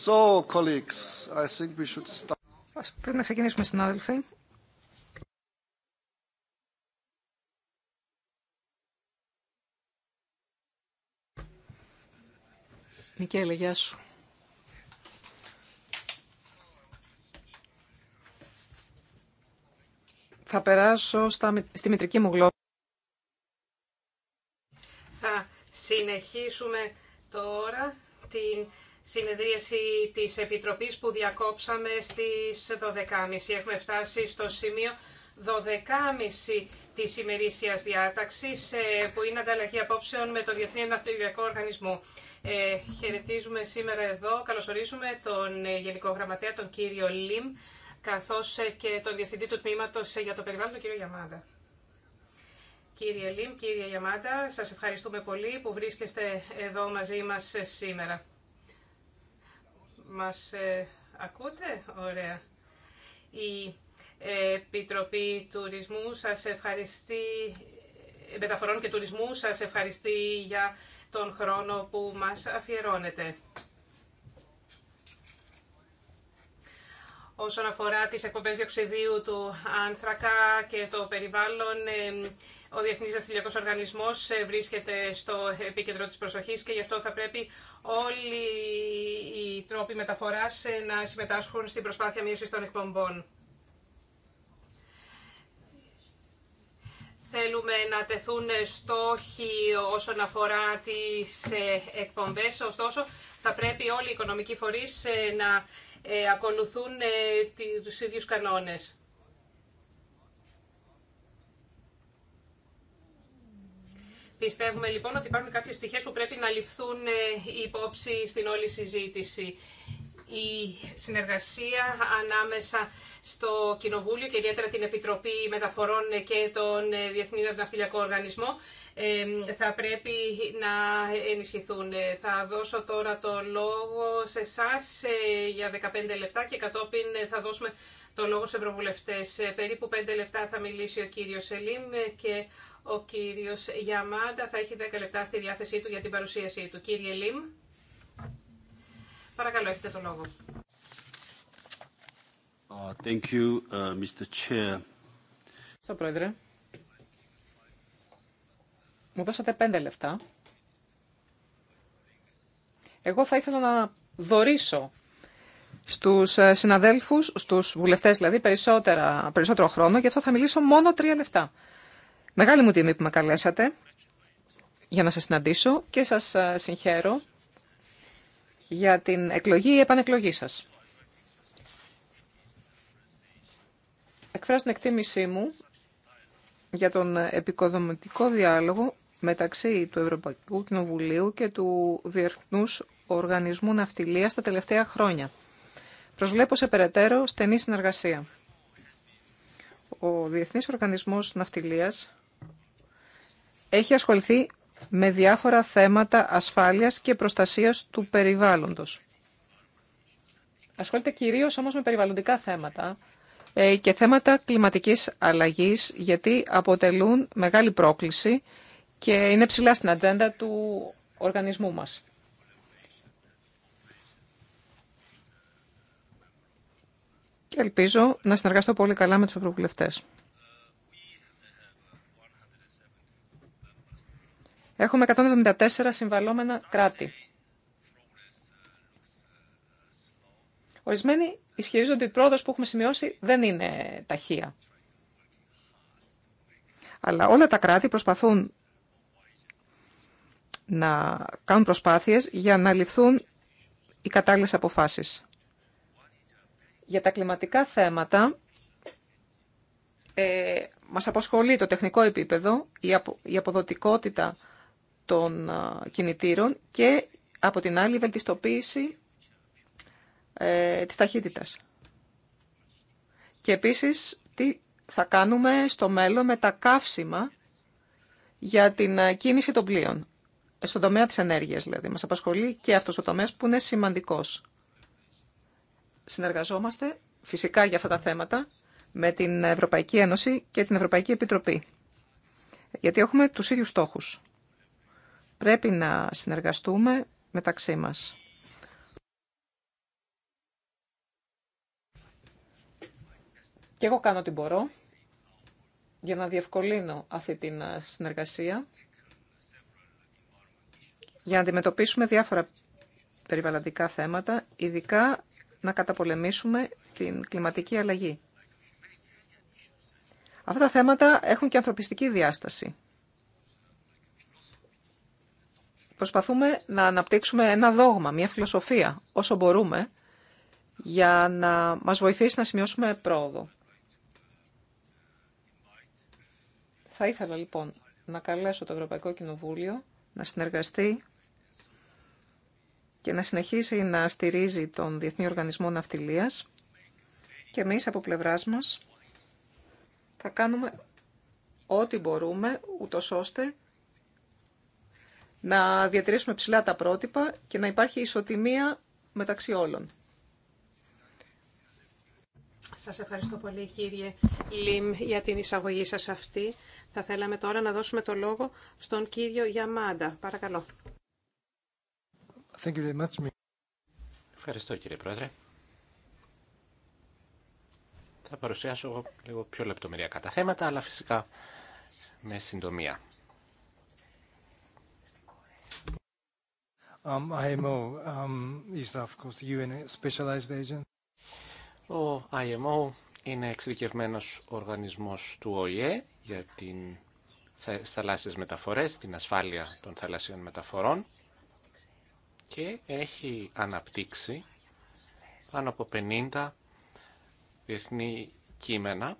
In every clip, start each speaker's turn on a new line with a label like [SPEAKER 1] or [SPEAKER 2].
[SPEAKER 1] So, colleagues, I think
[SPEAKER 2] Πρέπει να ξεκινήσουμε, συνάδελφοι. Μικέλε, γεια σου. Θα περάσω στα, στη μητρική μου γλώσσα.
[SPEAKER 3] Θα συνεχίσουμε τώρα την συνεδρίαση της Επιτροπής που διακόψαμε στις 12.30. Έχουμε φτάσει στο σημείο 12.30 της ημερήσιας διάταξης ε, που είναι ανταλλαγή απόψεων με το Διεθνή Ναυτιλιακό Οργανισμό. Ε, χαιρετίζουμε σήμερα εδώ, καλωσορίζουμε τον ε, Γενικό Γραμματέα, τον κύριο Λιμ, καθώς ε, και τον Διευθυντή του Τμήματος για το Περιβάλλον, τον κύριο Γιαμάντα. Κύριε Λιμ, κύριε Γιαμάντα, σας ευχαριστούμε πολύ που βρίσκεστε εδώ μαζί μας σήμερα. Μας ε, ακούτε? Ωραία. Η ε, Επιτροπή Τουρισμού σας ευχαριστεί, ε, Μεταφορών και Τουρισμού σας ευχαριστεί για τον χρόνο που μας αφιερώνετε. όσον αφορά τις εκπομπές διοξιδίου του άνθρακα και το περιβάλλον, ε, ο Διεθνής Δευτεριακός Οργανισμός ε, βρίσκεται στο επίκεντρο της προσοχής και γι' αυτό θα πρέπει όλοι οι τρόποι μεταφοράς ε, να συμμετάσχουν στην προσπάθεια μείωσης των εκπομπών. Θέλουμε να τεθούν στόχοι όσον αφορά τις εκπομπές, ωστόσο θα πρέπει όλοι οι οικονομικοί φορείς να ε, ακολουθούν ε, τους ίδιους κανόνες. Πιστεύουμε λοιπόν ότι υπάρχουν κάποιες στοιχείες που πρέπει να ληφθούν ε, υπόψη στην όλη συζήτηση. Η συνεργασία ανάμεσα στο Κοινοβούλιο και ιδιαίτερα την Επιτροπή Μεταφορών και τον Διεθνή Ναυτιλιακό Οργανισμό θα πρέπει να ενισχυθούν. Ε, θα δώσω τώρα το λόγο σε εσά ε, για 15 λεπτά και κατόπιν ε, θα δώσουμε το λόγο σε ευρωβουλευτές. Περίπου 5 λεπτά θα μιλήσει ο κύριος Σελίμ και ο κύριος Γιαμάντα θα έχει 10 λεπτά στη διάθεσή του για την παρουσίασή του. Κύριε Ελίμ, παρακαλώ έχετε το λόγο.
[SPEAKER 1] Uh, thank you, uh, Mr. Chair.
[SPEAKER 2] Πρόεδρε. Μου δώσατε πέντε λεφτά. Εγώ θα ήθελα να δωρήσω στους ε, συναδέλφους, στους βουλευτές δηλαδή, περισσότερα, περισσότερο χρόνο, γι' αυτό θα μιλήσω μόνο τρία λεφτά. Μεγάλη μου τιμή που με καλέσατε για να σας συναντήσω και σας ε, συγχαίρω για την εκλογή ή επανεκλογή σας. Εκφράζω την εκτίμησή μου για τον επικοδομητικό διάλογο μεταξύ του Ευρωπαϊκού Κοινοβουλίου και του Διεθνούς Οργανισμού Ναυτιλίας τα τελευταία χρόνια. Προσβλέπω σε περαιτέρω στενή συνεργασία. Ο διεθνή Οργανισμό Ναυτιλίας έχει ασχοληθεί με διάφορα θέματα ασφάλειας και προστασίας του περιβάλλοντος. Ασχολείται κυρίως όμως με περιβαλλοντικά θέματα ε, και θέματα κλιματικής αλλαγής, γιατί αποτελούν μεγάλη πρόκληση και είναι ψηλά στην ατζέντα του οργανισμού μας. Και ελπίζω να συνεργαστώ πολύ καλά με τους ευρωβουλευτές. Έχουμε 174 συμβαλόμενα κράτη. Ορισμένοι ισχυρίζονται ότι η πρόοδος που έχουμε σημειώσει δεν είναι ταχεία. Αλλά όλα τα κράτη προσπαθούν να κάνουν προσπάθειες για να ληφθούν οι κατάλληλες αποφάσεις. Για τα κλιματικά θέματα, ε, μας απασχολεί το τεχνικό επίπεδο, η, αποδοτικότητα των ε, κινητήρων και από την άλλη η βελτιστοποίηση ε, της ταχύτητας. Και επίσης τι θα κάνουμε στο μέλλον με τα καύσιμα για την ε, κίνηση των πλοίων στον τομέα της ενέργειας δηλαδή. Μας απασχολεί και αυτός ο τομέας που είναι σημαντικός. Συνεργαζόμαστε φυσικά για αυτά τα θέματα με την Ευρωπαϊκή Ένωση και την Ευρωπαϊκή Επιτροπή. Γιατί έχουμε τους ίδιους στόχους. Πρέπει να συνεργαστούμε μεταξύ μας. Και εγώ κάνω ό,τι μπορώ για να διευκολύνω αυτή την συνεργασία για να αντιμετωπίσουμε διάφορα περιβαλλοντικά θέματα, ειδικά να καταπολεμήσουμε την κλιματική αλλαγή. Αυτά τα θέματα έχουν και ανθρωπιστική διάσταση. Προσπαθούμε να αναπτύξουμε ένα δόγμα, μια φιλοσοφία, όσο μπορούμε, για να μας βοηθήσει να σημειώσουμε πρόοδο. Θα ήθελα λοιπόν να καλέσω το Ευρωπαϊκό Κοινοβούλιο να συνεργαστεί και να συνεχίσει να στηρίζει τον Διεθνή Οργανισμό Ναυτιλίας και εμείς από πλευράς μας θα κάνουμε ό,τι μπορούμε ούτω ώστε να διατηρήσουμε ψηλά τα πρότυπα και να υπάρχει ισοτιμία μεταξύ όλων.
[SPEAKER 3] Σας ευχαριστώ πολύ κύριε Λιμ για την εισαγωγή σας αυτή. Θα θέλαμε τώρα να δώσουμε το λόγο στον κύριο Γιαμάντα. Παρακαλώ.
[SPEAKER 4] Ευχαριστώ κύριε Πρόεδρε. Θα παρουσιάσω λίγο πιο λεπτομεριακά τα θέματα, αλλά φυσικά με συντομία. Ο IMO είναι εξειδικευμένος οργανισμός του ΟΗΕ για την θαλάσσιες μεταφορές, την ασφάλεια των θαλασσιών μεταφορών και έχει αναπτύξει πάνω από 50 διεθνή κείμενα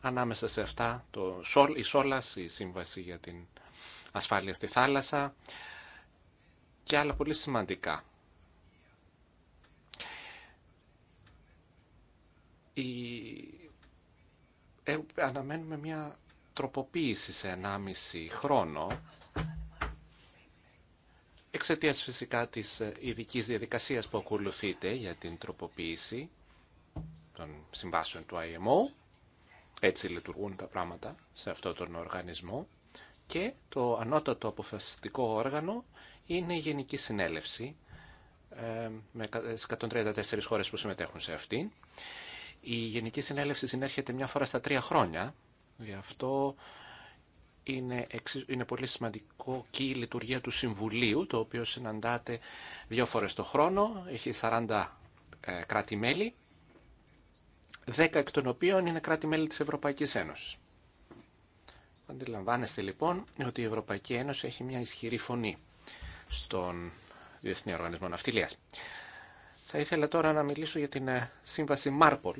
[SPEAKER 4] ανάμεσα σε αυτά το, η Σόλας, η Σύμβαση για την Ασφάλεια στη Θάλασσα και άλλα πολύ σημαντικά. Η... Ε, αναμένουμε μια τροποποίηση σε 1,5 χρόνο εξαιτία φυσικά τη ε, ειδική διαδικασία που ακολουθείται για την τροποποίηση των συμβάσεων του IMO. Έτσι λειτουργούν τα πράγματα σε αυτόν τον οργανισμό. Και το ανώτατο αποφασιστικό όργανο είναι η Γενική Συνέλευση ε, με 134 ε, χώρες που συμμετέχουν σε αυτή. Η Γενική Συνέλευση συνέρχεται μια φορά στα τρία χρόνια. Γι' αυτό είναι, πολύ σημαντικό και η λειτουργία του Συμβουλίου, το οποίο συναντάται δύο φορές το χρόνο, έχει 40 ε, κράτη-μέλη, 10 εκ των οποίων είναι κράτη-μέλη της Ευρωπαϊκής Ένωσης. Αντιλαμβάνεστε λοιπόν ότι η Ευρωπαϊκή Ένωση έχει μια ισχυρή φωνή στον Διεθνή Οργανισμό Ναυτιλίας. Θα ήθελα τώρα να μιλήσω για την ε, σύμβαση Μάρπολ,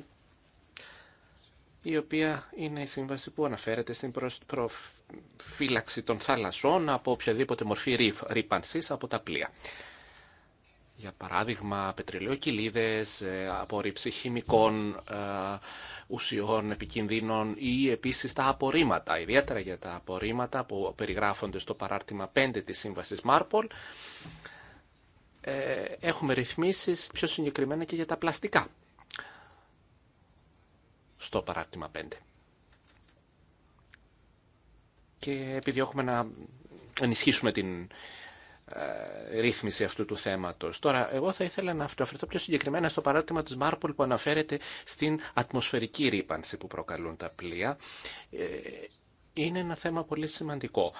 [SPEAKER 4] η οποία είναι η σύμβαση που αναφέρεται στην προφύλαξη των θάλασσών από οποιαδήποτε μορφή ρήπανση από τα πλοία. Για παράδειγμα, πετρελαιοκυλίδες, ε, απορρίψη χημικών ε, ουσιών επικινδύνων ή επίσης τα απορρίμματα, ιδιαίτερα για τα απορρίμματα που περιγράφονται στο παράρτημα 5 της Σύμβασης Μάρπολ, ε, έχουμε ρυθμίσεις πιο συγκεκριμένα και για τα πλαστικά στο παράρτημα 5. Και επειδή έχουμε να ενισχύσουμε την ε, ρύθμιση αυτού του θέματος. Τώρα, εγώ θα ήθελα να αυτοαφερθώ πιο συγκεκριμένα στο παράρτημα της Μάρπολ που αναφέρεται στην ατμοσφαιρική ρήπανση που προκαλούν τα πλοία. Ε, είναι ένα θέμα πολύ σημαντικό.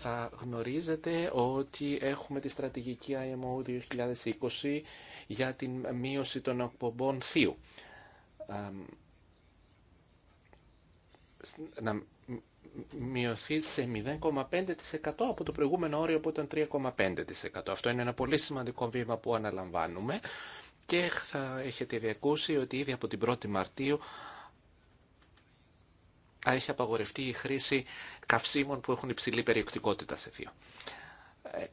[SPEAKER 4] Θα γνωρίζετε ότι έχουμε τη στρατηγική IMO 2020 για την μείωση των εκπομπών θείου. Να μειωθεί σε 0,5% από το προηγούμενο όριο που ήταν 3,5%. Αυτό είναι ένα πολύ σημαντικό βήμα που αναλαμβάνουμε και θα έχετε διακούσει ότι ήδη από την 1η Μαρτίου έχει απαγορευτεί η χρήση καυσίμων που έχουν υψηλή περιεκτικότητα σε θείο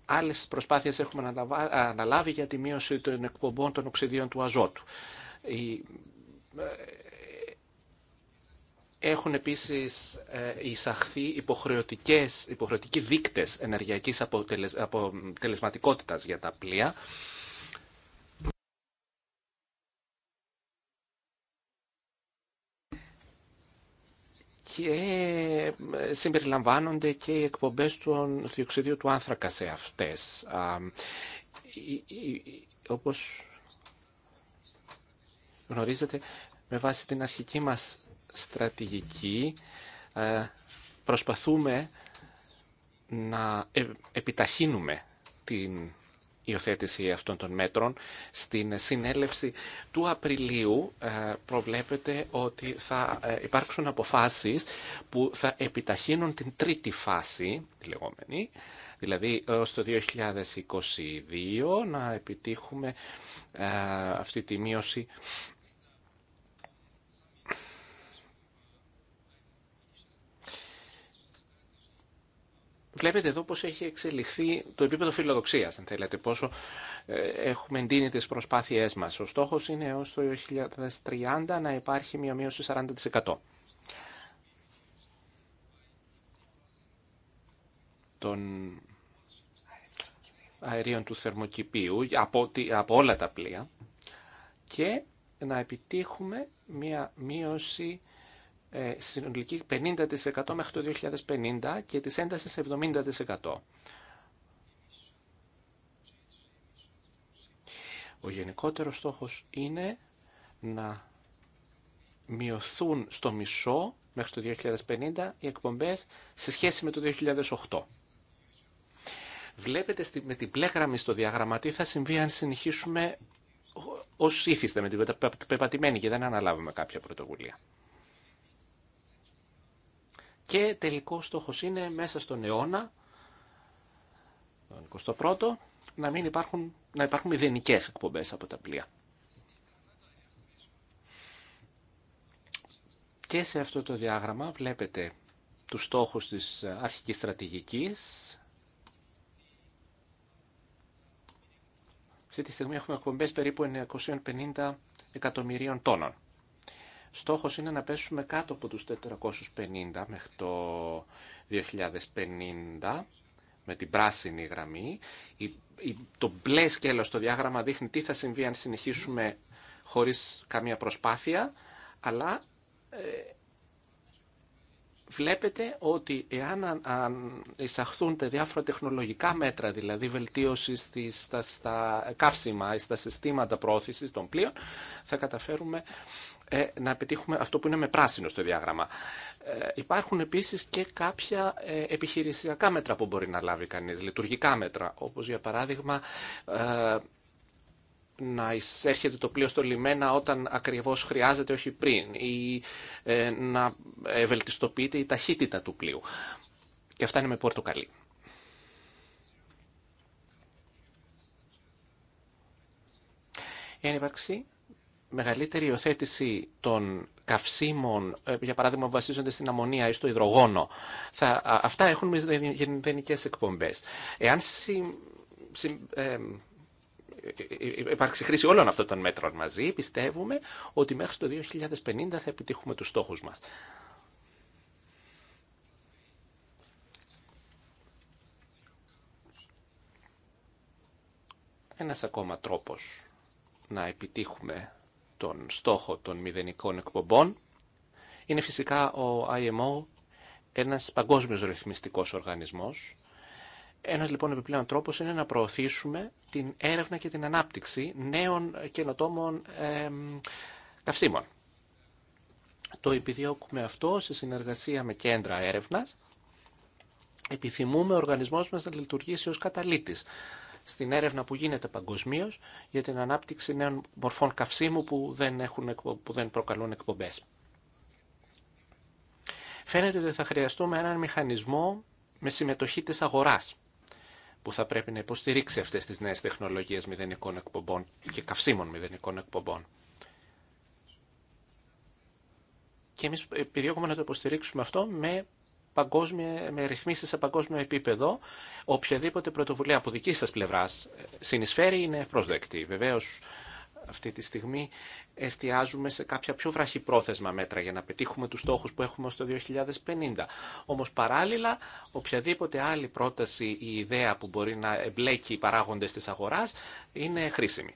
[SPEAKER 4] άλλες προσπάθειες έχουμε αναλάβει για τη μείωση των εκπομπών των οξυδίων του αζότου. Ε, έχουν επίσης ε, εισαχθεί υποχρεωτικές, υποχρεωτικοί δείκτες ενεργειακής αποτελεσματικότητας για τα πλοία και ε, συμπεριλαμβάνονται και οι εκπομπές του διοξιδίου του άνθρακα σε αυτές. Όπως γνωρίζετε, με βάση την αρχική μας στρατηγική ε, προσπαθούμε να ε, επιταχύνουμε την υιοθέτηση αυτών των μέτρων. Στην συνέλευση του Απριλίου ε, προβλέπεται ότι θα ε, υπάρξουν αποφάσεις που θα επιταχύνουν την τρίτη φάση, τη λεγόμενη, δηλαδή ως το 2022 να επιτύχουμε ε, αυτή τη μείωση Βλέπετε εδώ πώς έχει εξελιχθεί το επίπεδο φιλοδοξίας, αν θέλετε, πόσο ε, έχουμε εντείνει τις προσπάθειές μας. Ο στόχος είναι έως το 2030 να υπάρχει μια μείωση 40%. των αερίων του θερμοκηπίου από, από όλα τα πλοία και να επιτύχουμε μια μείωση ε, συνολική 50% μέχρι το 2050 και της έντασης 70%. Ο γενικότερος στόχος είναι να μειωθούν στο μισό μέχρι το 2050 οι εκπομπές σε σχέση με το 2008. Βλέπετε με την μπλε γραμμή στο διάγραμμα θα συμβεί αν συνεχίσουμε ως ήθιστε με την πεπατημένη και δεν αναλάβουμε κάποια πρωτοβουλία και τελικό στόχος είναι μέσα στον αιώνα, τον 21ο, να, μην υπάρχουν, να υπάρχουν μηδενικές εκπομπές από τα πλοία. Και σε αυτό το διάγραμμα βλέπετε τους στόχους της αρχικής στρατηγικής. Σε τη στιγμή έχουμε εκπομπές περίπου 950 εκατομμυρίων τόνων. Στόχος είναι να πέσουμε κάτω από τους 450 μέχρι το 2050 με την πράσινη γραμμή. Το μπλε σκέλος στο διάγραμμα δείχνει τι θα συμβεί αν συνεχίσουμε χωρίς καμία προσπάθεια, αλλά ε, βλέπετε ότι εάν εισαχθούν τα διάφορα τεχνολογικά μέτρα, δηλαδή βελτίωση στα, στα καύσιμα ή στα συστήματα πρόθεσης των πλοίων, θα καταφέρουμε ε, να πετύχουμε αυτό που είναι με πράσινο στο διάγραμμα. Ε, υπάρχουν επίσης και κάποια ε, επιχειρησιακά μέτρα που μπορεί να λάβει κανείς, λειτουργικά μέτρα, όπως για παράδειγμα να εισέρχεται το πλοίο στο λιμένα όταν ακριβώς χρειάζεται, όχι πριν, ή να ευελτιστοποιείται η ταχύτητα του πλοίου. Και αυτά είναι με πορτοκαλί. Εάν μεγαλύτερη υιοθέτηση των καυσίμων, ε, για παράδειγμα βασίζονται στην αμμονία ή στο υδρογόνο, αυτά έχουν μηδενικές εκπομπές. Εάν συ, συ, ε, υπάρξει χρήση όλων αυτών των μέτρων μαζί, πιστεύουμε ότι μέχρι το 2050 θα επιτύχουμε τους στόχους μας. Ένας ακόμα τρόπος να επιτύχουμε τον στόχο των μηδενικών εκπομπών, είναι φυσικά ο IMO ένας παγκόσμιος ρυθμιστικός οργανισμός. Ένας λοιπόν επιπλέον τρόπος είναι να προωθήσουμε την έρευνα και την ανάπτυξη νέων καινοτόμων καυσίμων. Το επιδιώκουμε αυτό σε συνεργασία με κέντρα έρευνας. Επιθυμούμε ο οργανισμός μας να λειτουργήσει ως καταλήτης στην έρευνα που γίνεται παγκοσμίω για την ανάπτυξη νέων μορφών καυσίμου που δεν, έχουν, που δεν προκαλούν εκπομπές. Φαίνεται ότι θα χρειαστούμε έναν μηχανισμό με συμμετοχή τη αγορά. που θα πρέπει να υποστηρίξει αυτές τις νέες τεχνολογίες μηδενικών εκπομπών και καυσίμων μηδενικών εκπομπών. Και εμείς επιδιώκουμε να το υποστηρίξουμε αυτό με με ρυθμίσεις σε παγκόσμιο επίπεδο, οποιαδήποτε πρωτοβουλία από δική σα πλευρά ε, συνεισφέρει είναι προσδεκτή. Βεβαίως, αυτή τη στιγμή εστιάζουμε σε κάποια πιο βραχυπρόθεσμα μέτρα για να πετύχουμε τους στόχους που έχουμε στο 2050. Όμως παράλληλα, οποιαδήποτε άλλη πρόταση ή ιδέα που μπορεί να εμπλέκει οι παράγοντες της αγοράς είναι χρήσιμη.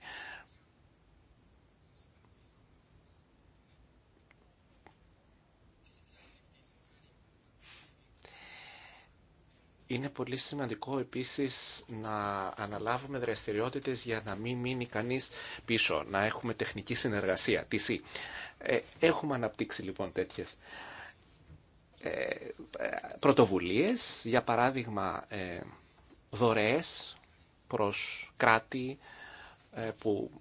[SPEAKER 4] Είναι πολύ σημαντικό επίσης να αναλάβουμε δραστηριότητες για να μην μείνει κανείς πίσω, να έχουμε τεχνική συνεργασία, ε, Έχουμε αναπτύξει λοιπόν τέτοιες ε, πρωτοβουλίες, για παράδειγμα ε, δωρεές προς κράτη που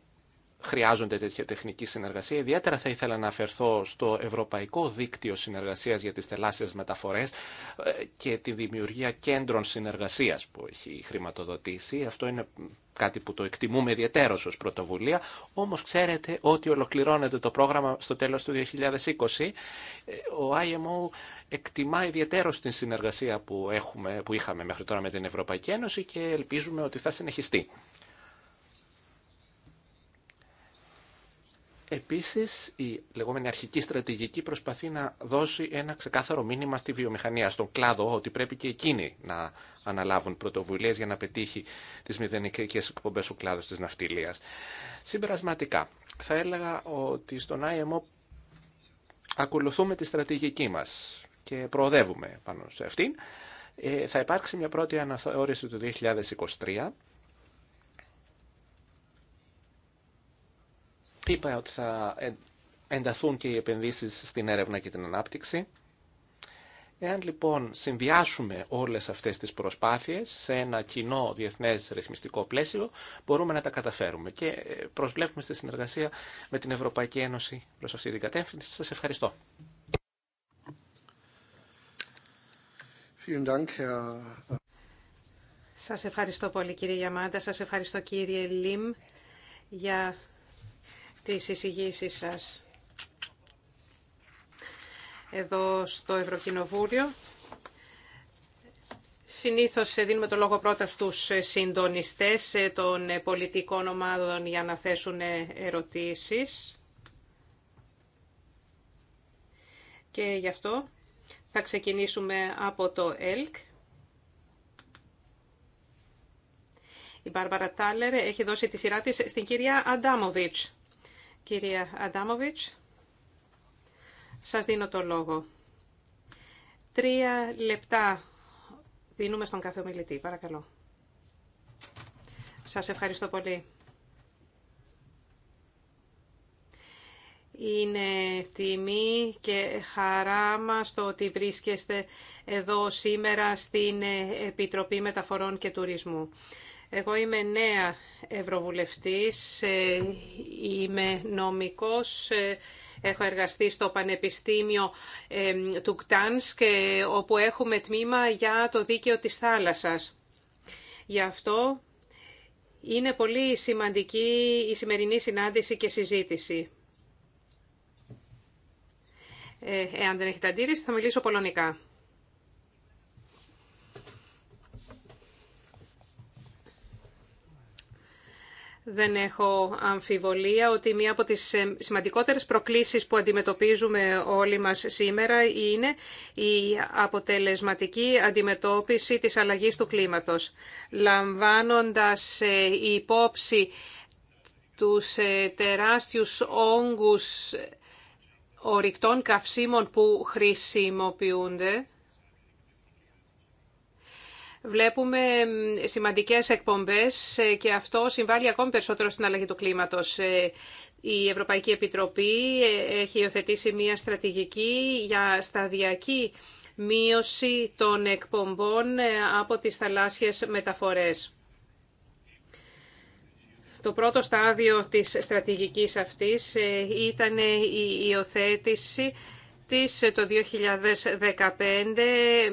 [SPEAKER 4] χρειάζονται τέτοια τεχνική συνεργασία. Ιδιαίτερα θα ήθελα να αφαιρθώ στο Ευρωπαϊκό Δίκτυο Συνεργασία για τι Τελάσσιε μεταφορέ ε, και τη δημιουργία κέντρων συνεργασία που έχει χρηματοδοτήσει. Αυτό είναι κάτι που το εκτιμούμε ιδιαίτερο ως πρωτοβουλία, όμως ξέρετε ότι ολοκληρώνεται το πρόγραμμα στο τέλος του 2020. Ε, ο IMO εκτιμά ιδιαίτερο την συνεργασία που, έχουμε, που είχαμε μέχρι τώρα με την Ευρωπαϊκή Ένωση και ελπίζουμε ότι θα συνεχιστεί. Επίσης, η λεγόμενη αρχική στρατηγική προσπαθεί να δώσει ένα ξεκάθαρο μήνυμα στη βιομηχανία, στον κλάδο, ότι πρέπει και εκείνοι να αναλάβουν πρωτοβουλίες για να πετύχει τις μηδενικές εκπομπές του κλάδου της ναυτιλίας. Συμπερασματικά, θα έλεγα ότι στον IMO ακολουθούμε τη στρατηγική μας και προοδεύουμε πάνω σε αυτήν. Ε, θα υπάρξει μια πρώτη αναθεώρηση του 2023 Είπα ότι θα ενταθούν και οι επενδύσεις στην έρευνα και την ανάπτυξη. Εάν λοιπόν συνδυάσουμε όλες αυτές τις προσπάθειες σε ένα κοινό διεθνές ρυθμιστικό πλαίσιο, μπορούμε να τα καταφέρουμε και ε, προσβλέπουμε στη συνεργασία με την Ευρωπαϊκή Ένωση προς αυτή την κατεύθυνση. Σας ευχαριστώ.
[SPEAKER 3] Σας ευχαριστώ πολύ κύριε Γιαμάντα, σας ευχαριστώ κύριε για τι εισηγήσει σας εδώ στο Ευρωκοινοβούλιο Συνήθως ε, δίνουμε το λόγο πρώτα στους ε, συντονιστέ ε, των πολιτικών ομάδων για να θέσουν ερωτήσεις. Και γι' αυτό θα ξεκινήσουμε από το ΕΛΚ. Η Μπάρμπαρα Τάλερ έχει δώσει τη σειρά της στην κυρία Αντάμοβιτς. Κυρία Αντάμοβιτς, σας δίνω το λόγο. Τρία λεπτά δίνουμε στον κάθε ομιλητή. Παρακαλώ. Σας ευχαριστώ πολύ. Είναι τιμή και χαρά μας το ότι βρίσκεστε εδώ σήμερα στην Επιτροπή Μεταφορών και Τουρισμού. Εγώ είμαι νέα ευρωβουλευτής, ε, είμαι νομικός, ε, έχω εργαστεί στο Πανεπιστήμιο ε, του Κτάνσκ, όπου έχουμε τμήμα για το δίκαιο της θάλασσας. Γι' αυτό είναι πολύ σημαντική η σημερινή συνάντηση και συζήτηση. Εάν δεν έχετε αντίρρηση θα μιλήσω πολωνικά. Δεν έχω αμφιβολία ότι μία από τις ε, σημαντικότερες προκλήσεις που αντιμετωπίζουμε όλοι μας σήμερα είναι η αποτελεσματική αντιμετώπιση της αλλαγής του κλίματος. Λαμβάνοντας ε, υπόψη τους ε, τεράστιους όγκους ορυκτών καυσίμων που χρησιμοποιούνται, βλέπουμε σημαντικές εκπομπές ε, και αυτό συμβάλλει ακόμη περισσότερο στην αλλαγή του κλίματος. Ε, η Ευρωπαϊκή Επιτροπή ε, έχει υιοθετήσει μια στρατηγική για σταδιακή μείωση των εκπομπών από τις θαλάσσιες μεταφορές. Το πρώτο στάδιο της στρατηγικής αυτής ήταν η υιοθέτηση ε, το 2015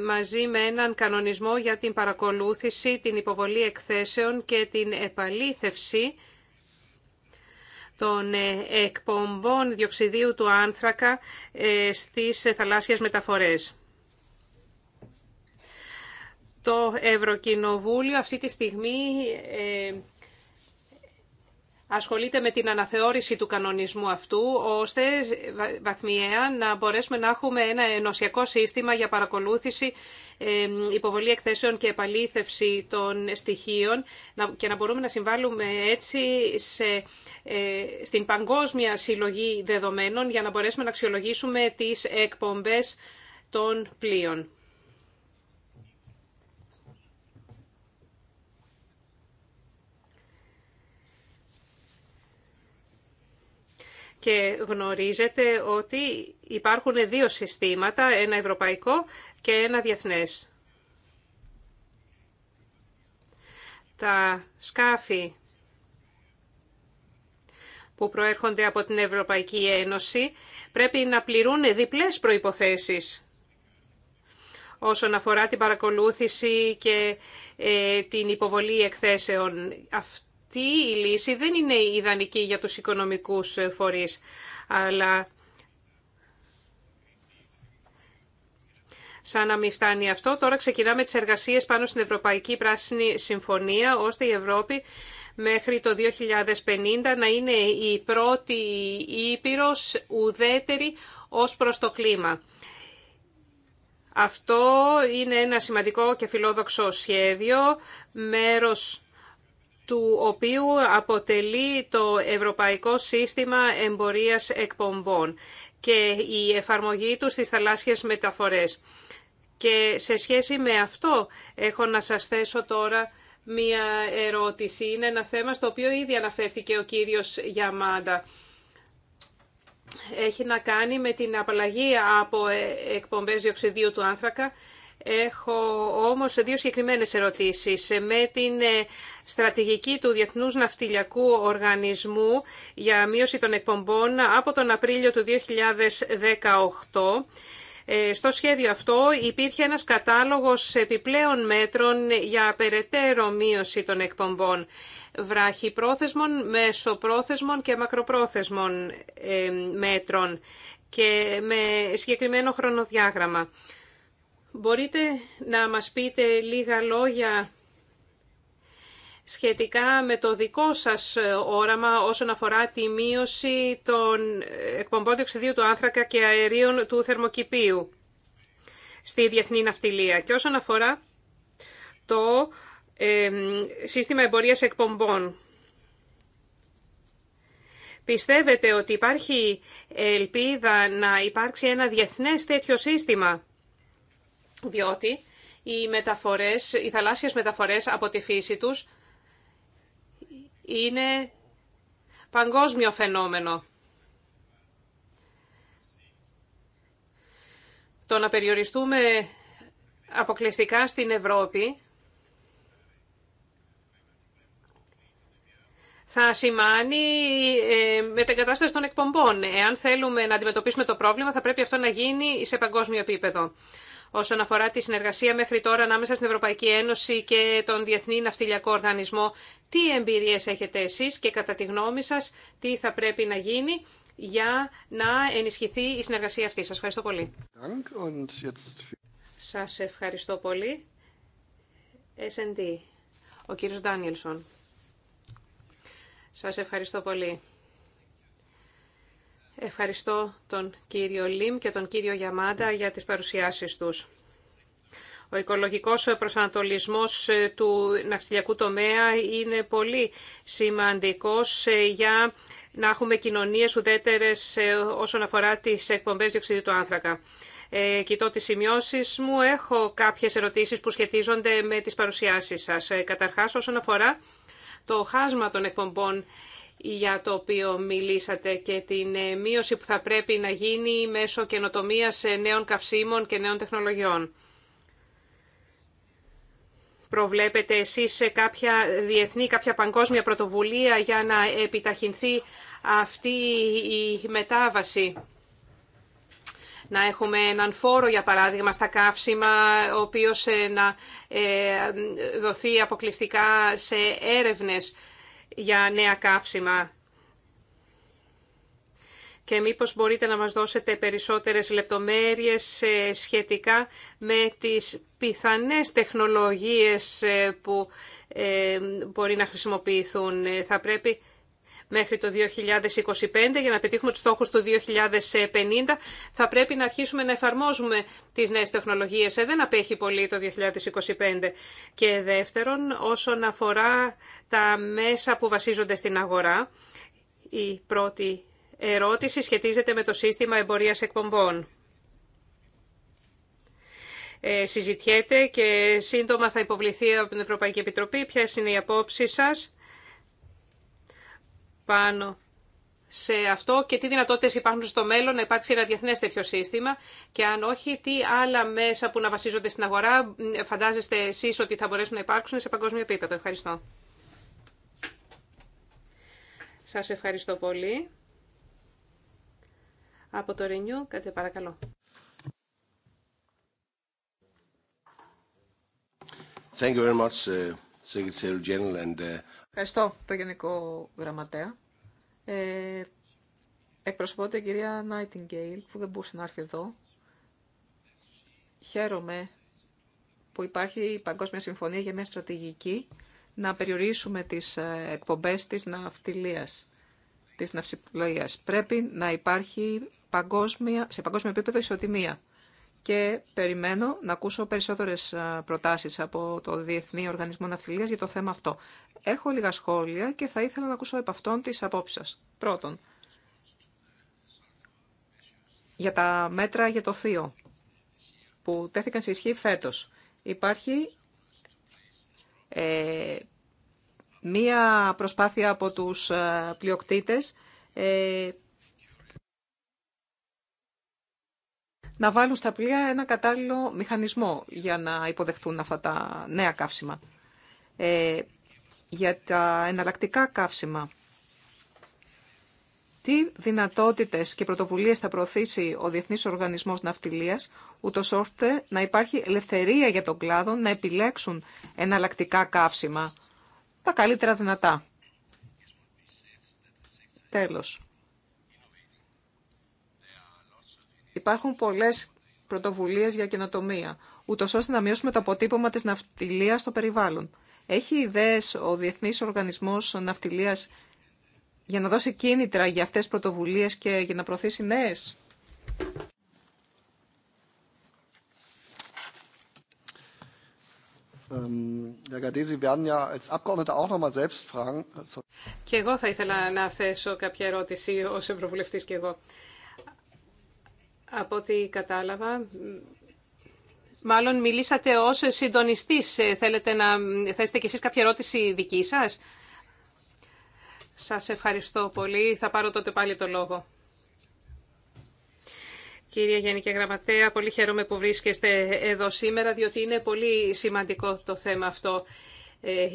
[SPEAKER 3] μαζί με έναν κανονισμό για την παρακολούθηση, την υποβολή εκθέσεων και την επαλήθευση των ε, εκπομπών διοξιδίου του άνθρακα ε, στις θαλάσσιες μεταφορές. Το Ευρωκοινοβούλιο αυτή τη στιγμή ασχολείται με την αναθεώρηση του κανονισμού αυτού, ώστε βαθμιαία να μπορέσουμε να έχουμε ένα ενωσιακό σύστημα για παρακολούθηση, υποβολή εκθέσεων και επαλήθευση των στοιχείων και να μπορούμε να συμβάλλουμε έτσι σε, ε, στην παγκόσμια συλλογή δεδομένων για να μπορέσουμε να αξιολογήσουμε τις εκπομπές των πλοίων. και γνωρίζετε ότι υπάρχουν δύο συστήματα, ένα ευρωπαϊκό και ένα διεθνές. Τα σκάφη που προέρχονται από την Ευρωπαϊκή Ένωση πρέπει να πληρούν διπλές προϋποθέσεις όσον αφορά την παρακολούθηση και ε, την υποβολή εκθέσεων. Αυτό αυτή η λύση δεν είναι ιδανική για τους οικονομικούς ε, φορείς, αλλά Σαν να μην φτάνει αυτό, τώρα ξεκινάμε τις εργασίες πάνω στην Ευρωπαϊκή Πράσινη Συμφωνία, ώστε η Ευρώπη μέχρι το 2050 να είναι η πρώτη ήπειρος ουδέτερη ως προς το κλίμα. Αυτό είναι ένα σημαντικό και φιλόδοξο σχέδιο, μέρος του οποίου αποτελεί το Ευρωπαϊκό Σύστημα Εμπορίας Εκπομπών και η εφαρμογή του στις θαλάσσιες μεταφορές. Και σε σχέση με αυτό έχω να σας θέσω τώρα μία ερώτηση. Είναι ένα θέμα στο οποίο ήδη αναφέρθηκε ο κύριος Γιαμάντα. Έχει να κάνει με την απαλλαγή από εκπομπές διοξιδίου του άνθρακα Έχω όμως δύο συγκεκριμένες ερωτήσεις. Με την ε, στρατηγική του Διεθνούς Ναυτιλιακού Οργανισμού για μείωση των εκπομπών από τον Απρίλιο του 2018, ε, στο σχέδιο αυτό υπήρχε ένας κατάλογος επιπλέον μέτρων για περαιτέρω μείωση των εκπομπών βραχυπρόθεσμων, μεσοπρόθεσμων και μακροπρόθεσμων ε, μέτρων και με συγκεκριμένο χρονοδιάγραμμα. Μπορείτε να μας πείτε λίγα λόγια σχετικά με το δικό σας όραμα όσον αφορά τη μείωση των εκπομπών διοξιδίου του άνθρακα και αερίων του θερμοκηπίου στη διεθνή ναυτιλία και όσον αφορά το σύστημα εμπορίας εκπομπών. Πιστεύετε ότι υπάρχει ελπίδα να υπάρξει ένα διεθνές τέτοιο σύστημα διότι οι, μεταφορές, οι θαλάσσιες μεταφορές από τη φύση τους είναι παγκόσμιο φαινόμενο. Το να περιοριστούμε αποκλειστικά στην Ευρώπη θα σημάνει ε, με την κατάσταση των εκπομπών. Εάν θέλουμε να αντιμετωπίσουμε το πρόβλημα θα πρέπει αυτό να γίνει σε παγκόσμιο επίπεδο όσον αφορά τη συνεργασία μέχρι τώρα ανάμεσα στην Ευρωπαϊκή Ένωση και τον Διεθνή Ναυτιλιακό Οργανισμό. Τι εμπειρίες έχετε εσείς και κατά τη γνώμη σας τι θα πρέπει να γίνει για να ενισχυθεί η συνεργασία αυτή. Σας ευχαριστώ πολύ. Σας ευχαριστώ πολύ. ο κύριος Ντάνιελσον. Σας ευχαριστώ πολύ. Ευχαριστώ τον κύριο Λιμ και τον κύριο Γιαμάντα για τις παρουσιάσεις τους. Ο οικολογικός προσανατολισμός ε, του ναυτιλιακού τομέα είναι πολύ σημαντικός ε, για να έχουμε κοινωνίες ουδέτερες ε, όσον αφορά τις εκπομπές διοξιδίου του άνθρακα. Ε, κοιτώ τις σημειώσεις μου. Έχω κάποιες ερωτήσεις που σχετίζονται με τις παρουσιάσεις σας. καταρχάς, όσον αφορά το χάσμα των εκπομπών για το οποίο μιλήσατε και την ε, μείωση που θα πρέπει να γίνει μέσω καινοτομίας ε, νέων καυσίμων και νέων τεχνολογιών. Προβλέπετε εσείς σε κάποια διεθνή, κάποια παγκόσμια πρωτοβουλία για να επιταχυνθεί αυτή η μετάβαση. Να έχουμε έναν φόρο, για παράδειγμα, στα καύσιμα, ο οποίος ε, να δοθεί αποκλειστικά σε έρευνες για νέα καύσιμα. Και μήπως μπορείτε να μας δώσετε περισσότερες λεπτομέρειες ε, σχετικά με τις πιθανές τεχνολογίες ε, που ε, μπορεί να χρησιμοποιηθούν. Θα πρέπει μέχρι το 2025 για να πετύχουμε τους στόχους του 2050 θα πρέπει να αρχίσουμε να εφαρμόζουμε τις νέες τεχνολογίες. Ε, δεν απέχει πολύ το 2025. Και δεύτερον, όσον αφορά τα μέσα που βασίζονται στην αγορά, η πρώτη ερώτηση σχετίζεται με το σύστημα εμπορίας εκπομπών. Ε, συζητιέται και σύντομα θα υποβληθεί από την Ευρωπαϊκή Επιτροπή. Ποιες είναι οι απόψει σας πάνω σε αυτό και τι δυνατότητες υπάρχουν στο μέλλον να υπάρξει ένα διεθνέ τέτοιο σύστημα και αν όχι, τι άλλα μέσα που να βασίζονται στην αγορά φαντάζεστε εσείς ότι θα μπορέσουν να υπάρξουν σε παγκόσμιο επίπεδο. Ευχαριστώ. Σας ευχαριστώ πολύ. Από το Ρενιού, κάτι παρακαλώ.
[SPEAKER 1] Thank you very much, uh, Secretary General, and
[SPEAKER 5] uh,
[SPEAKER 2] Ευχαριστώ το Γενικό Γραμματέα. Ε, εκπροσωπώ την κυρία Nightingale που δεν μπορούσε να έρθει εδώ. Χαίρομαι που υπάρχει η Παγκόσμια Συμφωνία για μια στρατηγική να περιορίσουμε τις ε, εκπομπές της ναυτιλίας, της ναυσιπλοίας. Πρέπει να υπάρχει παγκόσμια, σε παγκόσμιο επίπεδο ισοτιμία και περιμένω να ακούσω περισσότερες προτάσεις από το Διεθνή Οργανισμό Ναυτιλίας για το θέμα αυτό. Έχω λίγα σχόλια και θα ήθελα να ακούσω επ' αυτών τις απόψεις σας. Πρώτον, για τα μέτρα για το θείο που τέθηκαν σε ισχύ φέτος. Υπάρχει ε, μία προσπάθεια από τους ε, πλειοκτήτες ε, να βάλουν στα πλοία ένα κατάλληλο μηχανισμό για να υποδεχθούν αυτά τα νέα καύσιμα. Ε, για τα εναλλακτικά καύσιμα, τι δυνατότητες και πρωτοβουλίες θα προωθήσει ο Διεθνής Οργανισμός Ναυτιλίας, ούτω ώστε να υπάρχει ελευθερία για τον κλάδο να επιλέξουν εναλλακτικά καύσιμα, τα καλύτερα δυνατά. Τέλος. Υπάρχουν πολλές πρωτοβουλίε για καινοτομία, ούτω ώστε να μειώσουμε το αποτύπωμα της ναυτιλίας στο περιβάλλον. Έχει ιδέες ο Διεθνής Οργανισμός Ναυτιλίας για να δώσει κίνητρα για αυτές τις πρωτοβουλίες και για να προωθήσει νέε.
[SPEAKER 1] Ähm,
[SPEAKER 3] και εγώ θα ήθελα να θέσω κάποια ερώτηση ως Ευρωβουλευτής και εγώ. Από ό,τι κατάλαβα, μάλλον μιλήσατε ως συντονιστής. Θέλετε να θέσετε κι εσείς κάποια ερώτηση δική σας. Σας ευχαριστώ πολύ. Θα πάρω τότε πάλι το λόγο. Κύριε Γενική Γραμματέα, πολύ χαίρομαι που βρίσκεστε εδώ σήμερα, διότι είναι πολύ σημαντικό το θέμα αυτό. Ε,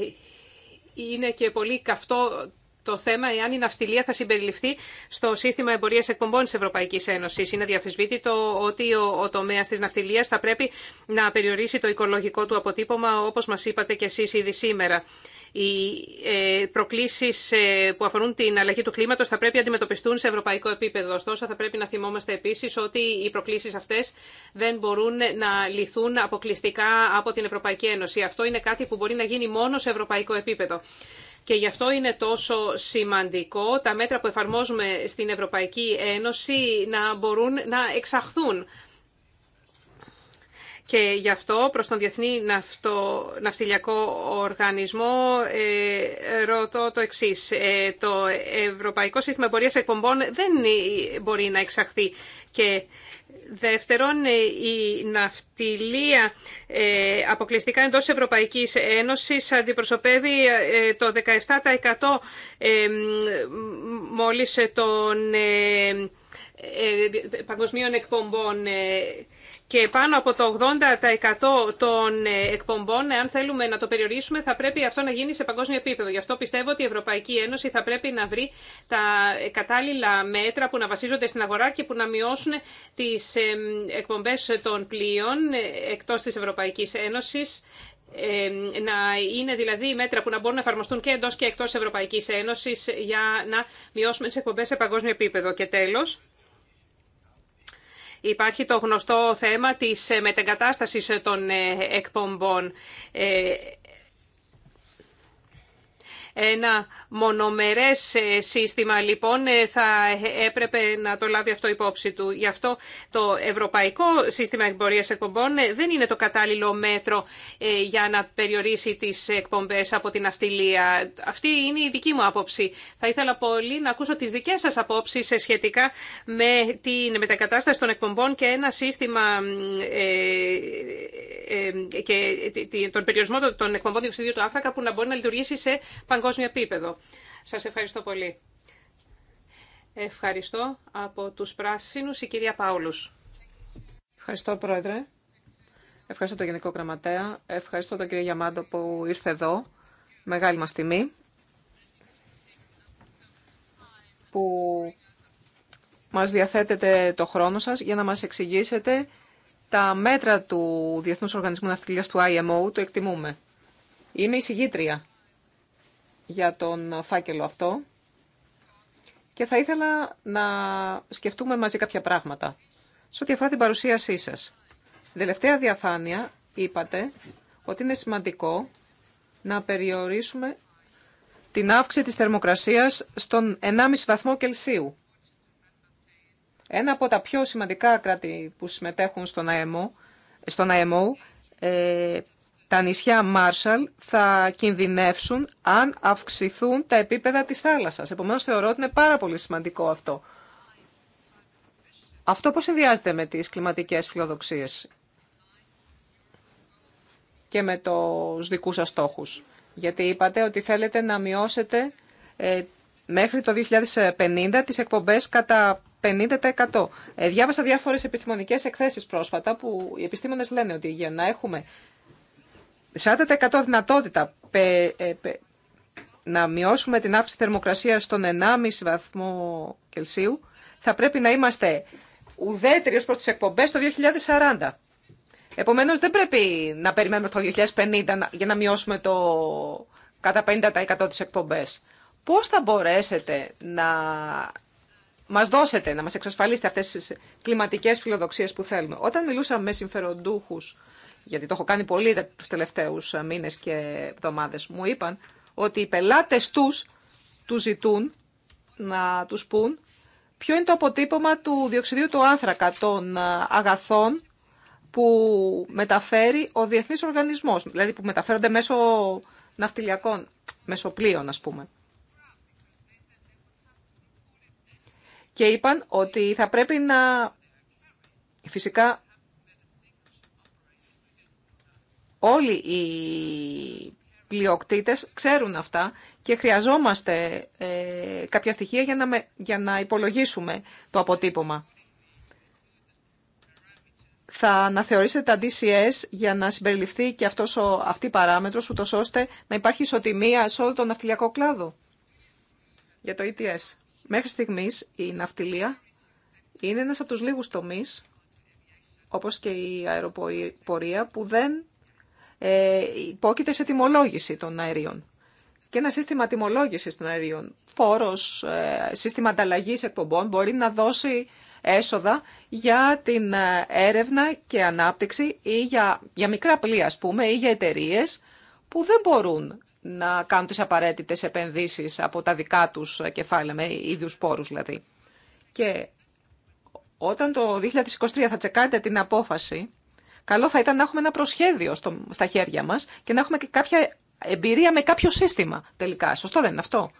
[SPEAKER 3] είναι και πολύ καυτό το θέμα εάν η ναυτιλία θα συμπεριληφθεί στο σύστημα εμπορία εκπομπών τη Ευρωπαϊκή Ένωση. Είναι διαφυσβήτητο ότι ο, ο τομέα τη ναυτιλία θα πρέπει να περιορίσει το οικολογικό του αποτύπωμα, όπω μα είπατε κι εσεί ήδη σήμερα. Οι ε, προκλήσει ε, που αφορούν την αλλαγή του κλίματο θα πρέπει να αντιμετωπιστούν σε ευρωπαϊκό επίπεδο. Ωστόσο, θα πρέπει να θυμόμαστε επίση ότι οι προκλήσει αυτέ δεν μπορούν να λυθούν αποκλειστικά από την Ευρωπαϊκή Ένωση. Αυτό είναι κάτι που μπορεί να γίνει μόνο σε ευρωπαϊκό επίπεδο και γι' αυτό είναι τόσο σημαντικό τα μέτρα που εφαρμόζουμε στην Ευρωπαϊκή Ένωση να μπορούν να εξαχθούν. Και γι' αυτό προς τον Διεθνή Ναυτο, Ναυτιλιακό Οργανισμό ε, ρωτώ το εξής. Ε, το Ευρωπαϊκό Σύστημα Εμπορίας Εκπομπών δεν ε, μπορεί να εξαχθεί και Δεύτερον, η ναυτιλία ε, αποκλειστικά εντός Ευρωπαϊκής Ένωσης αντιπροσωπεύει ε, το 17% ε, μόλις των παγκοσμίων εκπομπών και πάνω από το 80% των ε, εκπομπών, αν θέλουμε να το περιορίσουμε, θα πρέπει αυτό να γίνει σε παγκόσμιο επίπεδο. Γι' αυτό πιστεύω ότι η Ευρωπαϊκή Ένωση θα πρέπει να βρει τα ε, κατάλληλα μέτρα που να βασίζονται στην αγορά και που να μειώσουν τι ε, εκπομπέ των πλοίων εκτός της Ευρωπαϊκής Ένωσης να είναι δηλαδή μέτρα που να μπορούν να εφαρμοστούν και εντός και εκτός της Ευρωπαϊκής Ένωσης για να μειώσουμε τις εκπομπές σε παγκόσμιο επίπεδο. Και τέλος, Υπάρχει το γνωστό θέμα της ε, μετεγκατάστασης ε, των ε, εκπομπών. Ένα μονομερές ε, σύστημα λοιπόν ε, θα έπρεπε να το λάβει αυτό υπόψη του. Γι' αυτό το ευρωπαϊκό σύστημα εμπορίας εκπομπών ε, δεν είναι το κατάλληλο μέτρο για να περιορίσει τις εκπομπές από την αυτιλία. Αυτή είναι η δική μου άποψη. Θα ήθελα πολύ να ακούσω τις δικές σας απόψεις σχετικά με την μετακατάσταση των εκπομπών και ένα σύστημα και τον περιορισμό των εκπομπών διοξιδίου του άνθρακα που να μπορεί να λειτουργήσει σε παγκόσμιο επίπεδο. Σας ευχαριστώ πολύ. Ευχαριστώ από τους πράσινους η κυρία Πάουλου.
[SPEAKER 2] Ευχαριστώ πρόεδρε. Ευχαριστώ τον Γενικό Γραμματέα. Ευχαριστώ τον κύριο Γιαμάντο που ήρθε εδώ. Μεγάλη μας τιμή. Που μας διαθέτετε το χρόνο σας για να μας εξηγήσετε τα μέτρα του Διεθνούς Οργανισμού Ναυτιλίας του IMO, το εκτιμούμε. Είμαι η συγγήτρια για τον φάκελο αυτό και θα ήθελα να σκεφτούμε μαζί κάποια πράγματα. Σε ό,τι αφορά την παρουσίασή σας. Στην τελευταία διαφάνεια είπατε ότι είναι σημαντικό να περιορίσουμε την αύξηση της θερμοκρασίας στον 1,5 βαθμό Κελσίου. Ένα από τα πιο σημαντικά κράτη που συμμετέχουν στον ΑΕΜΟ, στον ΑΕΜΟ ε, τα νησιά Μάρσαλ θα κινδυνεύσουν αν αυξηθούν τα επίπεδα της θάλασσας. Επομένως θεωρώ ότι είναι πάρα πολύ σημαντικό αυτό. Αυτό πώς συνδυάζεται με τις κλιματικές φιλοδοξίες και με τους δικούς σας στόχους. Γιατί είπατε ότι θέλετε να μειώσετε ε, μέχρι το 2050 τις εκπομπές κατά 50%. Ε, διάβασα διάφορες επιστημονικές εκθέσεις πρόσφατα που οι επιστήμονες λένε ότι για να έχουμε 40% δυνατότητα ε, να μειώσουμε την αύξηση θερμοκρασία στον 1,5 βαθμό Κελσίου, θα πρέπει να είμαστε ουδέτεροι ως προς τις εκπομπές το 2040. Επομένως δεν πρέπει να περιμένουμε το 2050 για να μειώσουμε το κατά 50% τις εκπομπές. Πώς θα μπορέσετε να μας δώσετε, να μας εξασφαλίσετε αυτές τις κλιματικές φιλοδοξίες που θέλουμε. Όταν μιλούσαμε με συμφεροντούχους γιατί το έχω κάνει πολύ τους τελευταίους μήνες και εβδομάδες, μου είπαν ότι οι πελάτες τους τους ζητούν να τους πούν ποιο είναι το αποτύπωμα του διοξιδίου του άνθρακα των αγαθών που μεταφέρει ο διεθνής οργανισμός, δηλαδή που μεταφέρονται μέσω ναυτιλιακών, μέσω πλοίων ας πούμε. Και είπαν ότι θα πρέπει να... Φυσικά Όλοι οι πλειοκτήτες ξέρουν αυτά και χρειαζόμαστε ε, κάποια στοιχεία για να, υπολογίσουμε το αποτύπωμα. Θα αναθεωρήσετε τα DCS για να συμπεριληφθεί και αυτός ο, αυτή η παράμετρος, ούτως ώστε να υπάρχει ισοτιμία σε όλο τον ναυτιλιακό κλάδο για το ETS. Μέχρι στιγμής η ναυτιλία είναι ένας από τους λίγους τομείς, όπως και η αεροπορία, που δεν ε, υπόκειται σε τιμολόγηση των αερίων. Και ένα σύστημα τιμολόγηση των αερίων, φόρο, ε, σύστημα ανταλλαγή εκπομπών μπορεί να δώσει έσοδα για την ε, έρευνα και ανάπτυξη ή για, για μικρά πλοία, ας πούμε, ή για εταιρείε που δεν μπορούν να κάνουν τις απαραίτητες επενδύσεις από τα δικά τους κεφάλαια, με ίδιους πόρους δηλαδή. Και όταν το 2023 θα τσεκάρετε την απόφαση καλό θα ήταν να έχουμε ένα προσχέδιο στο, στα χέρια μας και να έχουμε και κάποια εμπειρία με κάποιο σύστημα τελικά. Σωστό δεν είναι αυτό.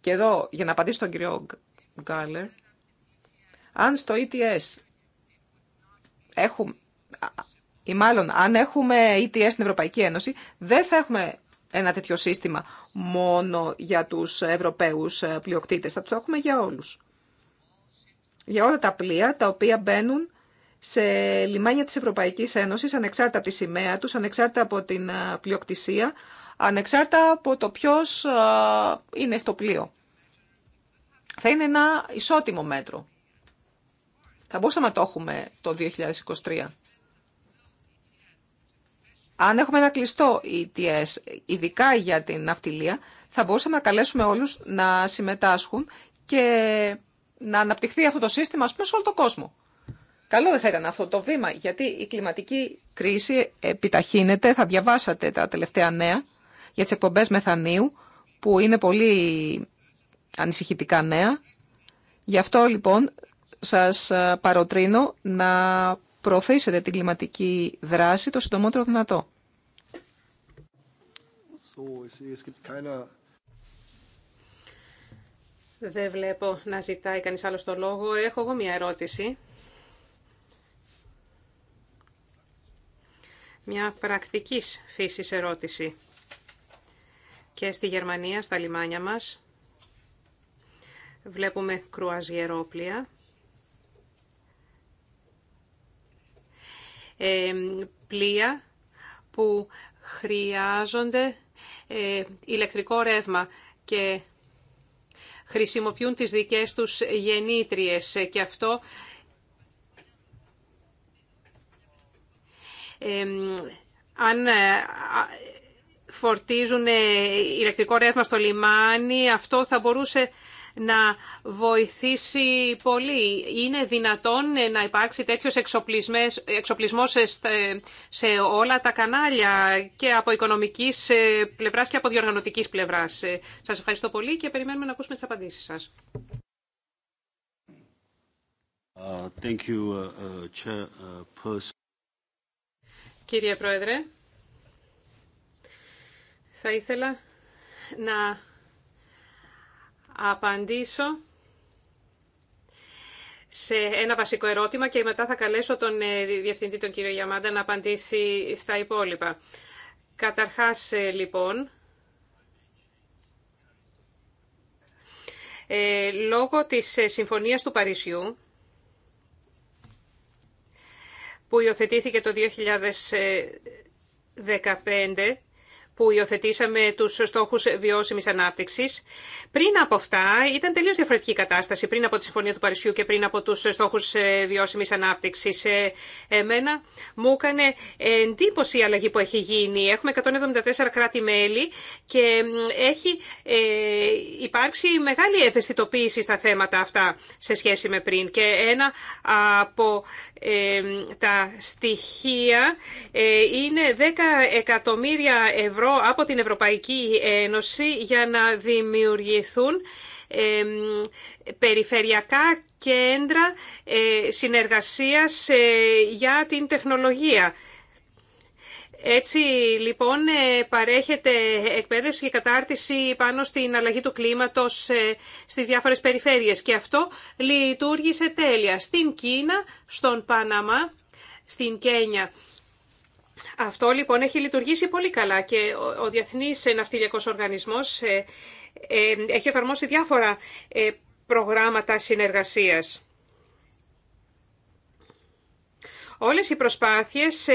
[SPEAKER 2] Και εδώ, για να απαντήσω τον κύριο Γκάλερ, αν στο ETS έχουμε, ή μάλλον αν έχουμε ETS στην Ευρωπαϊκή Ένωση, δεν θα έχουμε ένα τέτοιο σύστημα μόνο για τους Ευρωπαίους ε, πλειοκτήτες. Θα το έχουμε για όλους. Για όλα τα πλοία τα οποία μπαίνουν σε λιμάνια της Ευρωπαϊκής Ένωσης, ανεξάρτητα από τη σημαία τους, ανεξάρτητα από την πλειοκτησία, ανεξάρτητα από το ποιος είναι στο πλοίο. Θα είναι ένα ισότιμο μέτρο. Θα μπορούσαμε να το έχουμε το 2023. Αν έχουμε ένα κλειστό ETS, ειδικά για την ναυτιλία, θα μπορούσαμε να καλέσουμε όλους να συμμετάσχουν και να αναπτυχθεί αυτό το σύστημα, ας πούμε, σε όλο τον κόσμο. Καλό δεν θα ήταν αυτό το βήμα, γιατί η κλιματική κρίση επιταχύνεται. Θα διαβάσατε τα τελευταία νέα για τις εκπομπές μεθανίου, που είναι πολύ ανησυχητικά νέα. Γι' αυτό λοιπόν σας ε, παροτρύνω να προωθήσετε την κλιματική δράση το συντομότερο δυνατό.
[SPEAKER 3] Δεν βλέπω να ζητάει κανείς άλλο το λόγο. Έχω εγώ μια ερώτηση. μια πρακτικής φύσης ερώτηση. Και στη Γερμανία, στα λιμάνια μας, βλέπουμε κρουαζιερόπλια. Ε, πλοία που χρειάζονται ε, ηλεκτρικό ρεύμα και χρησιμοποιούν τις δικές τους γεννήτριες και αυτό αν ε, φορτίζουν ε, ηλεκτρικό ρεύμα στο λιμάνι, αυτό θα μπορούσε να βοηθήσει πολύ. Είναι δυνατόν ε, να υπάρξει τέτοιος εξοπλισμός σε όλα τα κανάλια και από οικονομικής πλευράς και από διοργανωτικής πλευράς. Σας ευχαριστώ πολύ και περιμένουμε να ακούσουμε τις απαντήσεις σας.
[SPEAKER 1] Uh, thank you, uh, uh,
[SPEAKER 3] Κύριε Πρόεδρε, θα ήθελα να απαντήσω σε ένα βασικό ερώτημα και μετά θα καλέσω τον ε, Διευθυντή, τον κύριο Γιαμάντα, να απαντήσει στα υπόλοιπα. Καταρχάς, ε, λοιπόν, ε, λόγω της Συμφωνίας του Παρισιού, που υιοθετήθηκε το 2015 που υιοθετήσαμε τους στόχους βιώσιμης ανάπτυξης. Πριν από αυτά ήταν τελείως διαφορετική κατάσταση, πριν από τη Συμφωνία του Παρισιού και πριν από τους στόχους ε, βιώσιμης ανάπτυξης. Ε, εμένα μου έκανε εντύπωση η αλλαγή που έχει γίνει. Έχουμε 174 κράτη-μέλη και έχει ε, υπάρξει μεγάλη ευαισθητοποίηση στα θέματα αυτά σε σχέση με πριν. Και ένα από τα στοιχεία ε, είναι 10 εκατομμύρια ευρώ από την Ευρωπαϊκή Ένωση για να δημιουργηθούν περιφερειακά κέντρα ε, συνεργασίας ε, για την τεχνολογία. Έτσι λοιπόν ε, παρέχεται εκπαίδευση και κατάρτιση πάνω στην αλλαγή του κλίματος ε, στις διάφορες περιφέρειες και αυτό λειτουργήσε τέλεια στην Κίνα, στον Παναμά, στην Κένια. Αυτό λοιπόν έχει λειτουργήσει πολύ καλά και ο Διεθνής Ναυτιλιακός Οργανισμός ε, έχει εφαρμόσει διάφορα προγράμματα συνεργασίας. Όλες οι προσπάθειες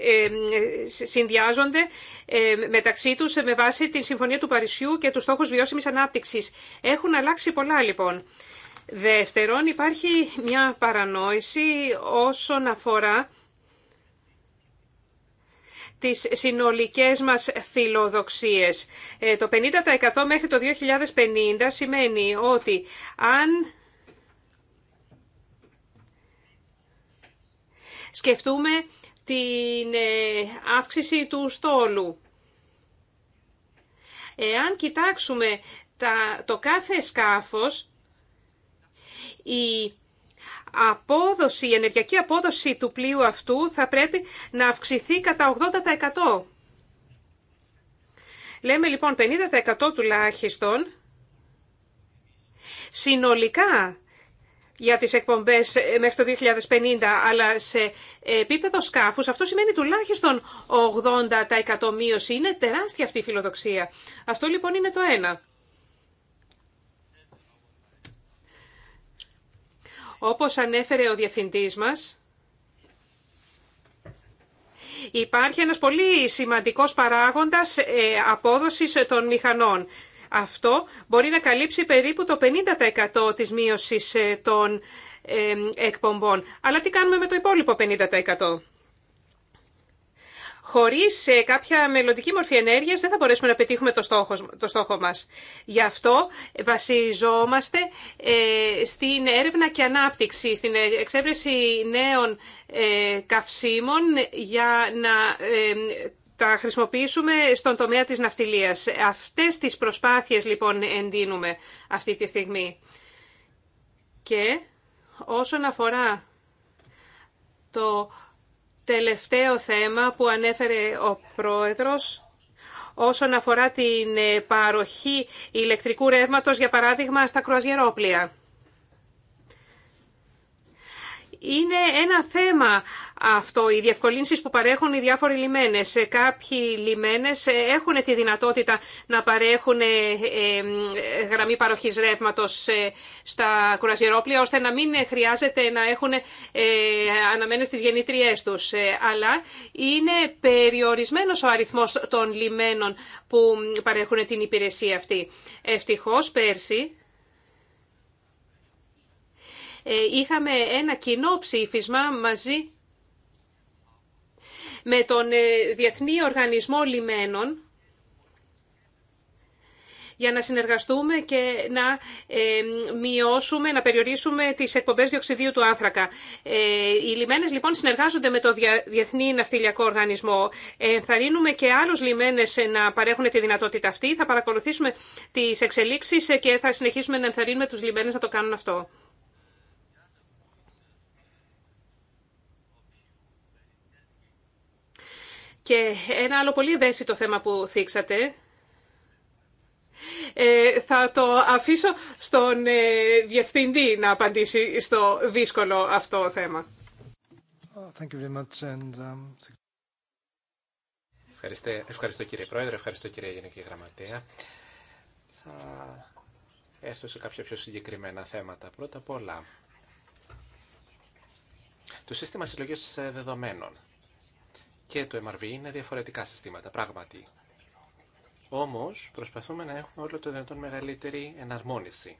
[SPEAKER 3] ε, ε, συνδυάζονται ε, μεταξύ τους με βάση την Συμφωνία του Παρισιού και τους στόχους βιώσιμης ανάπτυξης. Έχουν αλλάξει πολλά λοιπόν. Δεύτερον, υπάρχει μια παρανόηση όσον αφορά τις συνολικές μας φιλοδοξίες. Το 50% μέχρι το 2050 σημαίνει ότι αν σκεφτούμε την ε, αύξηση του στόλου. Εάν κοιτάξουμε το κάθε σκάφος, η απόδοση, η ενεργειακή απόδοση του πλοίου αυτού θα πρέπει να αυξηθεί κατά 80%. Λέμε λοιπόν 50% τουλάχιστον συνολικά για τις εκπομπές ε, μέχρι το 2050, αλλά σε επίπεδο σκάφους αυτό σημαίνει τουλάχιστον 80 τα Είναι τεράστια αυτή η φιλοδοξία. Αυτό λοιπόν είναι το ένα. Όπως ανέφερε ο διευθυντής μας, υπάρχει ένας πολύ σημαντικός παράγοντας ε, απόδοσης των μηχανών. Αυτό μπορεί να καλύψει περίπου το 50% της μείωσης ε, των ε, εκπομπών. Αλλά τι κάνουμε με το υπόλοιπο 50%? Χωρίς ε, κάποια μελλοντική μορφή ενέργειας δεν θα μπορέσουμε να πετύχουμε το στόχο, το στόχο μας. Γι' αυτό βασιζόμαστε στην έρευνα και ανάπτυξη, στην εξέβρεση νέων καυσίμων για να τα χρησιμοποιήσουμε στον τομέα της ναυτιλίας. Αυτές τις προσπάθειες λοιπόν εντείνουμε αυτή τη στιγμή. Και όσον αφορά το τελευταίο θέμα που ανέφερε ο Πρόεδρος, όσον αφορά την ε, παροχή ηλεκτρικού ρεύματος, για παράδειγμα, στα κρουαζιερόπλια. Είναι ένα θέμα αυτό. Οι διευκολύνσεις που παρέχουν οι διάφοροι λιμένες. Ε, κάποιοι λιμένες ε, έχουν τη δυνατότητα να παρέχουν ε, γραμμή παροχής ρεύματος στα κουραζιερόπλια, ώστε να μην χρειάζεται να έχουν αναμένες τις γεννήτριές τους. Αλλά είναι περιορισμένος ο αριθμός των λιμένων που παρέχουν την υπηρεσία αυτή. Ευτυχώς πέρσι είχαμε ένα κοινό ψήφισμα μαζί με τον ε, Διεθνή Οργανισμό Λιμένων για να συνεργαστούμε και να ε, μειώσουμε, να περιορίσουμε τις εκπομπές διοξιδίου του άνθρακα. Ε, οι λιμένες λοιπόν συνεργάζονται με το Διεθνή Ναυτιλιακό Οργανισμό. Ε, θα και άλλους λιμένες να παρέχουν τη δυνατότητα αυτή. Θα παρακολουθήσουμε τις εξελίξεις και θα συνεχίσουμε να ενθαρρύνουμε τους λιμένες να το κάνουν αυτό. Και ένα άλλο πολύ ευαίσθητο θέμα που θίξατε, ε, θα το αφήσω στον ε, Διευθυντή να απαντήσει στο δύσκολο αυτό θέμα.
[SPEAKER 1] Um,
[SPEAKER 4] ευχαριστώ, ευχαριστώ κύριε Πρόεδρε, ευχαριστώ κύριε Γενική Γραμματέα. Θα έρθω σε κάποια πιο συγκεκριμένα θέματα. Πρώτα απ' όλα, το σύστημα συλλογής ε, δεδομένων και το MRV είναι διαφορετικά συστήματα, πράγματι. Όμως προσπαθούμε να έχουμε όλο το δυνατόν μεγαλύτερη εναρμόνιση.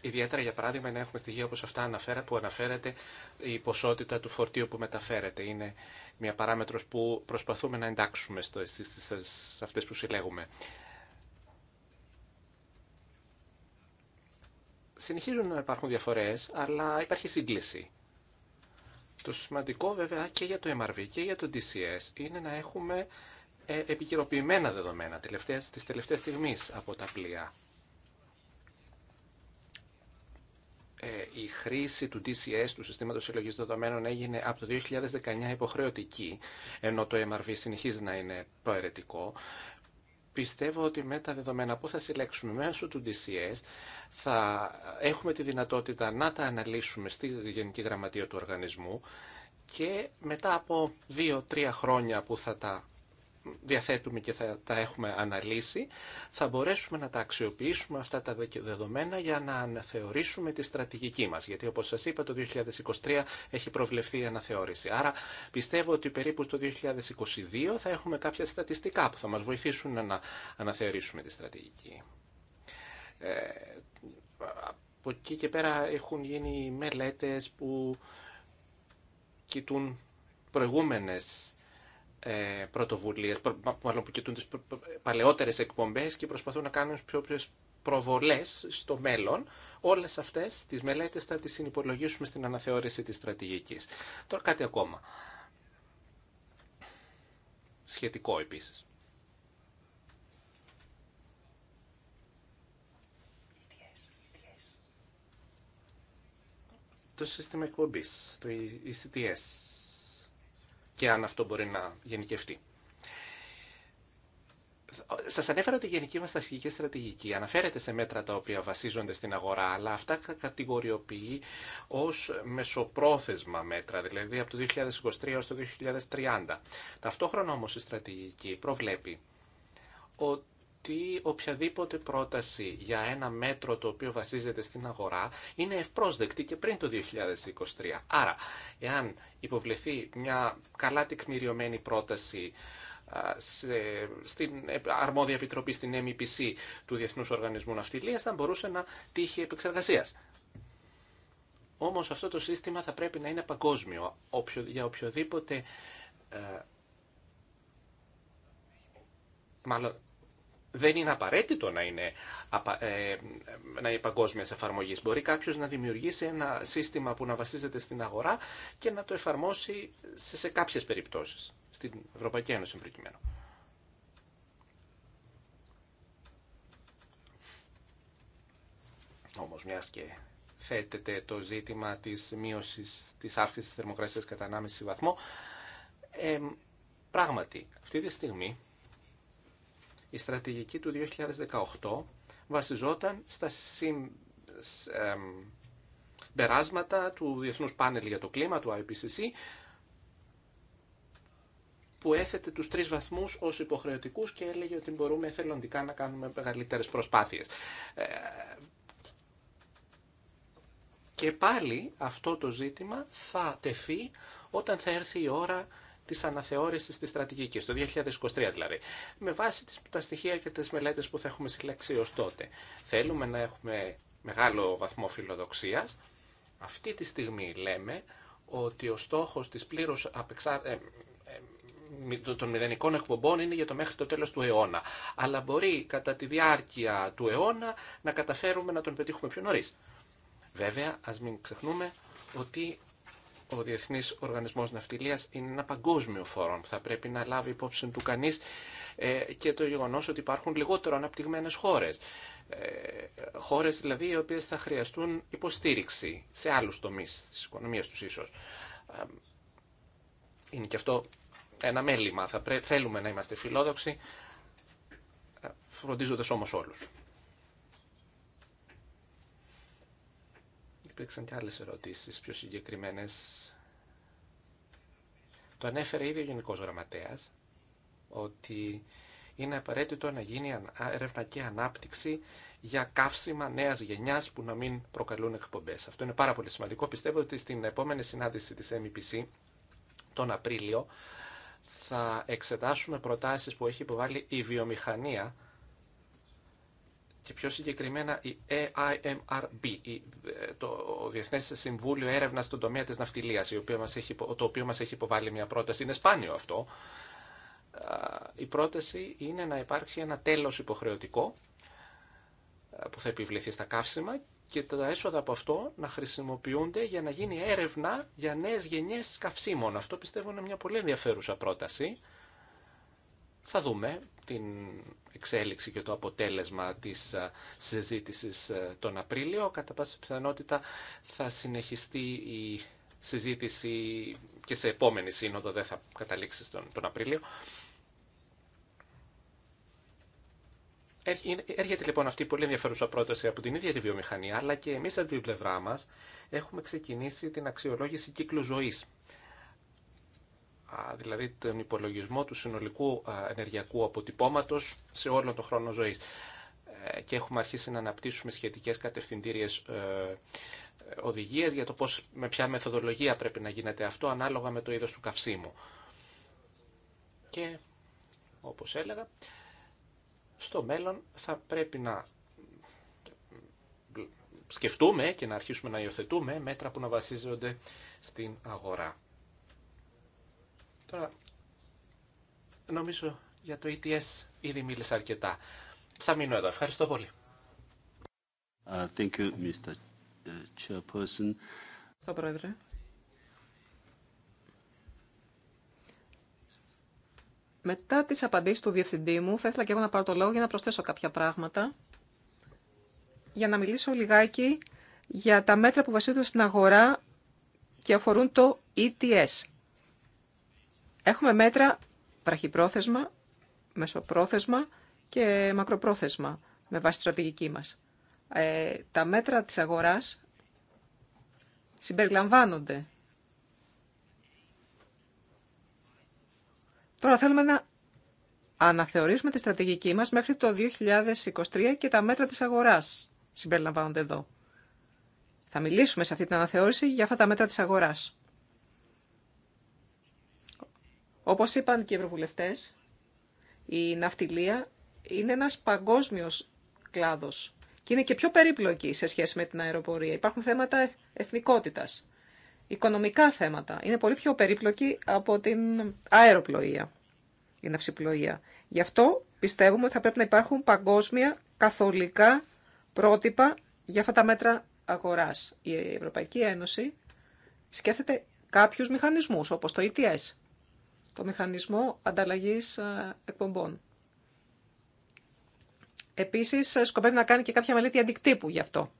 [SPEAKER 4] Ιδιαίτερα για παράδειγμα να έχουμε στοιχεία όπως αυτά αναφέρα, που αναφέρεται η ποσότητα του φορτίου που μεταφέρεται. Είναι μια παράμετρος που προσπαθούμε να εντάξουμε στο, στις, αυτές που συλλέγουμε. Συνεχίζουν να υπάρχουν διαφορές, αλλά υπάρχει σύγκληση το σημαντικό βέβαια και για το MRV και για το DCS είναι να έχουμε ε, επικαιροποιημένα δεδομένα τελευταίες, τις τελευταίες στιγμής από τα πλοία. Ε, η χρήση του DCS, του συστήματος συλλογής δεδομένων, έγινε από το 2019 υποχρεωτική, ενώ το MRV συνεχίζει να είναι προαιρετικό πιστεύω ότι με τα δεδομένα που θα συλλέξουμε μέσω του DCS θα έχουμε τη δυνατότητα να τα αναλύσουμε στη Γενική Γραμματεία του Οργανισμού και μετά από δύο-τρία χρόνια που θα τα διαθέτουμε και θα τα έχουμε αναλύσει, θα μπορέσουμε να τα αξιοποιήσουμε αυτά τα δεδομένα για να αναθεωρήσουμε τη στρατηγική μας. Γιατί όπως σας είπα το 2023 έχει προβλεφθεί η αναθεώρηση. Άρα πιστεύω ότι περίπου το 2022 θα έχουμε κάποια στατιστικά που θα μας βοηθήσουν να αναθεωρήσουμε τη στρατηγική. Ε, από εκεί και πέρα έχουν γίνει μελέτες που κοιτούν προηγούμενες ε, πρωτοβουλίε, μάλλον που κοιτούν τι παλαιότερε εκπομπέ και προσπαθούν να κάνουν πιο προβολέ στο μέλλον. Όλε αυτέ τι μελέτε θα τι συνυπολογίσουμε στην αναθεώρηση τη στρατηγική. Τώρα κάτι ακόμα. Σχετικό επίση. Το σύστημα εκπομπή, το ECTS, και αν αυτό μπορεί να γενικευτεί. Σας ανέφερα ότι η γενική μας ταχυγική στρατηγική αναφέρεται σε μέτρα τα οποία βασίζονται στην αγορά, αλλά αυτά κατηγοριοποιεί ως μεσοπρόθεσμα μέτρα, δηλαδή από το 2023 έως το 2030. Ταυτόχρονα όμω, η στρατηγική προβλέπει ότι ότι οποιαδήποτε πρόταση για ένα μέτρο το οποίο βασίζεται στην αγορά είναι ευπρόσδεκτη και πριν το 2023. Άρα, εάν υποβληθεί μια καλά τεκμηριωμένη πρόταση στην ε, αρμόδια επιτροπή στην MEPC του Διεθνούς Οργανισμού Ναυτιλίας θα μπορούσε να τύχει επεξεργασίας. Όμως αυτό το σύστημα θα πρέπει να είναι παγκόσμιο για οποιοδήποτε ε, μάλλον δεν είναι απαραίτητο να είναι, ε, να είναι παγκόσμια εφαρμογή. Μπορεί κάποιο να δημιουργήσει ένα σύστημα που να βασίζεται στην αγορά και να το εφαρμόσει σε, σε κάποιε περιπτώσει. Στην Ευρωπαϊκή Ένωση, προκειμένου. Όμω, μια και θέτεται το ζήτημα τη μείωση τη αύξηση τη θερμοκρασία κατά 1,5 βαθμό, ε, πράγματι αυτή τη στιγμή η στρατηγική του 2018 βασιζόταν στα συμπεράσματα του Διεθνούς Πάνελ για το Κλίμα, του IPCC, που έθετε τους τρεις βαθμούς ως υποχρεωτικούς και έλεγε ότι μπορούμε εθελοντικά να κάνουμε μεγαλύτερες προσπάθειες. Ε, και πάλι αυτό το ζήτημα θα τεθεί όταν θα έρθει η ώρα της αναθεώρησης της στρατηγική, το 2023 δηλαδή, με βάση τα στοιχεία και τις μελέτες που θα έχουμε συλλέξει ω τότε. Θέλουμε να έχουμε μεγάλο βαθμό φιλοδοξίας. Αυτή τη στιγμή λέμε ότι ο στόχος της πλήρους ε, ε, των μηδενικών εκπομπών είναι για το μέχρι το τέλος του αιώνα. Αλλά μπορεί κατά τη διάρκεια του αιώνα να καταφέρουμε να τον πετύχουμε πιο νωρίς. Βέβαια, ας μην ξεχνούμε ότι ο Διεθνής Οργανισμός Ναυτιλίας είναι ένα παγκόσμιο φόρο που θα πρέπει να λάβει υπόψη του κανείς ε, και το γεγονός ότι υπάρχουν λιγότερο αναπτυγμένες χώρες. Ε, χώρες δηλαδή οι οποίες θα χρειαστούν υποστήριξη σε άλλους τομείς της οικονομίας τους ίσως. Ε, είναι και αυτό ένα μέλημα. Θα Θέλουμε να είμαστε φιλόδοξοι, φροντίζοντας όμως όλους. Υπήρξαν και άλλες ερωτήσεις, πιο συγκεκριμένες. Το ανέφερε ήδη ο Γενικός Γραμματέας, ότι είναι απαραίτητο να γίνει έρευνα και ανάπτυξη για καύσιμα νέα γενιά που να μην προκαλούν εκπομπέ. Αυτό είναι πάρα πολύ σημαντικό. Πιστεύω ότι στην επόμενη συνάντηση τη MEPC τον Απρίλιο θα εξετάσουμε προτάσει που έχει υποβάλει η βιομηχανία και πιο συγκεκριμένα η AIMRB, ε, το Διεθνέ Συμβούλιο Έρευνα στον τομέα τη ναυτιλίας, το οποίο μας έχει υποβάλει μια πρόταση. Είναι σπάνιο αυτό. Η πρόταση είναι να υπάρξει ένα τέλος υποχρεωτικό που θα επιβληθεί στα καύσιμα και τα έσοδα από αυτό να χρησιμοποιούνται για να γίνει έρευνα για νέες γενιές καυσίμων. Αυτό πιστεύω είναι μια πολύ ενδιαφέρουσα πρόταση θα δούμε την εξέλιξη και το αποτέλεσμα της ε, συζήτησης ε, τον Απρίλιο. Κατά πάση πιθανότητα θα συνεχιστεί η συζήτηση και σε επόμενη σύνοδο, δεν θα καταλήξει τον τον Απρίλιο. Έρχεται λοιπόν αυτή η πολύ ενδιαφέρουσα πρόταση από την ίδια τη βιομηχανία, αλλά και εμείς από την πλευρά μας έχουμε ξεκινήσει την αξιολόγηση κύκλου ζωής δηλαδή τον υπολογισμό του συνολικού ενεργειακού αποτυπώματος σε όλο τον χρόνο ζωής. Ε, και έχουμε αρχίσει να αναπτύσσουμε σχετικές κατευθυντήριες ε, ε, οδηγίες για το πώς, με ποια μεθοδολογία πρέπει να γίνεται αυτό ανάλογα με το είδος του καυσίμου. Και όπως έλεγα, στο μέλλον θα πρέπει να σκεφτούμε και να αρχίσουμε να υιοθετούμε μέτρα που να βασίζονται στην αγορά. Τώρα, νομίζω για το ETS ήδη μίλησα αρκετά. Θα μείνω εδώ. Ευχαριστώ πολύ.
[SPEAKER 1] Ε, thank you, Mr. Ε, Chairperson. Ευχαριστώ,
[SPEAKER 2] Πρόεδρε. Μετά τις απαντήσεις του Διευθυντή μου, θα ήθελα και εγώ να πάρω το λόγο για να προσθέσω κάποια πράγματα, για να μιλήσω λιγάκι για τα μέτρα που βασίζονται στην αγορά και αφορούν το ETS. Έχουμε μέτρα πραχυπρόθεσμα, μεσοπρόθεσμα και μακροπρόθεσμα με βάση τη στρατηγική μας. Ε, τα μέτρα της αγοράς συμπεριλαμβάνονται. Τώρα θέλουμε να αναθεωρήσουμε τη στρατηγική μας μέχρι το 2023 και τα μέτρα της αγοράς συμπεριλαμβάνονται εδώ. Θα μιλήσουμε σε αυτή την αναθεώρηση για αυτά τα μέτρα της αγοράς. Όπως είπαν και οι ευρωβουλευτές, η ναυτιλία είναι ένας παγκόσμιος κλάδος και είναι και πιο περίπλοκη σε σχέση με την αεροπορία. Υπάρχουν θέματα εθνικότητας, οικονομικά θέματα. Είναι πολύ πιο περίπλοκη από την αεροπλοεία, η ναυσιπλοεία. Γι' αυτό πιστεύουμε ότι θα πρέπει να υπάρχουν παγκόσμια καθολικά πρότυπα για αυτά τα μέτρα αγοράς. Η Ευρωπαϊκή Ένωση σκέφτεται κάποιους μηχανισμούς, όπως το ETS, το μηχανισμό ανταλλαγής ε, εκπομπών. Επίσης, ε, σκοπεύει να κάνει και κάποια μελέτη αντικτύπου γι' αυτό.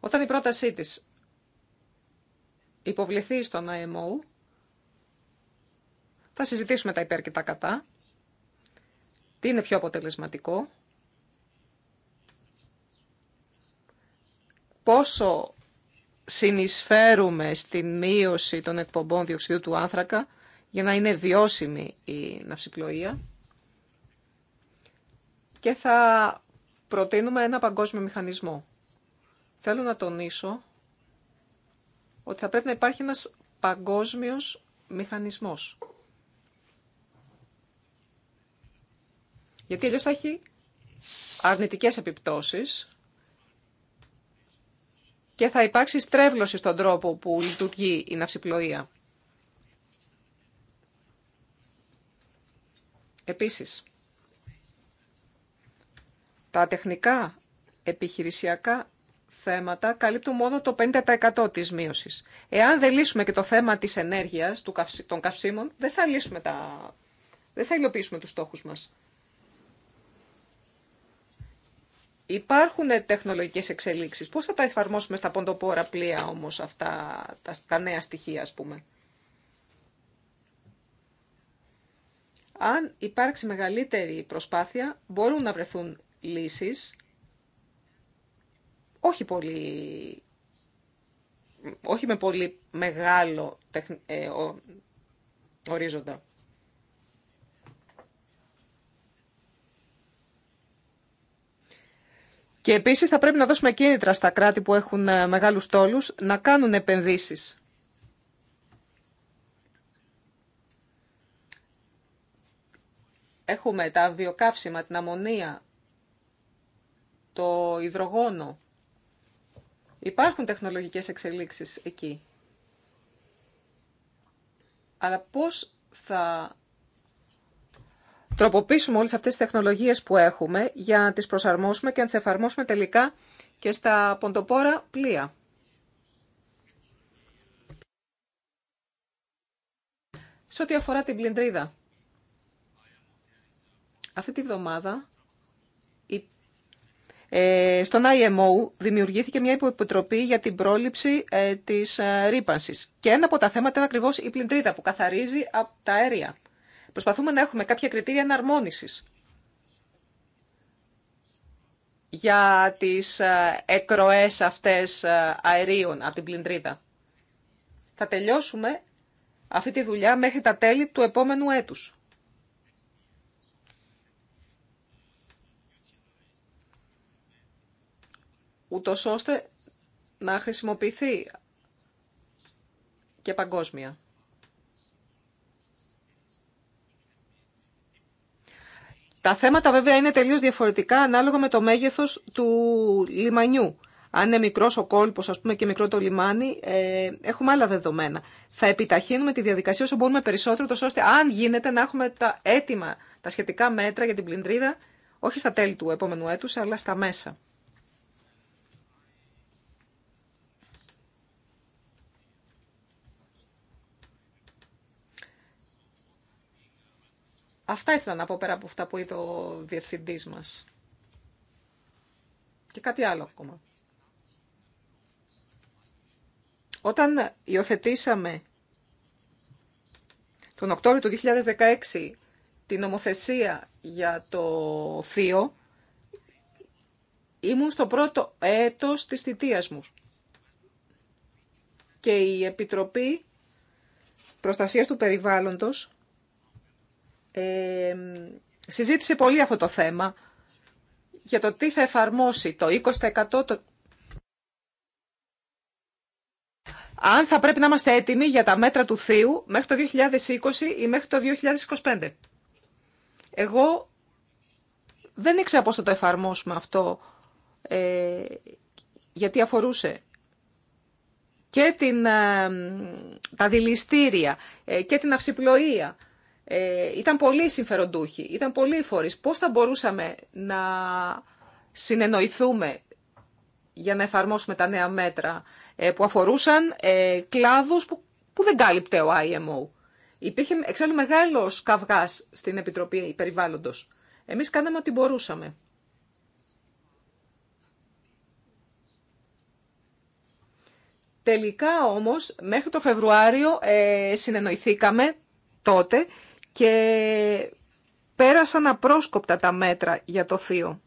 [SPEAKER 2] Όταν η πρότασή της υποβληθεί στον IMO, θα συζητήσουμε τα υπέρ κατά, τι είναι πιο αποτελεσματικό, πόσο συνεισφέρουμε στην μείωση των εκπομπών διοξιδίου του άνθρακα για να είναι βιώσιμη η ναυσιπλοεία και θα προτείνουμε ένα παγκόσμιο μηχανισμό. Θέλω να τονίσω ότι θα πρέπει να υπάρχει ένας παγκόσμιος μηχανισμός. Γιατί αλλιώς θα έχει αρνητικές επιπτώσεις και θα υπάρξει στρέβλωση στον τρόπο που λειτουργεί η ναυσιπλοεία. Επίσης, τα τεχνικά επιχειρησιακά θέματα καλύπτουν μόνο το 50% της μείωσης. Εάν δεν λύσουμε και το θέμα της ενέργειας, των καυσίμων, δεν θα, λύσουμε δεν θα υλοποιήσουμε τους στόχους μας. Υπάρχουν τεχνολογικές εξελίξεις. Πώς θα τα εφαρμόσουμε στα ποντοπόρα πλοία όμως αυτά τα, νέα στοιχεία ας πούμε. Αν υπάρξει μεγαλύτερη προσπάθεια μπορούν να βρεθούν λύσεις όχι πολύ όχι με πολύ μεγάλο ε, ορίζοντα. Και επίσης θα πρέπει να δώσουμε κίνητρα στα κράτη που έχουν ε, μεγάλους τόλους να κάνουν επενδύσεις. Έχουμε τα βιοκαύσιμα, την αμμονία, το υδρογόνο. Υπάρχουν τεχνολογικές εξελίξεις εκεί. Αλλά πώς θα τροποποιήσουμε όλες αυτές τις τεχνολογίες που έχουμε για να τις προσαρμόσουμε και να τις εφαρμόσουμε τελικά και στα ποντοπόρα πλοία. Σε ό,τι αφορά την πλυντρίδα, αυτή τη βδομάδα ε, στον IMO δημιουργήθηκε μια υποεπιτροπή για την πρόληψη ε, της ε, ρήπανσης. Και ένα από τα θέματα είναι ακριβώς η πλυντρίδα που καθαρίζει από τα αέρια. Προσπαθούμε να έχουμε κάποια κριτήρια εναρμόνισης για τις ε, εκροές αυτές ε, αερίων από την πλυντρίδα. Θα τελειώσουμε αυτή τη δουλειά μέχρι τα τέλη του επόμενου έτους. ούτως ώστε να χρησιμοποιηθεί και παγκόσμια. Τα θέματα βέβαια είναι τελείως διαφορετικά ανάλογα με το μέγεθος του λιμανιού. Αν είναι μικρό ο κόλπο, ας πούμε, και μικρό το λιμάνι, ε, έχουμε άλλα δεδομένα. Θα επιταχύνουμε τη διαδικασία όσο μπορούμε περισσότερο, ώστε αν γίνεται να έχουμε τα έτοιμα, τα σχετικά μέτρα για την πλυντρίδα, όχι στα τέλη του επόμενου έτου, αλλά στα μέσα. Αυτά ήθελα να πω πέρα από αυτά που είπε ο Διευθυντή μας. Και κάτι άλλο ακόμα. Όταν υιοθετήσαμε τον Οκτώβριο του 2016 την νομοθεσία για το θείο, ήμουν στο πρώτο έτος της θητείας μου. Και η Επιτροπή Προστασίας του Περιβάλλοντος ε, συζήτησε πολύ αυτό το θέμα για το τι θα εφαρμόσει το 20% αν θα πρέπει να είμαστε έτοιμοι για τα μέτρα του θείου μέχρι το 2020 ή μέχρι το 2025. Εγώ δεν ήξερα πώς θα το εφαρμόσουμε αυτό, ε, γιατί αφορούσε και την, ε, τα δηληστήρια ε, και την αυσιπλοεία ε, ήταν πολύ συμφεροντούχοι, ήταν πολύ φορείς. Πώς θα μπορούσαμε να συνεννοηθούμε για να εφαρμόσουμε τα νέα μέτρα ε, που αφορούσαν ε, κλάδους που, που δεν κάλυπτε ο IMO. Υπήρχε εξάλλου μεγάλος καυγάς στην Επιτροπή Περιβάλλοντος. Εμείς κάναμε ό,τι μπορούσαμε. Τελικά όμως μέχρι το Φεβρουάριο ε, συνεννοηθήκαμε τότε και πέρασαν απρόσκοπτα τα μέτρα για το θείο.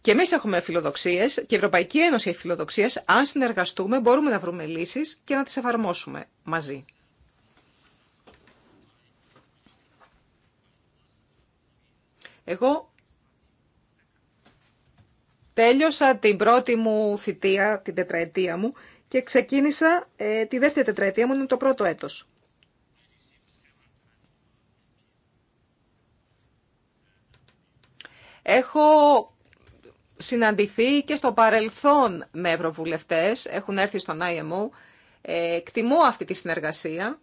[SPEAKER 2] Και εμεί έχουμε φιλοδοξίες και η Ευρωπαϊκή Ένωση έχει φιλοδοξίες. Αν συνεργαστούμε, μπορούμε να βρούμε λύσεις και να τις εφαρμόσουμε μαζί. Εγώ τέλειωσα την πρώτη μου θητεία, την τετραετία μου, και ξεκίνησα ε, τη δεύτερη τετραετία μου, είναι το πρώτο έτος. Έχω συναντηθεί και στο παρελθόν με ευρωβουλευτές, έχουν έρθει στον IMO. Ε, εκτιμώ αυτή τη συνεργασία.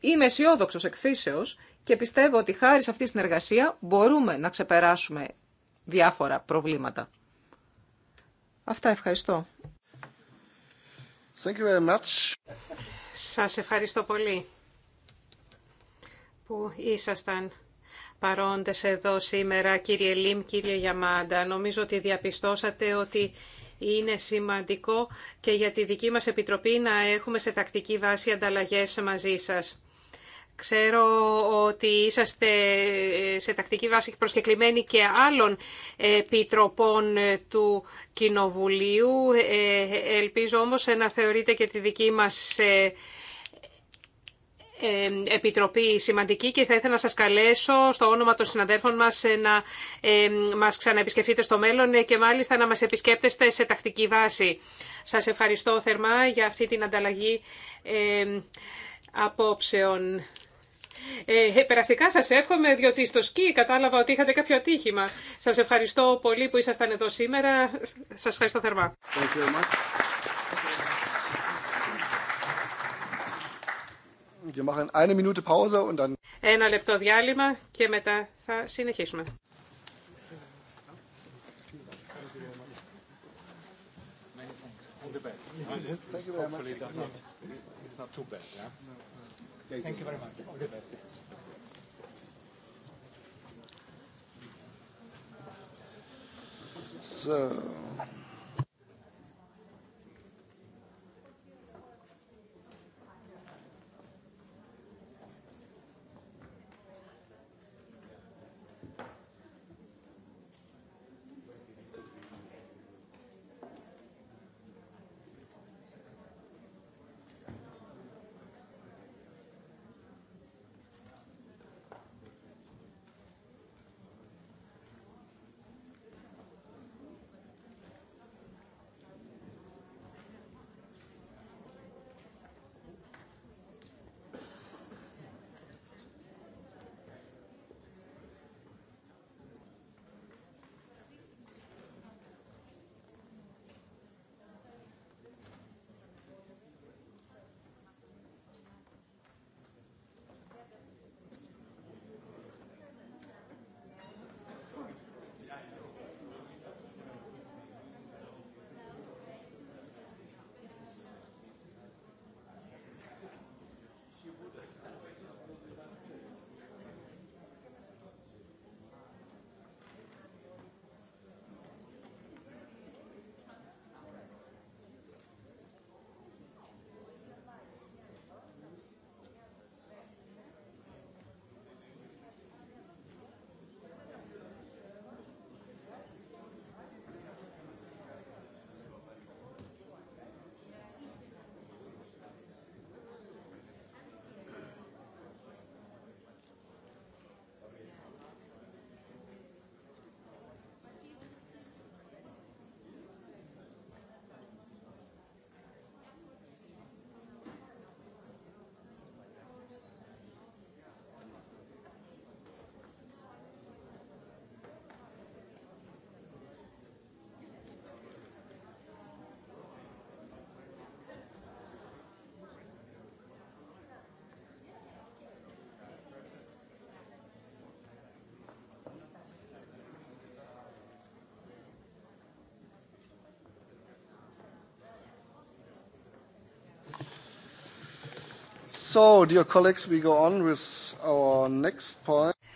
[SPEAKER 2] Είμαι αισιόδοξο εκφύσεως και πιστεύω ότι χάρη σε αυτή τη συνεργασία μπορούμε να ξεπεράσουμε
[SPEAKER 3] διάφορα προβλήματα.
[SPEAKER 2] Αυτά ευχαριστώ.
[SPEAKER 3] Thank you Σας ευχαριστώ πολύ που ήσασταν παρόντες εδώ σήμερα, κύριε Λίμ, κύριε Γιαμάντα. Νομίζω ότι διαπιστώσατε ότι είναι σημαντικό και για τη δική μας Επιτροπή να έχουμε σε τακτική βάση ανταλλαγές μαζί σας. Ξέρω ότι είσαστε σε τακτική βάση προσκεκλημένοι και άλλων επιτροπών του Κοινοβουλίου. Ε, ελπίζω όμως να θεωρείτε και τη δική μας ε, ε, επιτροπή σημαντική και θα ήθελα να σας καλέσω στο όνομα των συναδέρφων μας να μας ξαναεπισκεφτείτε στο μέλλον και μάλιστα να μας επισκέπτεστε σε τακτική βάση. Σας ευχαριστώ θερμά για αυτή την ανταλλαγή απόψεων. Ε, ε, περαστικά σας εύχομαι, διότι στο σκι κατάλαβα ότι είχατε κάποιο ατύχημα. Σας ευχαριστώ πολύ που ήσασταν εδώ σήμερα. Σας ευχαριστώ θερμά. Ένα λεπτό διάλειμμα και μετά θα συνεχίσουμε.
[SPEAKER 4] Thank you very Thank you very much. All the best.
[SPEAKER 1] So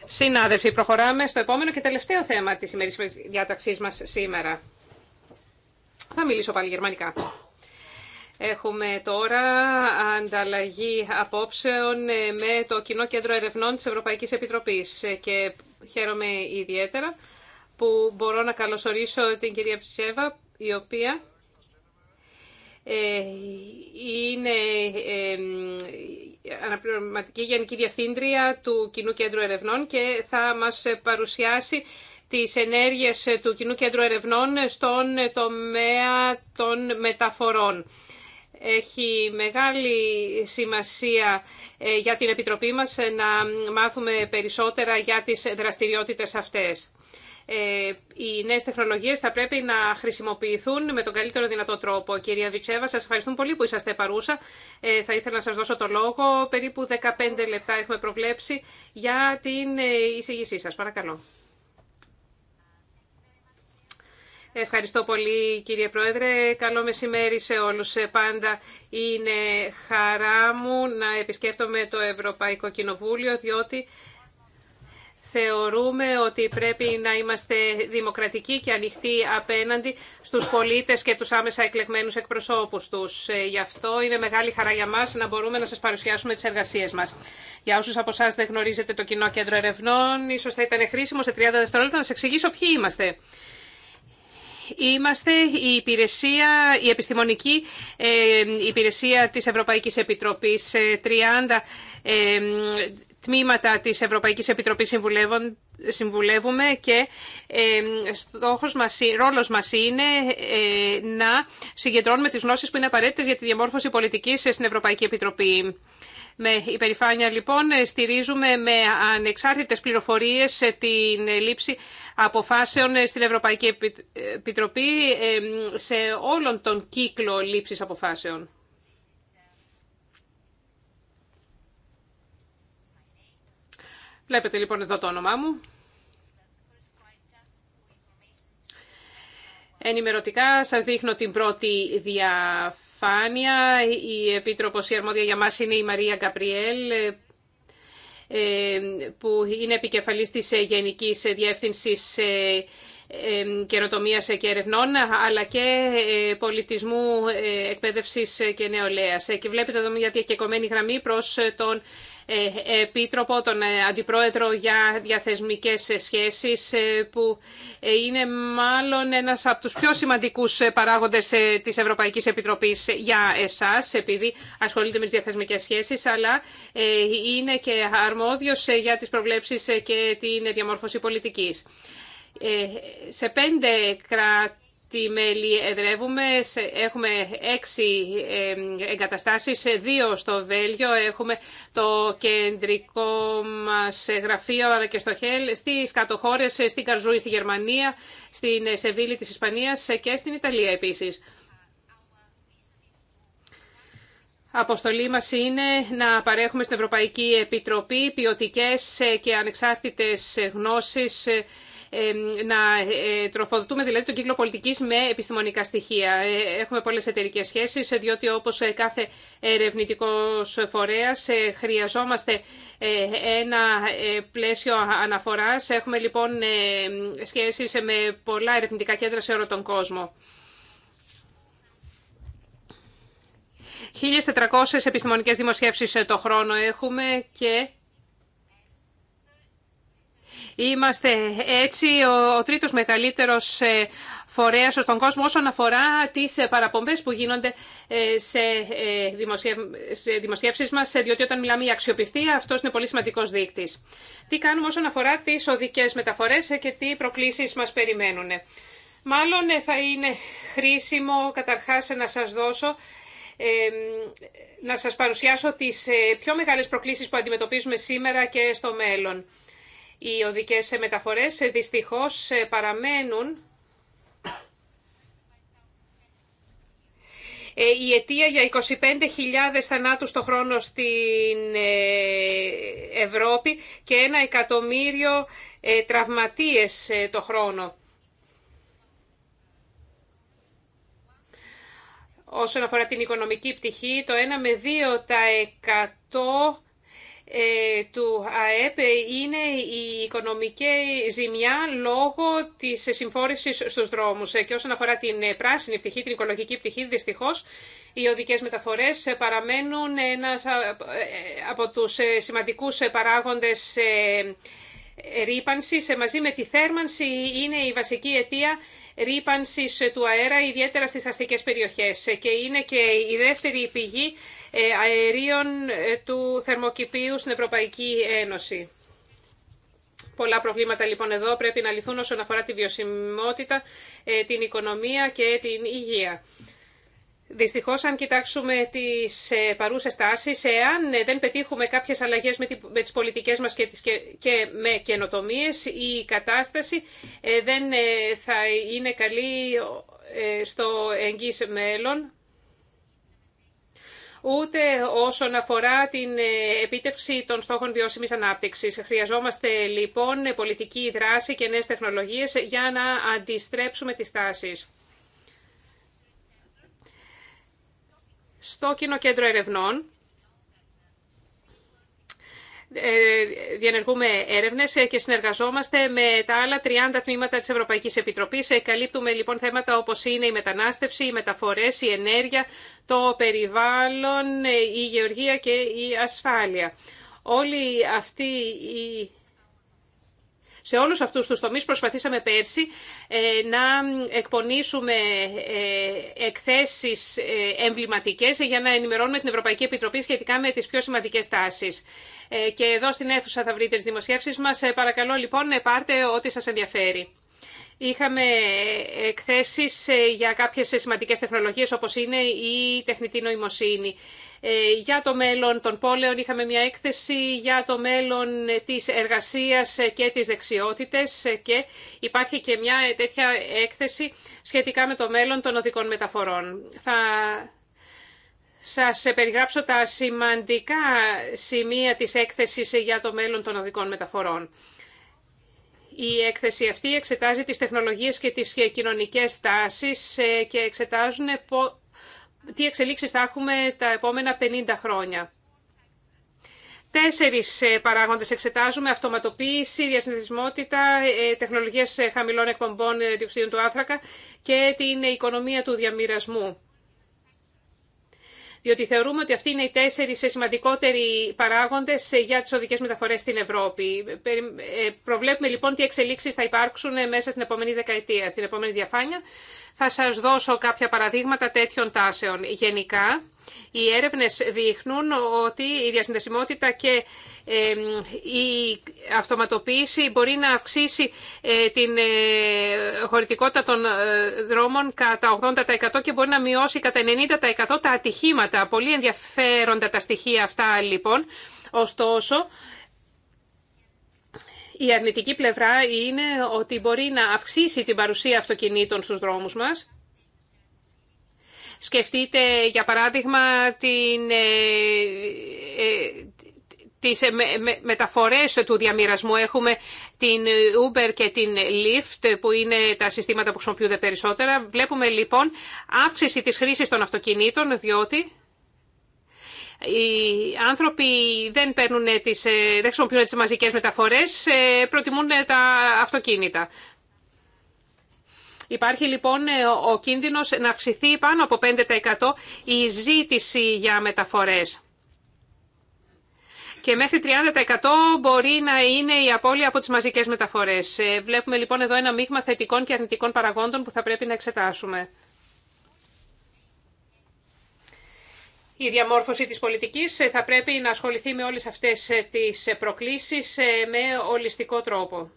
[SPEAKER 3] Συνάδελφοι, προχωράμε στο επόμενο και τελευταίο θέμα της σημερινής διάταξής μας σήμερα. Θα μιλήσω πάλι γερμανικά. Έχουμε τώρα ανταλλαγή απόψεων ε, με το Κοινό Κέντρο Ερευνών της Ευρωπαϊκής Επιτροπής ε, και χαίρομαι ιδιαίτερα που μπορώ να καλωσορίσω την κυρία Ψέβα, η οποία ε, είναι αναπληρωματική Γενική Διευθύντρια του Κοινού Κέντρου Ερευνών και θα μας παρουσιάσει τις ενέργειες του Κοινού Κέντρου Ερευνών στον τομέα των μεταφορών. Έχει μεγάλη σημασία ε, για την Επιτροπή μας να μάθουμε περισσότερα για τις δραστηριότητες αυτές. Ε, οι νέες τεχνολογίες θα πρέπει να χρησιμοποιηθούν με τον καλύτερο δυνατό τρόπο. Κυρία Βιτσέβα, σας ευχαριστούμε πολύ που είσαστε παρούσα. Ε, θα ήθελα να σας δώσω το λόγο. Περίπου 15 λεπτά έχουμε προβλέψει για την ε, εισηγήσή σας. Παρακαλώ. Ευχαριστώ πολύ κύριε Πρόεδρε. Καλό μεσημέρι σε όλους. Πάντα είναι χαρά μου να επισκέφτομαι το Ευρωπαϊκό Κοινοβούλιο, διότι θεωρούμε ότι πρέπει να είμαστε δημοκρατικοί και ανοιχτοί απέναντι στους πολίτες και τους άμεσα εκλεγμένους εκπροσώπους τους. Ε, γι' αυτό είναι μεγάλη χαρά για μας να μπορούμε να σας παρουσιάσουμε τις εργασίες μας. Για όσους από εσά δεν γνωρίζετε το Κοινό Κέντρο Ερευνών, ίσως θα ήταν χρήσιμο σε 30 δευτερόλεπτα να σας εξηγήσω ποιοι είμαστε. Είμαστε η υπηρεσία, η επιστημονική ε, υπηρεσία της Ευρωπαϊκής Επιτροπής. 30 ε, τμήματα της Ευρωπαϊκής Επιτροπής συμβουλεύουμε και ε, στόχος μας, ρόλος μας είναι ε, να συγκεντρώνουμε τις γνώσεις που είναι απαραίτητες για τη διαμόρφωση πολιτικής στην Ευρωπαϊκή Επιτροπή. Με υπερηφάνεια λοιπόν στηρίζουμε με ανεξάρτητες πληροφορίες ε, την λήψη αποφάσεων στην Ευρωπαϊκή Επιτροπή σε όλον τον κύκλο λήψης αποφάσεων. Βλέπετε λοιπόν εδώ το όνομά μου. Ενημερωτικά σας δείχνω την πρώτη διαφάνεια. Η Επίτροπος η Αρμόδια για μας είναι η Μαρία Γκαπριέλ, ε, που είναι επικεφαλής της Γενικής Διεύθυνσης ε, ε, Καινοτομίας και Ερευνών, αλλά και πολιτισμού, εκπαίδευσης και νεολαίας. Και βλέπετε εδώ μια διακεκομένη γραμμή προς τον ε, επίτροπο, τον ε, αντιπρόεδρο για διαθεσμικές ε, σχέσεις, που είναι μάλλον ένας από τους πιο σημαντικούς παράγοντες της Ευρωπαϊκής Επιτροπής για εσάς, επειδή ασχολείται με τις διαθεσμικές σχέσεις, αλλά είναι και αρμόδιος για τις προβλέψεις και την διαμόρφωση πολιτικής. Σε πέντε κράτη κράτη-μέλη εδρεύουμε. Έχουμε έξι εγκαταστάσεις, δύο στο Βέλγιο. Έχουμε το κεντρικό μας γραφείο, αλλά και στο Χέλ, στις κατοχώρες, στην Καρζούη, στη Γερμανία, στην ε, Σεβίλη της Ισπανίας και στην Ιταλία επίσης. Αποστολή μας είναι να παρέχουμε στην Ευρωπαϊκή Επιτροπή ποιοτικές ε, και ανεξάρτητες ε, γνώσεις να ε, τροφοδοτούμε δηλαδή τον κύκλο πολιτική με επιστημονικά στοιχεία. Ε, έχουμε πολλές εταιρικέ σχέσεις, ε, διότι όπω κάθε ερευνητικός φορέας χρειαζόμαστε ένα πλαίσιο αναφοράς. Έχουμε λοιπόν σχέσεις με πολλά ερευνητικά κέντρα σε όλο τον κόσμο. 1.400 επιστημονικές δημοσιεύσεις το χρόνο έχουμε και Είμαστε έτσι ο, ο τρίτος μεγαλύτερος ε, φορέας στον κόσμο όσον αφορά τις ε, παραπομπές που γίνονται ε, σε, δημοσιευ... σε δημοσιεύσεις μας, διότι όταν μιλάμε για αξιοπιστία αυτός είναι πολύ σημαντικός δείκτης. Τι κάνουμε όσον αφορά τις οδικές μεταφορές και τι προκλήσεις μας περιμένουν. Μάλλον θα είναι χρήσιμο καταρχάς να σας δώσω να σας παρουσιάσω τις πιο μεγάλες προκλήσεις που αντιμετωπίζουμε σήμερα και στο μέλλον. Οι οδικές μεταφορές δυστυχώς ε, παραμένουν ε, η αιτία για 25.000 θανάτους το χρόνο στην ε, Ευρώπη και ένα εκατομμύριο τραυματίες το χρόνο. Όσον αφορά την οικονομική πτυχή, το 1 με 2% ε, του ΑΕΠ είναι η οικονομική ζημιά λόγω της συμφόρησης στους δρόμους. Ε, και όσον αφορά την ε, πράσινη πτυχή, την οικολογική πτυχή, δυστυχώς οι οδικές μεταφορές παραμένουν ένας από τους σημαντικούς παράγοντες ρήπανσης. Μαζί με τη θέρμανση είναι η βασική αιτία ρήπανση του αέρα, ιδιαίτερα στι αστικέ περιοχέ ε, και είναι και η δεύτερη πηγή ε, αερίων ε, του θερμοκηπίου στην Ευρωπαϊκή Ένωση. Πολλά προβλήματα λοιπόν εδώ πρέπει να λυθούν όσον αφορά τη βιωσιμότητα, την οικονομία και την υγεία. Δυστυχώ, αν κοιτάξουμε τις ε, παρούσε τάσεις, εάν ε, δεν πετύχουμε κάποιες αλλαγέ με τις πολιτικές μας και με καινοτομίε, η κατάσταση ε, δεν θα είναι καλή στο εγγύς μέλλον, ούτε όσον αφορά την επίτευξη των στόχων βιώσιμης ανάπτυξης. Χρειαζόμαστε, λοιπόν, πολιτική δράση και νέες τεχνολογίες για να αντιστρέψουμε τις τάσεις. στο Κοινό Κέντρο Ερευνών. Ε, διενεργούμε έρευνες και συνεργαζόμαστε με τα άλλα 30 τμήματα της Ευρωπαϊκής Επιτροπής. Ε, καλύπτουμε λοιπόν θέματα όπως είναι η μετανάστευση, οι μεταφορές, η ενέργεια, το περιβάλλον, ε, η γεωργία και η ασφάλεια. Όλοι αυτοί οι σε όλους αυτούς τους τομείς προσπαθήσαμε πέρσι ε, να εκπονήσουμε ε, εκθέσεις ε, εμβληματικές για να ενημερώνουμε την Ευρωπαϊκή Επιτροπή σχετικά με τις πιο σημαντικές τάσεις. Και εδώ στην αίθουσα θα βρείτε τις δημοσιεύσεις μας. Παρακαλώ λοιπόν να πάρτε ό,τι σας ενδιαφέρει. Είχαμε εκθέσεις ε, για κάποιες σημαντικές τεχνολογίες όπως είναι η τεχνητή νοημοσύνη. Ε, για το μέλλον των πόλεων είχαμε μια έκθεση για το μέλλον της εργασίας και τις δεξιότητες και υπάρχει και μια τέτοια έκθεση σχετικά με το μέλλον των οδικών μεταφορών. Θα σας περιγράψω τα σημαντικά σημεία της έκθεσης για το μέλλον των οδικών μεταφορών. Η έκθεση αυτή εξετάζει τις τεχνολογίες και τις κοινωνικές τάσεις ε, και εξετάζουν τι εξελίξεις θα έχουμε τα επόμενα 50 χρόνια. Τέσσερις ε, παράγοντες εξετάζουμε, αυτοματοποίηση, διασυνδεσμότητα, ε, τεχνολογίες χαμηλών εκπομπών διοξιδίων του άνθρακα και την οικονομία του διαμοιρασμού διότι θεωρούμε ότι αυτοί είναι οι τέσσερις σημαντικότεροι παράγοντες για τις οδικές μεταφορές στην Ευρώπη. Ε, προβλέπουμε λοιπόν τι εξελίξεις θα υπάρξουν ε, μέσα στην επόμενη δεκαετία. Στην επόμενη διαφάνεια θα σας δώσω κάποια παραδείγματα τέτοιων τάσεων. Γενικά, οι έρευνες δείχνουν ότι η διασυνδεσιμότητα και η αυτοματοποίηση μπορεί να αυξήσει ε, την ε, χωρητικότητα των ε, δρόμων κατά 80% και μπορεί να μειώσει κατά 90% τα ατυχήματα. Πολύ ενδιαφέροντα τα στοιχεία αυτά λοιπόν. Ωστόσο, η αρνητική πλευρά είναι ότι μπορεί να αυξήσει την παρουσία αυτοκινήτων στους δρόμους μας. Σκεφτείτε, για παράδειγμα, την, ε, ε, τις ε, μεταφορές του διαμοιρασμού. Έχουμε την Uber και την Lyft που είναι τα συστήματα που χρησιμοποιούνται περισσότερα. Βλέπουμε λοιπόν αύξηση της χρήσης των αυτοκινήτων διότι οι άνθρωποι δεν, παίρνουν τις, ε, δεν χρησιμοποιούν τις μαζικές μεταφορές, ε, προτιμούν ε, τα αυτοκίνητα. Υπάρχει λοιπόν ο κίνδυνος να αυξηθεί πάνω από 5% η ζήτηση για μεταφορές. Και μέχρι 30% μπορεί να είναι η απώλεια από τις μαζικές μεταφορές. Βλέπουμε λοιπόν εδώ ένα μείγμα θετικών και αρνητικών παραγόντων που θα πρέπει να εξετάσουμε. Η διαμόρφωση της πολιτικής ε, θα πρέπει να ασχοληθεί με όλες αυτές ε, τις ε, προκλήσεις με ολιστικό τρόπο.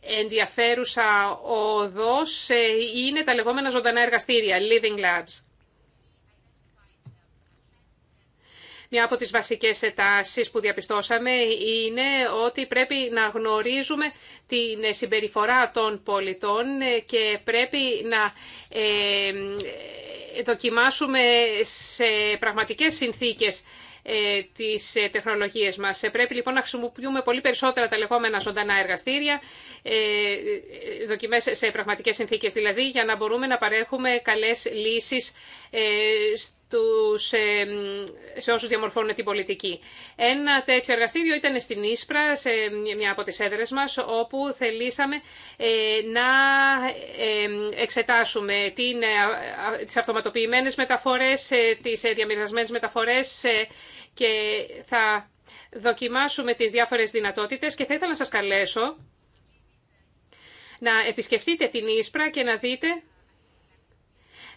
[SPEAKER 3] Ενδιαφέρουσα οδός είναι τα λεγόμενα ζωντανά εργαστήρια, living labs. Μια από τις βασικές ετάσεις που διαπιστώσαμε είναι ότι πρέπει να γνωρίζουμε την συμπεριφορά των πολιτών και πρέπει να ε, δοκιμάσουμε σε πραγματικές συνθήκες ε, τις ε, τεχνολογίες μας. Πρέπει λοιπόν να χρησιμοποιούμε πολύ περισσότερα τα λεγόμενα ζωντανά εργαστήρια, δοκιμές σε πραγματικές συνθήκες δηλαδή, για να μπορούμε να παρέχουμε καλές λύσεις ε, σε όσους διαμορφώνουν την πολιτική. Ένα τέτοιο εργαστήριο ήταν στην Ίσπρα, σε μια από τις έδρες μας, όπου θελήσαμε ε, να ε, εξετάσουμε την, τις αυτοματοποιημένες μεταφορές, τις διαμερισμένες μεταφορές και θα δοκιμάσουμε τις διάφορες δυνατότητες και θα ήθελα να σας καλέσω να επισκεφτείτε την Ίσπρα και να δείτε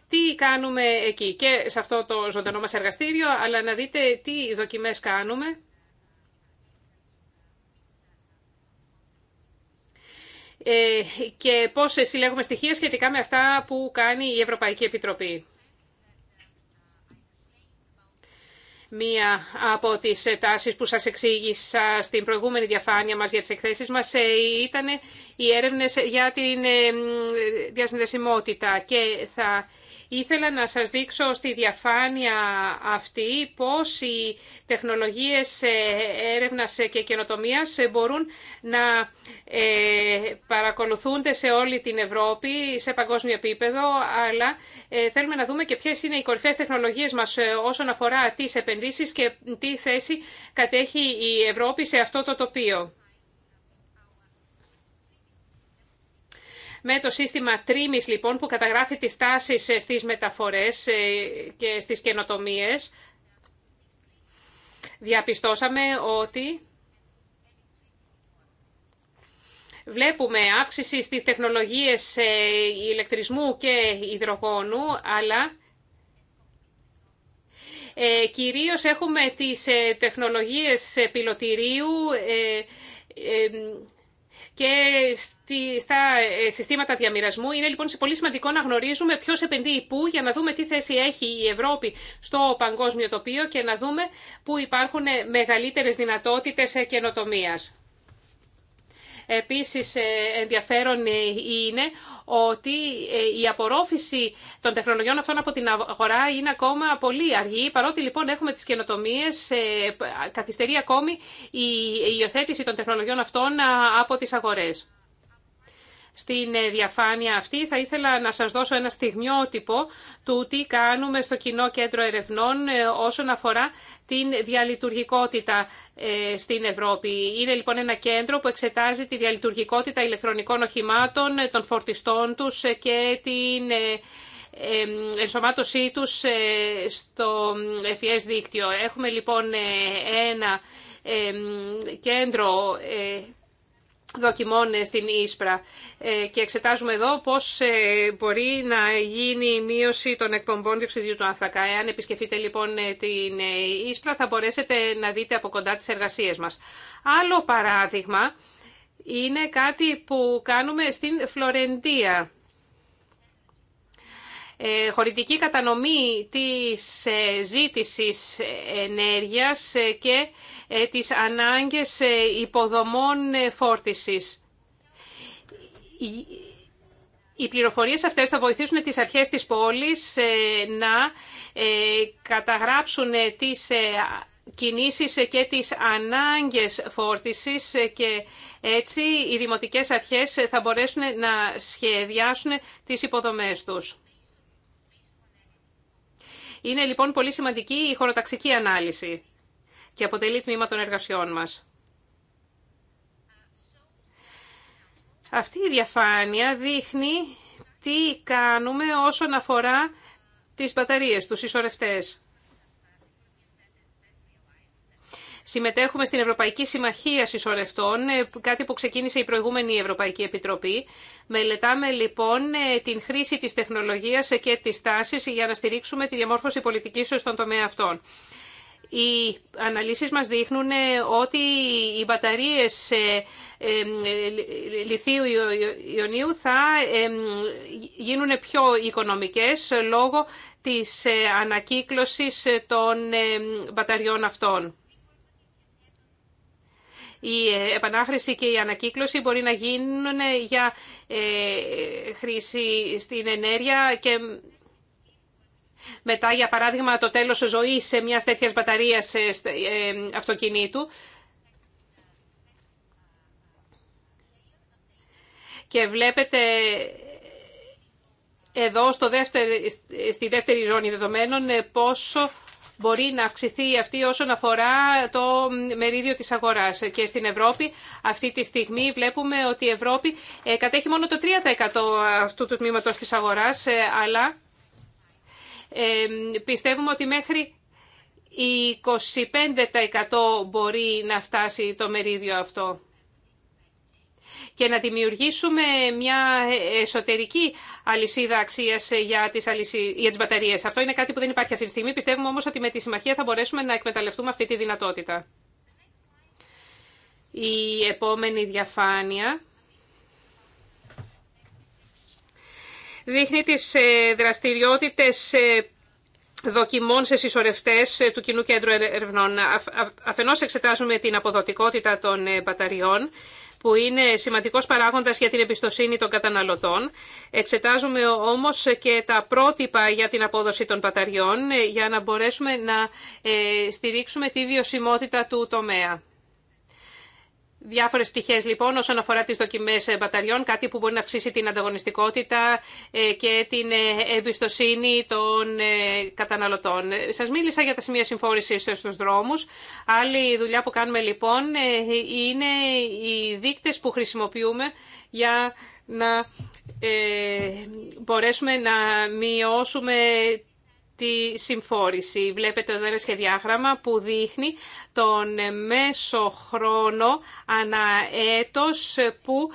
[SPEAKER 3] τι κάνουμε εκεί και σε αυτό το ζωντανό μας εργαστήριο, αλλά να δείτε τι δοκιμές κάνουμε. Ε, και πώς συλλέγουμε στοιχεία σχετικά με αυτά που κάνει η Ευρωπαϊκή Επιτροπή. Μία από τις τάσεις που σας εξήγησα στην προηγούμενη διαφάνεια μας για τις εκθέσεις μας ε, ήταν οι έρευνες για την ε, διασυνδεσιμότητα και θα Ήθελα να σας δείξω στη διαφάνεια αυτή πώς οι τεχνολογίες έρευνας και καινοτομίας μπορούν να ε, παρακολουθούνται σε όλη την Ευρώπη σε παγκόσμιο επίπεδο, αλλά ε, θέλουμε να δούμε και ποιες είναι οι κορυφές τεχνολογίες μας ε, όσον αφορά τις επενδύσεις και τι θέση κατέχει η Ευρώπη σε αυτό το τοπίο. Με το σύστημα τρίμης λοιπόν που καταγράφει τις τάσεις ε, στις μεταφορές ε, και στις καινοτομίες, διαπιστώσαμε ότι βλέπουμε αύξηση στις τεχνολογίες ε, ηλεκτρισμού και υδρογόνου, αλλά ε, κυρίως έχουμε τις τεχνολογίες πιλωτηρίου, και στα ε, συστήματα διαμοιρασμού. Είναι λοιπόν πολύ σημαντικό να γνωρίζουμε ποιο επενδύει πού για να δούμε τι θέση έχει η Ευρώπη στο παγκόσμιο τοπίο και να δούμε πού υπάρχουν μεγαλύτερε δυνατότητε καινοτομία. Επίσης ε, ενδιαφέρον ε, είναι ότι ε, η απορρόφηση των τεχνολογιών αυτών από την αγορά είναι ακόμα πολύ αργή. Παρότι λοιπόν έχουμε τις καινοτομίες, καθυστερεί ακόμη η υιοθέτηση των τεχνολογιών αυτών από τις αγορές στην ε, διαφάνεια αυτή. Θα ήθελα να σας δώσω ένα στιγμιότυπο του τι κάνουμε στο Κοινό Κέντρο Ερευνών ε, όσον αφορά την διαλειτουργικότητα ε, στην Ευρώπη. Είναι λοιπόν ένα κέντρο που εξετάζει τη διαλειτουργικότητα ηλεκτρονικών οχημάτων, των φορτιστών τους και την ενσωμάτωσή τους στο FES δίκτυο. Έχουμε λοιπόν ένα κέντρο δοκιμών στην Ίσπρα ε, και εξετάζουμε εδώ πώς ε, μπορεί να γίνει η μείωση των εκπομπών διοξιδίου του άνθρακα. Εάν επισκεφτείτε λοιπόν ε, την Ίσπρα θα μπορέσετε να δείτε από κοντά τις εργασίες μας. Άλλο παράδειγμα είναι κάτι που κάνουμε στην Φλωρεντία. Ε, χωρητική κατανομή της ε, ζήτησης ενέργειας ε, και τις ανάγκες υποδομών φόρτισης. Οι πληροφορίες αυτές θα βοηθήσουν τις αρχές της πόλης να καταγράψουν τις κινήσεις και τις ανάγκες φόρτισης και έτσι οι δημοτικές αρχές θα μπορέσουν να σχεδιάσουν τις υποδομές τους. Είναι λοιπόν πολύ σημαντική η χωροταξική ανάλυση και αποτελεί τμήμα των εργασιών μας. Αυτή η διαφάνεια δείχνει τι κάνουμε όσον αφορά τις μπαταρίες, τους συσσωρευτές. Συμμετέχουμε στην Ευρωπαϊκή Συμμαχία Συσσωρευτών, ε, κάτι που ξεκίνησε η προηγούμενη Ευρωπαϊκή Επιτροπή. Μελετάμε λοιπόν ε, την χρήση της τεχνολογίας και της τάσης για να στηρίξουμε τη διαμόρφωση πολιτικής στον τομέα αυτών. Οι αναλύσεις μας δείχνουν ε, ότι οι μπαταρίες λιθίου ιονίου θα γίνουν πιο οικονομικές λόγω της ανακύκλωσης των μπαταριών αυτών. Η ε, επανάχρηση και η ανακύκλωση μπορεί να γίνουν ε, για ε, χρήση στην ενέργεια και μετά, για παράδειγμα, το τέλος ζωής σε μια τέτοια μπαταρία αυτοκινήτου. Και βλέπετε εδώ στο δεύτερο στη δεύτερη ζώνη δεδομένων πόσο μπορεί να αυξηθεί αυτή όσον αφορά το μερίδιο της αγοράς. Και στην Ευρώπη αυτή τη στιγμή βλέπουμε ότι η Ευρώπη ε, κατέχει μόνο το 3% αυτού του τμήματος της αγοράς, ε, αλλά ε, πιστεύουμε ότι μέχρι 25% μπορεί να φτάσει το μερίδιο αυτό και να δημιουργήσουμε μια εσωτερική αλυσίδα αξία για τι μπαταρίε. Αυτό είναι κάτι που δεν υπάρχει αυτή τη στιγμή. Πιστεύουμε όμω ότι με τη συμμαχία θα μπορέσουμε να εκμεταλλευτούμε αυτή τη δυνατότητα. Η επόμενη διαφάνεια δείχνει τις ε, δραστηριότητες ε, δοκιμών σε συσσωρευτές ε, του Κοινού Κέντρου Ερευνών. Αφενός εξετάζουμε την αποδοτικότητα των μπαταριών που είναι σημαντικός παράγοντας για την εμπιστοσύνη των καταναλωτών. Εξετάζουμε όμως και τα πρότυπα για την απόδοση των παταριών ε, για να μπορέσουμε να ε, στηρίξουμε τη βιωσιμότητα του τομέα. Διάφορες πτυχές λοιπόν όσον αφορά τις δοκιμές ε, μπαταριών, κάτι που μπορεί να αυξήσει την ανταγωνιστικότητα ε, και την ε, εμπιστοσύνη των καταναλωτών. Σας μίλησα για τα σημεία συμφόρησης στους δρόμους. Άλλη δουλειά που κάνουμε λοιπόν είναι οι δείκτες που χρησιμοποιούμε για να μπορέσουμε να μειώσουμε τη συμφόρηση. Βλέπετε εδώ ένα σχεδιάγραμμα που δείχνει τον μέσο χρόνο ανά έτος που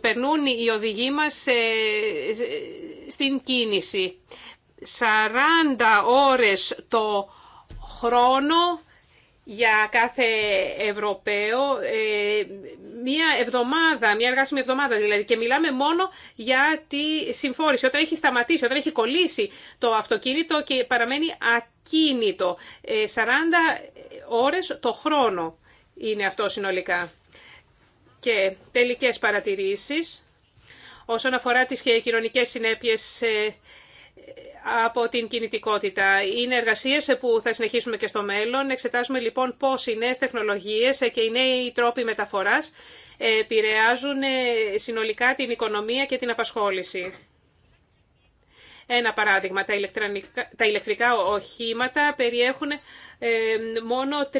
[SPEAKER 3] περνούν οι οδηγοί μας ε, στην κίνηση. 40 ώρες το χρόνο για κάθε Ευρωπαίο ε, μία εβδομάδα, μία εργάσιμη εβδομάδα δηλαδή και μιλάμε μόνο για τη συμφόρηση. Όταν έχει σταματήσει, όταν έχει κολλήσει το αυτοκίνητο και παραμένει ακίνητο. 40 ε, ώρες το χρόνο είναι αυτό συνολικά. Και τελικές παρατηρήσεις όσον αφορά τις κοινωνικές συνέπειες ε, από την κινητικότητα. Είναι εργασίε που θα συνεχίσουμε και στο μέλλον. Εξετάζουμε λοιπόν πώ οι νέε τεχνολογίε και οι νέοι τρόποι μεταφορά επηρεάζουν ε, συνολικά την οικονομία και την απασχόληση. Ένα παράδειγμα, τα, ηλεκτρικά οχήματα περιέχουν μόνο 35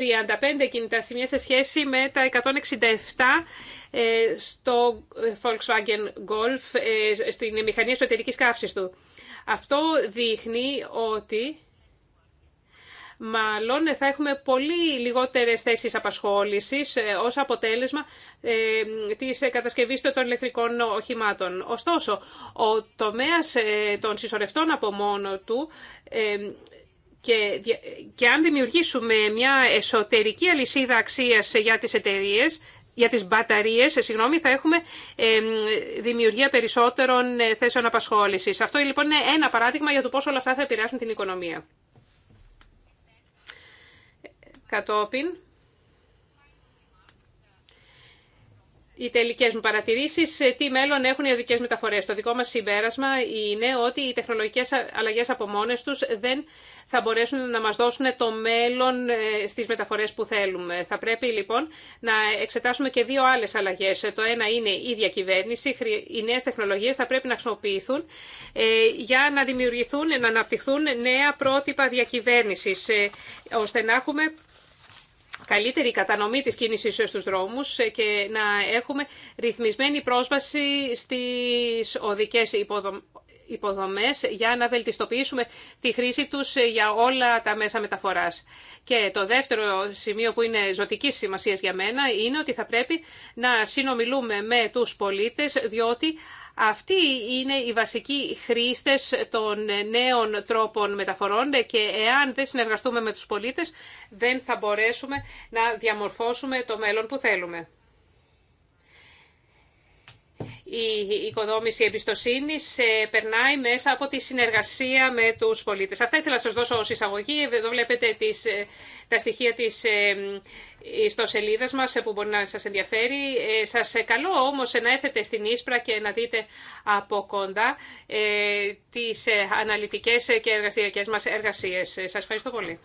[SPEAKER 3] κινητά σημεία σε σχέση με τα 167 ε, στο ε, Volkswagen Golf, ε, στην μηχανή εσωτερικής καύσης του. Αυτό δείχνει ότι μάλλον ε, θα έχουμε πολύ λιγότερες θέσεις απασχόλησης ε, ως αποτέλεσμα ε, της κατασκευής των ηλεκτρικών οχημάτων. Ωστόσο, ο τομέας των συσσωρευτών από μόνο του και, και αν δημιουργήσουμε μια εσωτερική αλυσίδα αξίας για τις εταιρείες, για τις μπαταρίες, συγγνώμη, θα έχουμε δημιουργία περισσότερων θέσεων απασχόλησης. Αυτό λοιπόν είναι ένα παράδειγμα για το πόσο όλα αυτά θα επηρεάσουν την οικονομία. Κατόπιν, οι τελικέ μου παρατηρήσει, ε, τι μέλλον έχουν οι οδικέ μεταφορέ. Το δικό μα συμπέρασμα είναι ότι οι τεχνολογικέ αλλαγέ από μόνε του δεν θα μπορέσουν να μα δώσουν το μέλλον ε, στι μεταφορέ που θέλουμε. Θα πρέπει λοιπόν να εξετάσουμε και δύο άλλε αλλαγέ. Το ένα είναι η διακυβέρνηση. Οι νέε τεχνολογίε θα πρέπει να χρησιμοποιηθούν ε, για να δημιουργηθούν, να αναπτυχθούν νέα πρότυπα διακυβέρνηση, ώστε να έχουμε καλύτερη κατανομή της κίνησης στους δρόμους ε, και να έχουμε ρυθμισμένη πρόσβαση στις οδικές υποδομές για να βελτιστοποιήσουμε τη χρήση τους ε, για όλα τα μέσα μεταφοράς. Και το δεύτερο σημείο που είναι ζωτικής σημασίας για μένα είναι ότι θα πρέπει να συνομιλούμε με τους πολίτες διότι αυτοί είναι οι βασικοί χρήστες των νέων τρόπων μεταφορών και εάν δεν συνεργαστούμε με τους πολίτες δεν θα μπορέσουμε να διαμορφώσουμε το μέλλον που θέλουμε η οικοδόμηση εμπιστοσύνη ε, περνάει μέσα από τη συνεργασία με τους πολίτες. Αυτά ήθελα να σας δώσω ω εισαγωγή. Εδώ βλέπετε τις, ε, τα στοιχεία της ε, ιστοσελίδα μας που μπορεί να σας ενδιαφέρει. Σας καλώ όμω να έρθετε στην Ίσπρα και να δείτε από κοντά τις αναλυτικές και εργασιακέ μας εργασίες. Σας ευχαριστώ πολύ.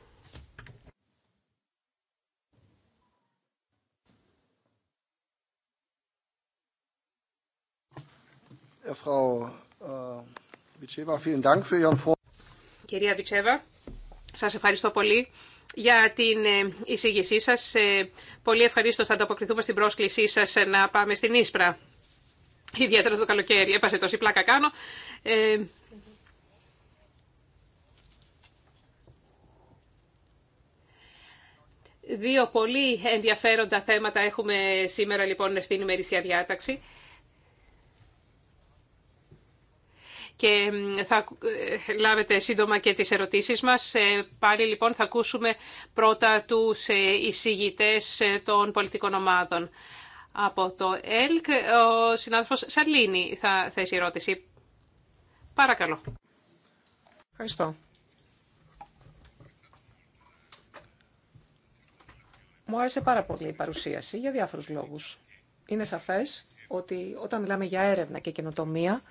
[SPEAKER 1] Äh,
[SPEAKER 3] Κυρία Βιτσέβα, σας ευχαριστώ πολύ για την ε, εισήγησή σας. Ε, πολύ ευχαρίστω θα ανταποκριθούμε στην πρόσκλησή σας ε, να πάμε στην Ίσπρα. Ιδιαίτερα το καλοκαίρι. Έπασε τόση πλάκα κάνω. δύο πολύ ενδιαφέροντα θέματα έχουμε σήμερα λοιπόν στην ημερήσια διάταξη. και θα ε, λάβετε σύντομα και τις ερωτήσεις μας. Ε, πάλι λοιπόν θα ακούσουμε πρώτα τους ε, εισηγητές των πολιτικών ομάδων. Από το ΕΛΚ ο συνάδελφος Σαλίνη θα θέσει ερώτηση. Παρακαλώ. Ευχαριστώ. Μου
[SPEAKER 2] άρεσε πάρα πολύ η παρουσίαση για διάφορους λόγους. Είναι σαφές ότι όταν μιλάμε για έρευνα και καινοτομία,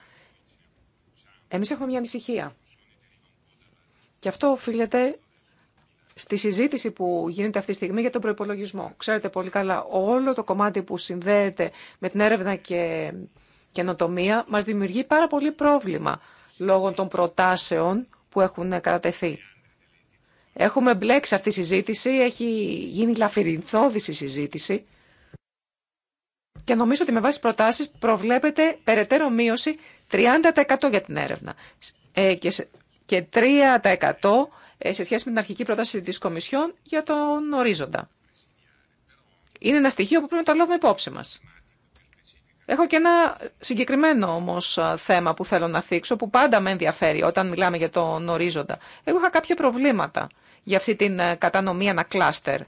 [SPEAKER 2] εμείς έχουμε μια ανησυχία. Και αυτό οφείλεται στη συζήτηση που γίνεται αυτή τη στιγμή για τον προπολογισμό. Ξέρετε πολύ καλά, όλο το κομμάτι που συνδέεται με την έρευνα και καινοτομία μας δημιουργεί πάρα πολύ πρόβλημα λόγω των προτάσεων που έχουν κατατεθεί. Έχουμε μπλέξει αυτή τη συζήτηση, έχει γίνει λαφυρινθόδηση συζήτηση και νομίζω ότι με βάση προτάσεις προβλέπεται περαιτέρω μείωση 30% για την έρευνα ε, και 3% ε, σε σχέση με την αρχική πρόταση της Κομισιόν για τον ορίζοντα. Είναι ένα στοιχείο που πρέπει να το λάβουμε υπόψη μας. Έχω και ένα συγκεκριμένο όμως θέμα που θέλω να θίξω, που πάντα με ενδιαφέρει όταν μιλάμε για τον ορίζοντα. Εγώ είχα κάποια προβλήματα για αυτή την ε, κατανομία ανακλάστερ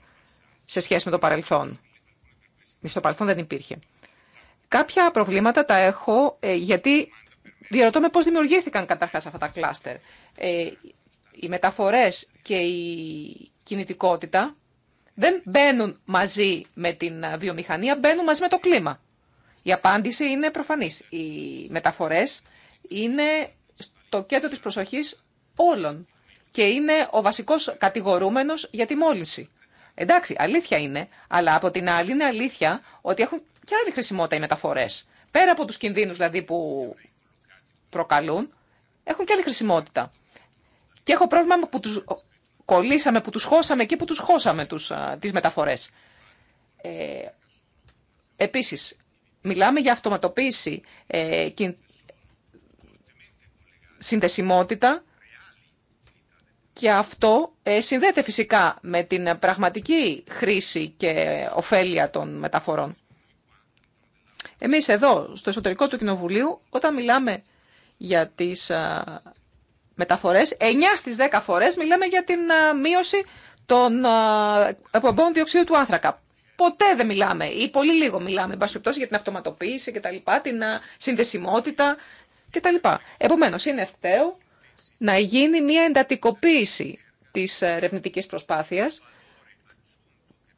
[SPEAKER 2] σε σχέση με το παρελθόν στο παρελθόν δεν υπήρχε. Κάποια προβλήματα τα έχω ε, γιατί διαρωτώ με πώς δημιουργήθηκαν καταρχάς αυτά τα κλάστερ. Ε, οι μεταφορές και η κινητικότητα δεν μπαίνουν μαζί με την βιομηχανία, μπαίνουν μαζί με το κλίμα. Η απάντηση είναι προφανής. Οι μεταφορές είναι στο κέντρο της προσοχής όλων και είναι ο βασικός κατηγορούμενος για τη μόλυνση. Εντάξει, αλήθεια είναι, αλλά από την άλλη είναι αλήθεια ότι έχουν και άλλη χρησιμότητα οι μεταφορέ. Πέρα από του κινδύνου δηλαδή που προκαλούν, έχουν και άλλη χρησιμότητα. Και έχω πρόβλημα που του κολλήσαμε, που του χώσαμε και που του χώσαμε τι τις μεταφορές. Ε, επίσης, μιλάμε για αυτοματοποίηση, ε, συνδεσιμότητα και αυτό ε, συνδέεται φυσικά με την πραγματική χρήση και ωφέλεια των μεταφορών. Εμείς εδώ, στο εσωτερικό του Κοινοβουλίου, όταν μιλάμε για τις μεταφορές, 9 στις 10 φορές μιλάμε για την μείωση των εκπομπών διοξείδου του άνθρακα. Ποτέ δεν μιλάμε ή πολύ λίγο μιλάμε, εν για την αυτοματοποίηση και τα λοιπά, την συνδεσιμότητα και τα λοιπά. Επομένως, είναι ευθέο να γίνει μια εντατικοποίηση της ε, ερευνητική προσπάθειας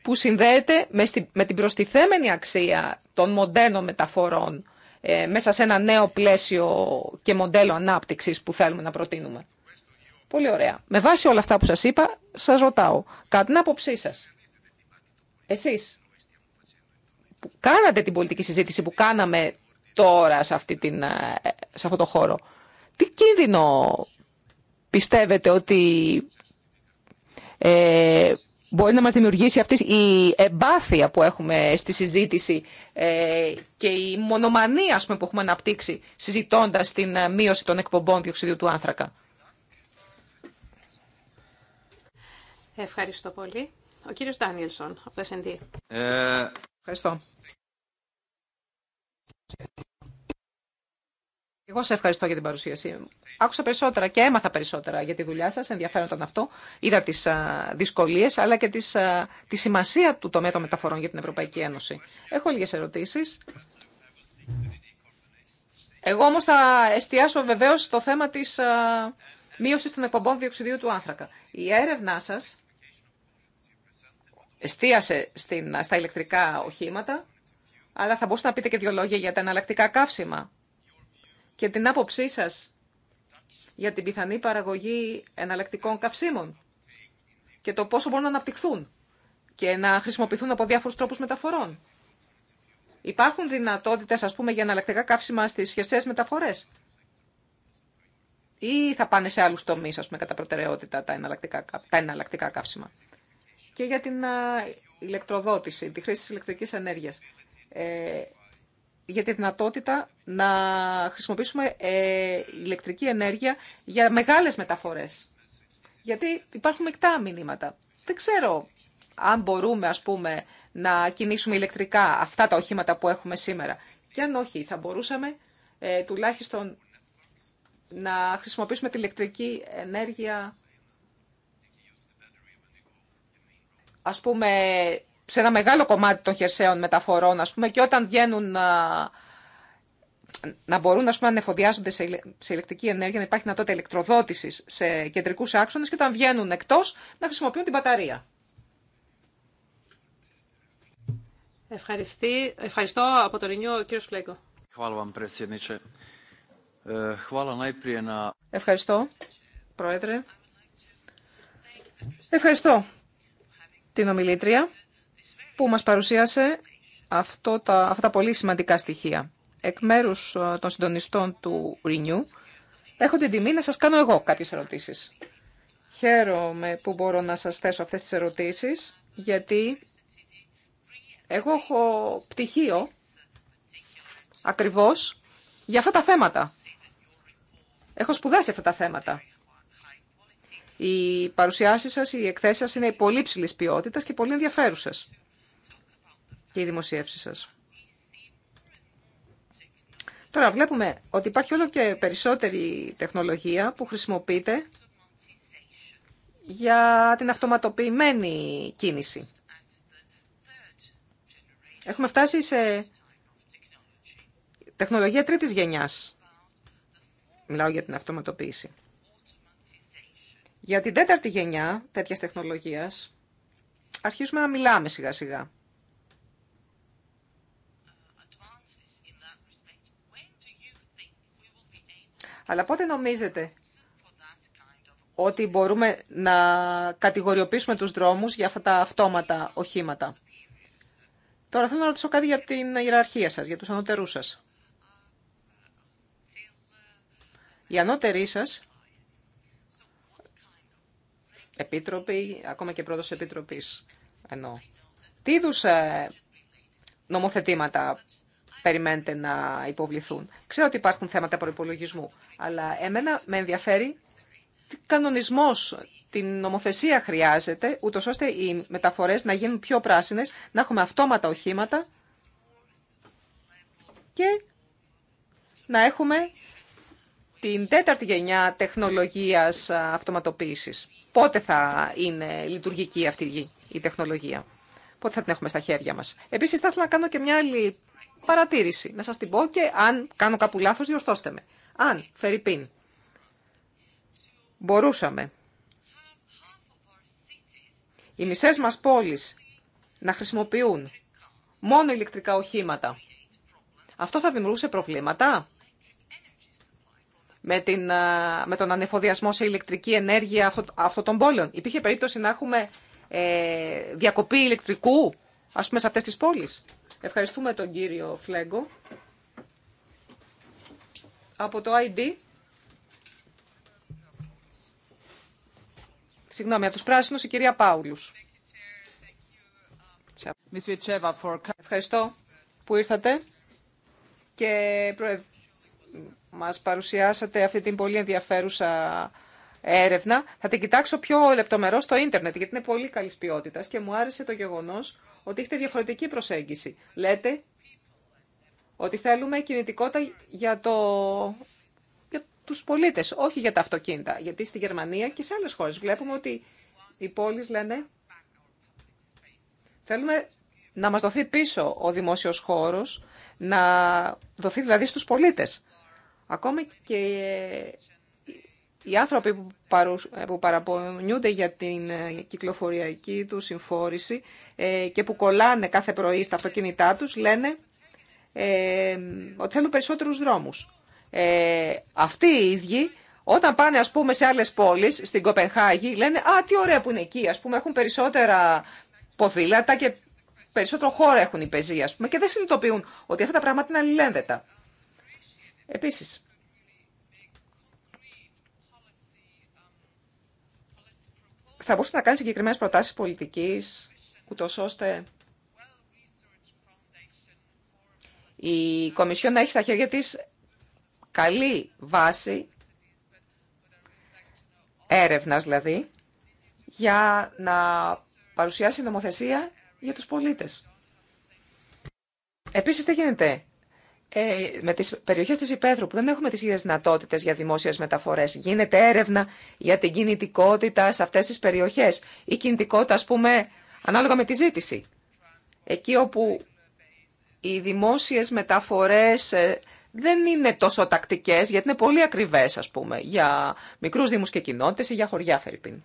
[SPEAKER 2] που συνδέεται με την προστιθέμενη αξία των μοντέρνων μεταφορών ε, μέσα σε ένα νέο πλαίσιο και μοντέλο ανάπτυξης που θέλουμε να προτείνουμε. Πολύ ωραία. Με βάση όλα αυτά που σας είπα, σας ρωτάω, κατά την άποψή σας, εσείς που κάνατε την πολιτική συζήτηση που κάναμε τώρα την, ε, σε αυτό το χώρο, τι κίνδυνο πιστεύετε ότι ε, μπορεί να μας δημιουργήσει αυτή η εμπάθεια που έχουμε στη συζήτηση ε, και η μονομανία που έχουμε αναπτύξει συζητώντας την ε, μείωση των εκπομπών διοξιδίου του άνθρακα.
[SPEAKER 3] Ευχαριστώ πολύ. Ο κύριος Ντάνιελσον από το S&D.
[SPEAKER 5] Ε...
[SPEAKER 2] Ευχαριστώ. Εγώ σε ευχαριστώ για την παρουσίαση. Άκουσα περισσότερα και έμαθα περισσότερα για τη δουλειά σα. ενδιαφέρονταν αυτό. Είδα τι δυσκολίε, αλλά και τις, τη σημασία του τομέα των μεταφορών για την Ευρωπαϊκή Ένωση. Έχω λίγε ερωτήσει. Εγώ όμω θα εστιάσω βεβαίω στο θέμα τη μείωση των εκπομπών διοξιδίου του άνθρακα. Η έρευνά σας εστίασε στην, στα ηλεκτρικά οχήματα, αλλά θα μπορούσατε να πείτε και δύο λόγια για τα εναλλακτικά καύσιμα και την άποψή σας για την πιθανή παραγωγή εναλλακτικών καυσίμων και το πόσο μπορούν να αναπτυχθούν και να χρησιμοποιηθούν από διάφορους τρόπους μεταφορών. Υπάρχουν δυνατότητες, ας πούμε, για εναλλακτικά καύσιμα στις χερσαίες μεταφορές ή θα πάνε σε άλλους τομείς, ας πούμε, κατά προτεραιότητα τα εναλλακτικά, τα καύσιμα. Και για την ηλεκτροδότηση, τη χρήση της ηλεκτρικής ενέργειας. Ε, για τη δυνατότητα να χρησιμοποιήσουμε ε, ηλεκτρική ενέργεια για μεγάλες μεταφορές. Γιατί υπάρχουν μεικτά μηνύματα. Δεν ξέρω αν μπορούμε, ας πούμε, να κινήσουμε ηλεκτρικά αυτά τα οχήματα που έχουμε σήμερα. Και αν όχι, θα μπορούσαμε ε, τουλάχιστον να χρησιμοποιήσουμε την ηλεκτρική ενέργεια, ας πούμε, σε ένα μεγάλο κομμάτι των χερσαίων μεταφορών, ας πούμε, και όταν βγαίνουν να, να μπορούν ας πούμε, να εφοδιάζονται σε, σε ηλεκτρική ενέργεια, να υπάρχει δυνατότητα ηλεκτροδότηση σε κεντρικού
[SPEAKER 3] άξονε και όταν βγαίνουν εκτό να χρησιμοποιούν την μπαταρία. ευχαριστώ από το Ρηνιού, κύριο Φλέγκο.
[SPEAKER 5] Ε, ευχαριστώ, Πρόεδρε.
[SPEAKER 2] Ευχαριστώ την ομιλήτρια που μας παρουσίασε αυτό τα, αυτά τα πολύ σημαντικά στοιχεία. Εκ μέρους ε, των συντονιστών του Renew, έχω την τιμή να σας κάνω εγώ κάποιες ερωτήσεις. Χαίρομαι που μπορώ να σας θέσω αυτές τις ερωτήσεις, γιατί εγώ έχω πτυχίο ακριβώς για αυτά τα θέματα. Έχω σπουδάσει αυτά τα θέματα. Οι παρουσιάσεις σας, οι εκθέσεις σας είναι πολύ ψηλής ποιότητας και πολύ ενδιαφέρουσες και οι δημοσίευσεις σας. Τώρα βλέπουμε ότι υπάρχει όλο και περισσότερη τεχνολογία που χρησιμοποιείται για την αυτοματοποιημένη κίνηση. Έχουμε φτάσει σε τεχνολογία τρίτης γενιάς. Μιλάω για την αυτοματοποίηση. Για την τέταρτη γενιά τέτοιας τεχνολογίας αρχίζουμε να μιλάμε σιγά σιγά. Αλλά πότε νομίζετε ότι μπορούμε να κατηγοριοποιήσουμε τους δρόμους για αυτά τα αυτόματα οχήματα. Τώρα θέλω να ρωτήσω κάτι για την ιεραρχία σας, για τους ανώτερούς σας. Οι ανώτεροί σας, επίτροποι, ακόμα και πρόεδρος επιτροπής, ενώ τι είδου ε, νομοθετήματα περιμένετε να υποβληθούν. Ξέρω ότι υπάρχουν θέματα προπολογισμού, αλλά εμένα με ενδιαφέρει τι κανονισμός, την νομοθεσία χρειάζεται, ούτως ώστε οι μεταφορές να γίνουν πιο πράσινες, να έχουμε αυτόματα οχήματα και να έχουμε την τέταρτη γενιά τεχνολογίας αυτοματοποίησης. Πότε θα είναι λειτουργική αυτή η τεχνολογία. Πότε θα την έχουμε στα χέρια μας. Επίσης θα ήθελα να κάνω και μια άλλη παρατήρηση. Να σας την πω και αν κάνω κάπου λάθος, διορθώστε με. Αν, Φερρυπίν, μπορούσαμε οι μισές μας πόλεις να χρησιμοποιούν μόνο ηλεκτρικά οχήματα, αυτό θα δημιουργούσε προβλήματα με, την, με τον ανεφοδιασμό σε ηλεκτρική ενέργεια αυτών των πόλεων. Υπήρχε περίπτωση να έχουμε ε, διακοπή ηλεκτρικού, ας πούμε, σε αυτές τις πόλεις. Ευχαριστούμε τον κύριο Φλέγκο. Από το ID. Συγγνώμη, από τους πράσινους η κυρία Πάουλους. Ευχαριστώ που ήρθατε και μας παρουσιάσατε αυτή την πολύ ενδιαφέρουσα έρευνα, θα την κοιτάξω πιο λεπτομερό στο ίντερνετ, γιατί είναι πολύ καλή ποιότητα και μου άρεσε το γεγονό ότι έχετε διαφορετική προσέγγιση. Λέτε ότι θέλουμε κινητικότητα για, το... για του πολίτε, όχι για τα αυτοκίνητα. Γιατί στη Γερμανία και σε άλλε χώρε βλέπουμε ότι οι πόλει λένε. Θέλουμε να μας δοθεί πίσω ο δημόσιος χώρος, να δοθεί δηλαδή στους πολίτες. Ακόμα και οι άνθρωποι που, παρουσ... παραπονιούνται για την ε, κυκλοφοριακή του συμφόρηση ε, και που κολλάνε κάθε πρωί στα αυτοκίνητά τους λένε ε, ότι θέλουν περισσότερους δρόμους. Ε, αυτοί οι ίδιοι όταν πάνε ας πούμε σε άλλες πόλεις, στην Κοπενχάγη, λένε «Α, τι ωραία που είναι εκεί, ας πούμε, έχουν περισσότερα ποδήλατα και περισσότερο χώρο έχουν οι πεζοί, πούμε, και δεν συνειδητοποιούν ότι αυτά τα πράγματα είναι αλληλένδετα. Επίσης, θα μπορούσε να κάνει συγκεκριμένε προτάσει πολιτική, ούτω ώστε η Κομισιόν να έχει στα χέρια της καλή βάση έρευνα, δηλαδή, για να παρουσιάσει νομοθεσία για τους πολίτες. Επίσης, τι γίνεται ε, με τις περιοχές της Υπέθρου που δεν έχουμε τις ίδιες δυνατότητε για δημόσιες μεταφορές, γίνεται έρευνα για την κινητικότητα σε αυτές τις περιοχές ή κινητικότητα, ας πούμε, ανάλογα με τη ζήτηση. Εκεί όπου οι δημόσιες μεταφορές ε, δεν είναι τόσο τακτικές, γιατί είναι πολύ ακριβές, ας πούμε, για μικρούς δήμους και κοινότητες ή για χωριά,
[SPEAKER 1] Φερρυπίν.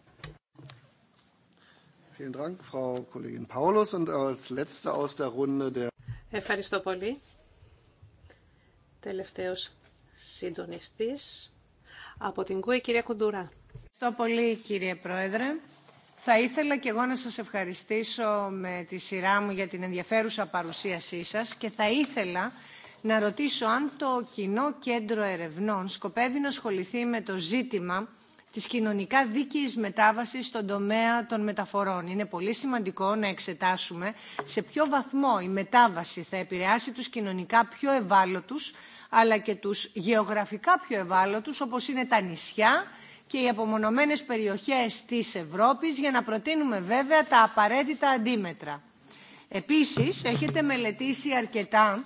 [SPEAKER 3] Ευχαριστώ πολύ. Τελευταίος
[SPEAKER 5] συντονιστής από την ΚΟΕ, κυρία Κουντουρά. Ευχαριστώ πολύ κύριε Πρόεδρε. Θα ήθελα και εγώ να σας ευχαριστήσω με τη σειρά μου για την ενδιαφέρουσα παρουσίασή σας και θα ήθελα να ρωτήσω αν το Κοινό Κέντρο Ερευνών σκοπεύει να ασχοληθεί με το ζήτημα της κοινωνικά δίκαιης μετάβασης στον τομέα των μεταφορών. Είναι πολύ σημαντικό να εξετάσουμε σε ποιο βαθμό η μετάβαση θα επηρεάσει τους κοινωνικά πιο ευάλωτους αλλά και τους γεωγραφικά πιο ευάλωτους όπως είναι τα νησιά και οι απομονωμένες περιοχές της Ευρώπης για να προτείνουμε βέβαια τα απαραίτητα αντίμετρα. Επίσης, έχετε μελετήσει αρκετά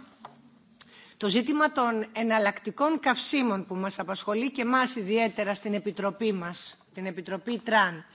[SPEAKER 5] το ζήτημα των εναλλακτικών καυσίμων που μας απασχολεί και μας ιδιαίτερα στην Επιτροπή μας, την Επιτροπή Τραν.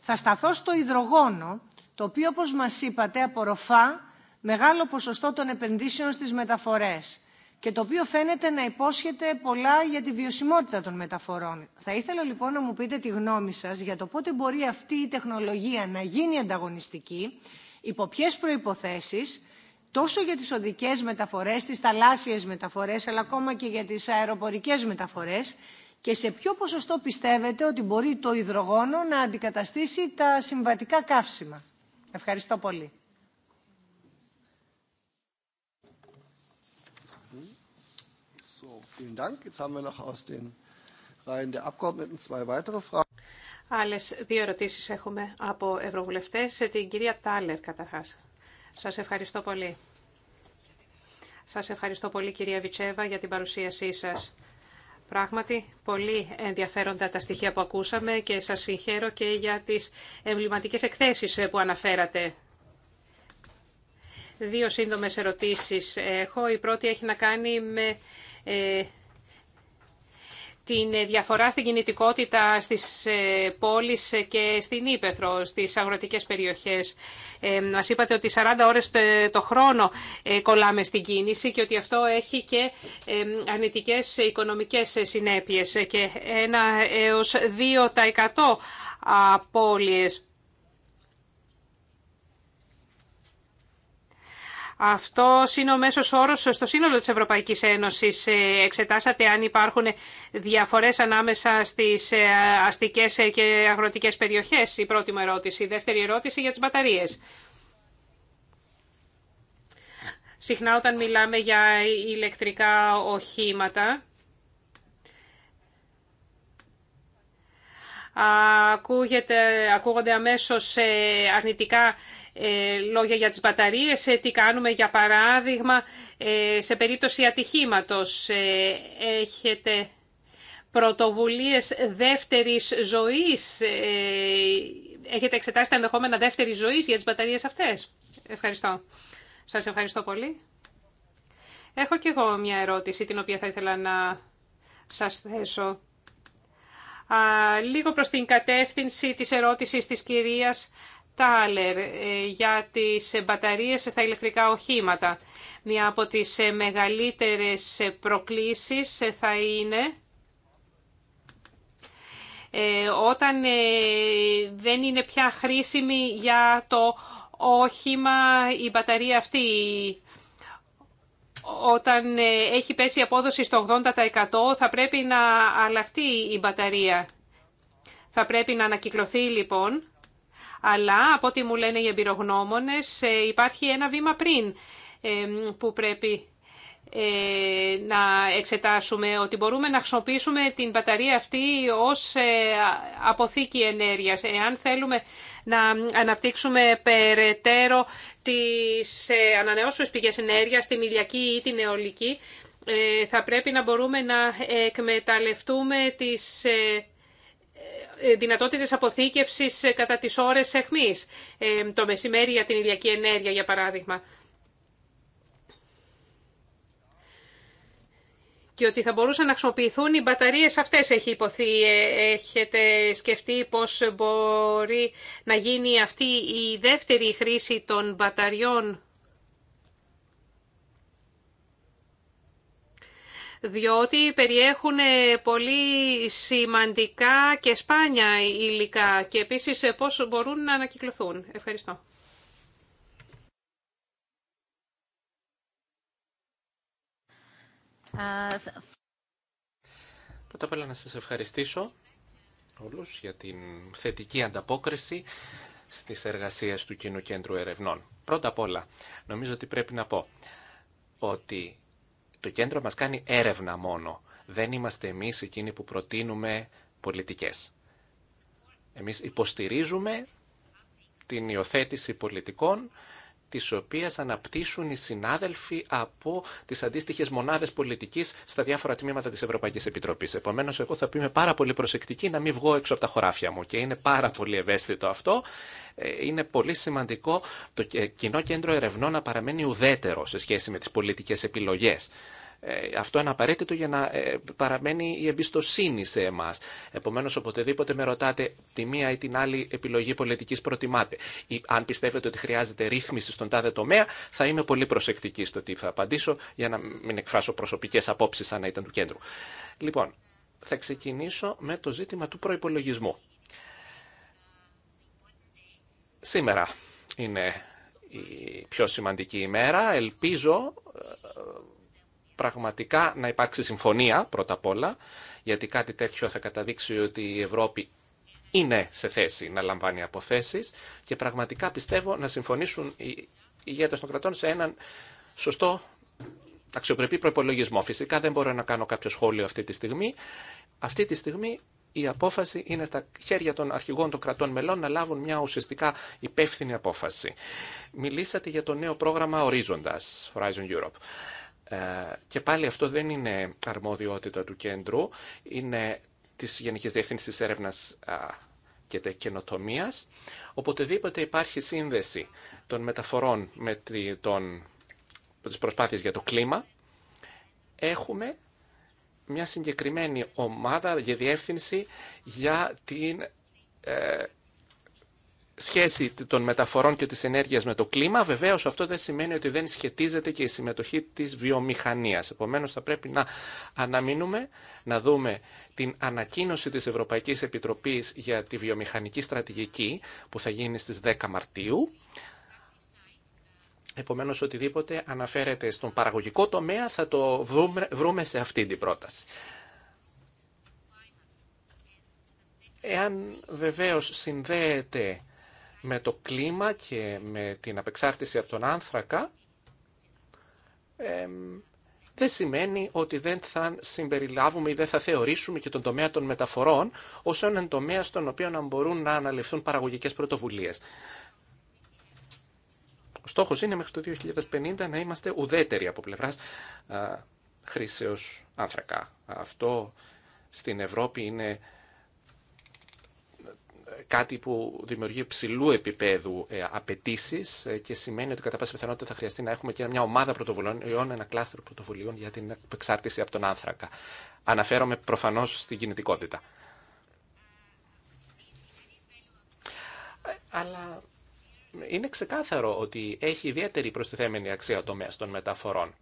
[SPEAKER 5] Θα σταθώ στο υδρογόνο, το οποίο όπως μας είπατε απορροφά μεγάλο ποσοστό των επενδύσεων στις μεταφορές και το οποίο φαίνεται να υπόσχεται πολλά για τη βιωσιμότητα των μεταφορών. Θα ήθελα λοιπόν να μου πείτε τη γνώμη σας για το πότε μπορεί αυτή η τεχνολογία να γίνει ανταγωνιστική, υπό ποιε προϋποθέσεις, τόσο για τις οδικές μεταφορές, τις θαλάσσιες μεταφορές, αλλά ακόμα και για τις αεροπορικές μεταφορές και σε ποιο ποσοστό πιστεύετε ότι μπορεί το υδρογόνο να αντικαταστήσει τα συμβατικά καύσιμα. Ευχαριστώ πολύ.
[SPEAKER 1] Vielen Dank. Jetzt haben wir noch aus den Reihen der Abgeordneten zwei weitere Fragen.
[SPEAKER 3] Άλλες δύο ερωτήσει έχουμε από ευρωβουλευτές. Ε, την κυρία Τάλερ καταρχάς. Σας ευχαριστώ πολύ. Σας ευχαριστώ πολύ κυρία Βιτσέβα για την παρουσίασή σας. Πράγματι, πολύ ενδιαφέροντα τα στοιχεία που ακούσαμε και σας συγχαίρω και για τις εμβληματικέ εκθέσεις ε, που αναφέρατε. Δύο σύντομες ερωτήσεις έχω. Η πρώτη έχει να κάνει με ε, την διαφορά στην κινητικότητα στις ε, πόλεις και στην Ήπεθρο, στις αγροτικές περιοχές. Ε, μας είπατε ότι 40 ώρες το χρόνο ε, κολλάμε στην κίνηση και ότι αυτό έχει και αρνητικές οικονομικές συνέπειες και 1 έως 2% πόλεις. Αυτό είναι ο μέσο όρο στο σύνολο τη Ευρωπαϊκή Ένωση. Ε, εξετάσατε αν υπάρχουν διαφορέ ανάμεσα στι ε, αστικέ ε, και αγροτικέ περιοχέ, η πρώτη μου ερώτηση. Η δεύτερη ερώτηση για τι μπαταρίε. Συχνά όταν μιλάμε για ηλεκτρικά οχήματα, ακούγεται, ακούγονται αμέσως αρνητικά ε, λόγια για τις μπαταρίες, ε, τι κάνουμε για παράδειγμα ε, σε περίπτωση ατυχήματος. Έχετε πρωτοβουλίες δεύτερης ζωής, έχετε εξετάσει τα ενδεχόμενα δεύτερης ζωής για τις μπαταρίες αυτές. Ευχαριστώ. Σας ευχαριστώ πολύ. Έχω και εγώ μια ερώτηση την οποία θα ήθελα να σας θέσω. λίγο προς την κατεύθυνση της ερώτησης της κυρίας Τάλερ για τις ε, μπαταρίες στα ηλεκτρικά οχήματα. Μια από τις ε, μεγαλύτερες ε, προκλήσεις θα είναι όταν δεν είναι πια χρήσιμη για το όχημα η μπαταρία αυτή. Όταν έχει πέσει η απόδοση στο 80% θα πρέπει να αλλάχτεί η μπαταρία. Θα πρέπει να ανακυκλωθεί λοιπόν αλλά από ό,τι μου λένε οι εμπειρογνώμονες ε, υπάρχει ένα βήμα πριν που πρέπει ε, να εξετάσουμε ότι μπορούμε να χρησιμοποιήσουμε την μπαταρία αυτή ως ε, αποθήκη ενέργειας. Εάν θέλουμε να αναπτύξουμε περαιτέρω τις ανανεώσιμες πηγές ενέργειας, την ηλιακή ή την αιωλική, θα πρέπει να μπορούμε να εκμεταλλευτούμε τις ε, δυνατότητες αποθήκευσης ε, κατά τις ώρες εχμής, ε, το μεσημέρι για την ηλιακή ενέργεια για παράδειγμα. και ότι θα μπορούσαν να χρησιμοποιηθούν οι μπαταρίες αυτές έχει υποθεί. Έχετε σκεφτεί πώς μπορεί να γίνει αυτή η δεύτερη χρήση των μπαταριών διότι περιέχουν ε, πολύ σημαντικά και σπάνια υλικά και επίσης ε, πώς μπορούν να ανακυκλωθούν. Ευχαριστώ.
[SPEAKER 4] Πρώτα απ' όλα να σας ευχαριστήσω όλους για την θετική ανταπόκριση στις εργασίες του Κοινού Κέντρου Ερευνών. Πρώτα απ' όλα, νομίζω ότι πρέπει να πω ότι το κέντρο μας κάνει έρευνα μόνο. Δεν είμαστε εμείς εκείνοι που προτείνουμε πολιτικές. Εμείς υποστηρίζουμε την υιοθέτηση πολιτικών τις οποίες αναπτύσσουν οι συνάδελφοι από τις αντίστοιχες μονάδες πολιτικής στα διάφορα τμήματα της Ευρωπαϊκής Επιτροπής. Επομένως, εγώ θα είμαι πάρα πολύ προσεκτική να μην βγω έξω από τα χωράφια μου και είναι πάρα πολύ ευαίσθητο αυτό. Ε, είναι πολύ σημαντικό το Κοινό Κέντρο Ερευνών να παραμένει ουδέτερο σε σχέση με τις πολιτικές επιλογές ε, αυτό είναι απαραίτητο για να ε, παραμένει η εμπιστοσύνη σε εμά. Επομένω, οποτεδήποτε με ρωτάτε τη μία ή την άλλη επιλογή πολιτική προτιμάτε, ή αν πιστεύετε ότι χρειάζεται ρύθμιση στον τάδε τομέα, θα είμαι πολύ προσεκτική στο τι θα απαντήσω για να μην εκφράσω προσωπικέ απόψει σαν να ήταν του κέντρου. Λοιπόν, θα ξεκινήσω με το ζήτημα του προπολογισμού. Σήμερα είναι η πιο σημαντική ημέρα. Ελπίζω ε, πραγματικά να υπάρξει συμφωνία πρώτα απ' όλα, γιατί κάτι τέτοιο θα καταδείξει ότι η Ευρώπη είναι σε θέση να λαμβάνει αποθέσει. και πραγματικά πιστεύω να συμφωνήσουν οι ηγέτε των κρατών σε έναν σωστό αξιοπρεπή προπολογισμό. Φυσικά δεν μπορώ να κάνω κάποιο σχόλιο αυτή τη στιγμή. Αυτή τη στιγμή η απόφαση είναι στα χέρια των αρχηγών των κρατών μελών να λάβουν μια ουσιαστικά υπεύθυνη απόφαση. Μιλήσατε για το νέο πρόγραμμα Horizon Europe. Ε, και πάλι αυτό δεν είναι αρμόδιότητα του κέντρου, είναι της Γενικής Διεύθυνσης Έρευνας και Καινοτομίας. Οποτεδήποτε υπάρχει σύνδεση των μεταφορών με τη, των, τις προσπάθειες για το κλίμα, έχουμε μια συγκεκριμένη ομάδα για διεύθυνση για την ε, σχέση των μεταφορών και της ενέργειας με το κλίμα, βεβαίως αυτό δεν σημαίνει ότι δεν σχετίζεται και η συμμετοχή της βιομηχανίας. Επομένως θα πρέπει να αναμείνουμε, να δούμε την ανακοίνωση της Ευρωπαϊκής Επιτροπής για τη βιομηχανική στρατηγική που θα γίνει στις 10 Μαρτίου. Επομένως οτιδήποτε αναφέρεται στον παραγωγικό τομέα θα το βρούμε σε αυτή την πρόταση. Εάν βεβαίως συνδέεται με το κλίμα και με την απεξάρτηση από τον άνθρακα δεν σημαίνει ότι δεν θα συμπεριλάβουμε ή δεν θα θεωρήσουμε και τον τομέα των μεταφορών ως έναν τομέα στον οποίο να μπορούν να αναλυφθούν παραγωγικές πρωτοβουλίες. Ο στόχος είναι μέχρι το 2050 να είμαστε ουδέτεροι από πλευράς α, χρήσεως άνθρακα. Αυτό στην Ευρώπη είναι κάτι που δημιουργεί ψηλού επίπεδου ε, απαιτήσει ε, και σημαίνει ότι κατά πάσα πιθανότητα θα χρειαστεί να έχουμε και μια ομάδα πρωτοβουλειών, ένα κλάστερ πρωτοβουλίων για την εξάρτηση από τον άνθρακα. Αναφέρομαι προφανώ στην κινητικότητα. Αλλά είναι ξεκάθαρο ότι έχει ιδιαίτερη προστιθέμενη αξία ο τομέα των μεταφορών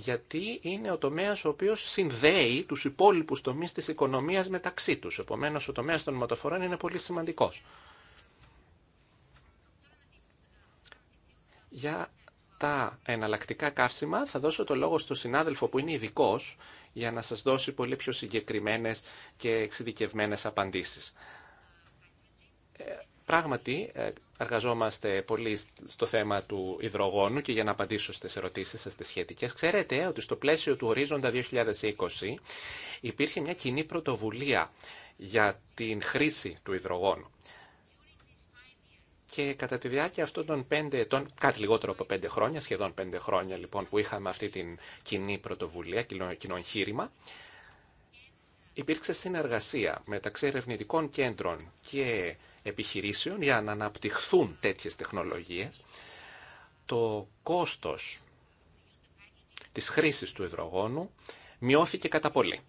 [SPEAKER 4] γιατί είναι ο τομέας ο οποίος συνδέει τους υπόλοιπου τομεί της οικονομίας μεταξύ τους. Επομένω, ο τομέας των μεταφορών είναι πολύ σημαντικός. Για τα εναλλακτικά καύσιμα θα δώσω το λόγο στον συνάδελφο που είναι ειδικό για να σας δώσει πολύ πιο συγκεκριμένες και εξειδικευμένες απαντήσεις. Ε, Πράγματι, ε, εργαζόμαστε πολύ στο θέμα του υδρογόνου και για να απαντήσω στις ερωτήσεις σας τις σχετικές. Ξέρετε ότι στο πλαίσιο του ορίζοντα 2020 υπήρχε μια κοινή πρωτοβουλία για την χρήση του υδρογόνου. Και κατά τη διάρκεια αυτών των πέντε ετών, κάτι λιγότερο από πέντε χρόνια, σχεδόν πέντε χρόνια λοιπόν που είχαμε αυτή την κοινή πρωτοβουλία, κοινό εγχείρημα, υπήρξε συνεργασία μεταξύ ερευνητικών κέντρων και επιχειρήσεων για να αναπτυχθούν τέτοιες τεχνολογίες. Το κόστος της χρήσης του υδρογόνου μειώθηκε κατά πολύ.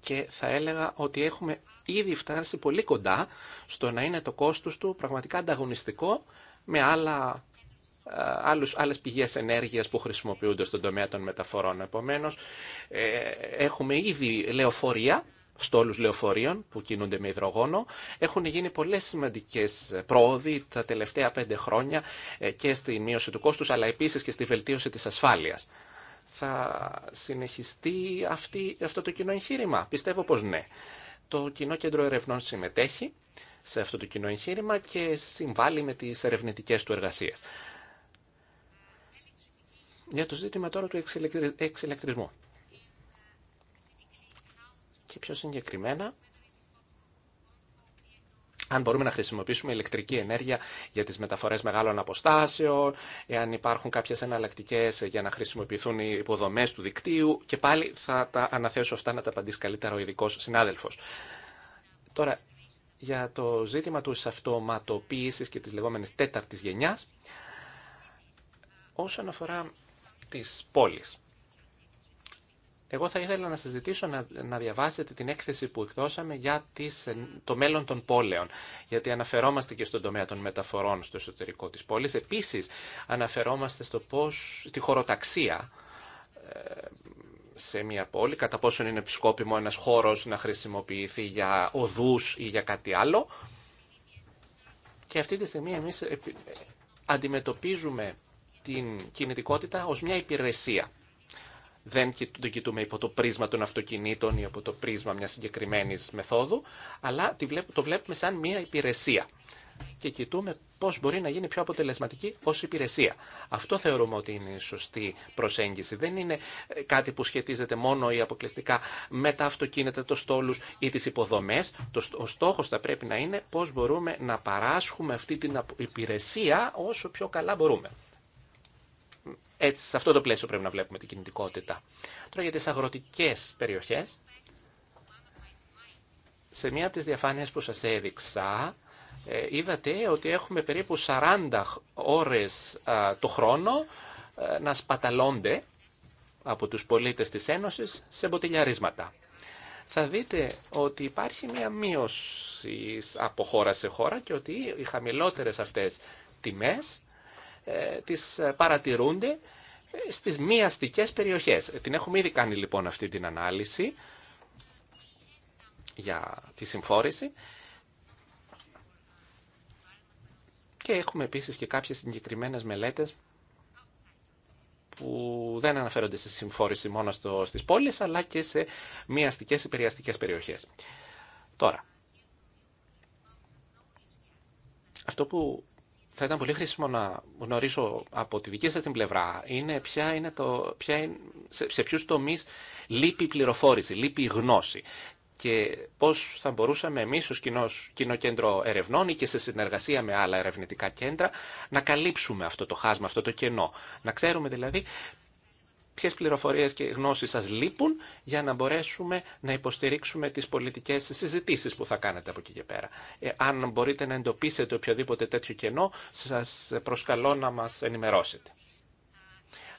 [SPEAKER 4] Και θα έλεγα ότι έχουμε ήδη φτάσει πολύ κοντά στο να είναι το κόστος του πραγματικά ανταγωνιστικό με άλλα ε, άλλους, άλλες πηγές ενέργειας που χρησιμοποιούνται στον τομέα των μεταφορών. Επομένως, ε, έχουμε ήδη λεωφορεία στόλους λεωφορείων που κινούνται με υδρογόνο. Έχουν γίνει πολλές σημαντικές πρόοδοι τα τελευταία πέντε χρόνια ε, και στη μείωση του κόστους αλλά επίσης και στη βελτίωση της ασφάλειας. Θα συνεχιστεί αυτή, αυτό το κοινό εγχείρημα. Πιστεύω πως ναι. Το Κοινό Κέντρο Ερευνών συμμετέχει σε αυτό το κοινό εγχείρημα και συμβάλλει με τις ερευνητικές του εργασίες. Για το ζήτημα τώρα του εξηλεκτρισμού και πιο συγκεκριμένα αν μπορούμε να χρησιμοποιήσουμε ηλεκτρική ενέργεια για τις μεταφορές μεγάλων αποστάσεων, εάν υπάρχουν κάποιες εναλλακτικέ για να χρησιμοποιηθούν οι υποδομές του δικτύου και πάλι θα τα αναθέσω αυτά να τα απαντήσει καλύτερα ο ειδικό συνάδελφος. Τώρα, για το ζήτημα του αυτοματοποίησης και της λεγόμενης τέταρτης γενιάς, όσον αφορά τις πόλεις. Εγώ θα ήθελα να σας ζητήσω να, διαβάσετε την έκθεση που εκδώσαμε για τις, το μέλλον των πόλεων, γιατί αναφερόμαστε και στον τομέα των μεταφορών στο εσωτερικό της πόλης. Επίσης, αναφερόμαστε στο πώς, στη χωροταξία ε, σε μια πόλη, κατά πόσον είναι επισκόπημο ένας χώρος να χρησιμοποιηθεί για οδούς ή για κάτι άλλο. Και αυτή τη στιγμή εμείς ε, αντιμετωπίζουμε την κινητικότητα ως μια υπηρεσία δεν το κοιτούμε υπό το πρίσμα των αυτοκινήτων ή από το πρίσμα μιας συγκεκριμένης μεθόδου, αλλά το βλέπουμε σαν μια υπηρεσία και κοιτούμε πώς μπορεί να γίνει πιο αποτελεσματική ως υπηρεσία. Αυτό θεωρούμε ότι είναι η σωστή προσέγγιση. Δεν είναι ε, κάτι που σχετίζεται μόνο ή αποκλειστικά με τα αυτοκίνητα, το στόλους ή τις υποδομές. Ο στόχος θα πρέπει να είναι πώς μπορούμε να παράσχουμε αυτή την υπηρεσία όσο πιο καλά μπορούμε. Έτσι, σε αυτό το πλαίσιο πρέπει να βλέπουμε την κινητικότητα. Τώρα για τις αγροτικές περιοχές, σε μία από τις διαφάνειες που σας έδειξα, ε, είδατε ότι έχουμε περίπου 40 ώρες το χρόνο ε, να σπαταλώνται από τους πολίτες της Ένωσης σε μποτιλιαρίσματα. Θα δείτε ότι υπάρχει μία μείωση από χώρα σε χώρα και ότι οι χαμηλότερες αυτές τιμές ε, τις ε, παρατηρούνται ε, στις μη περιοχές. Την έχουμε ήδη κάνει λοιπόν αυτή την ανάλυση για τη συμφόρηση και έχουμε επίσης και κάποιες συγκεκριμένες μελέτες που δεν αναφέρονται στη συμφόρηση μόνο στο, στις πόλεις αλλά και σε μη αστικές ή περιαστικές περιοχές. Τώρα, αυτό που θα ήταν πολύ χρήσιμο να γνωρίσω από τη δική σα την πλευρά είναι, ποια είναι το, ποια είναι, σε, σε ποιους τομείς λείπει η πληροφόρηση, λείπει η γνώση και πώς θα μπορούσαμε εμείς ω κοινό, κοινό κέντρο ερευνών ή και σε συνεργασία με άλλα ερευνητικά κέντρα να καλύψουμε αυτό το χάσμα, αυτό το κενό. Να ξέρουμε δηλαδή ποιε πληροφορίε και γνώσει σα λείπουν για να μπορέσουμε να υποστηρίξουμε τι πολιτικέ συζητήσει που θα κάνετε από εκεί και πέρα. Ε, αν μπορείτε να εντοπίσετε οποιοδήποτε τέτοιο κενό, σα προσκαλώ να μα ενημερώσετε.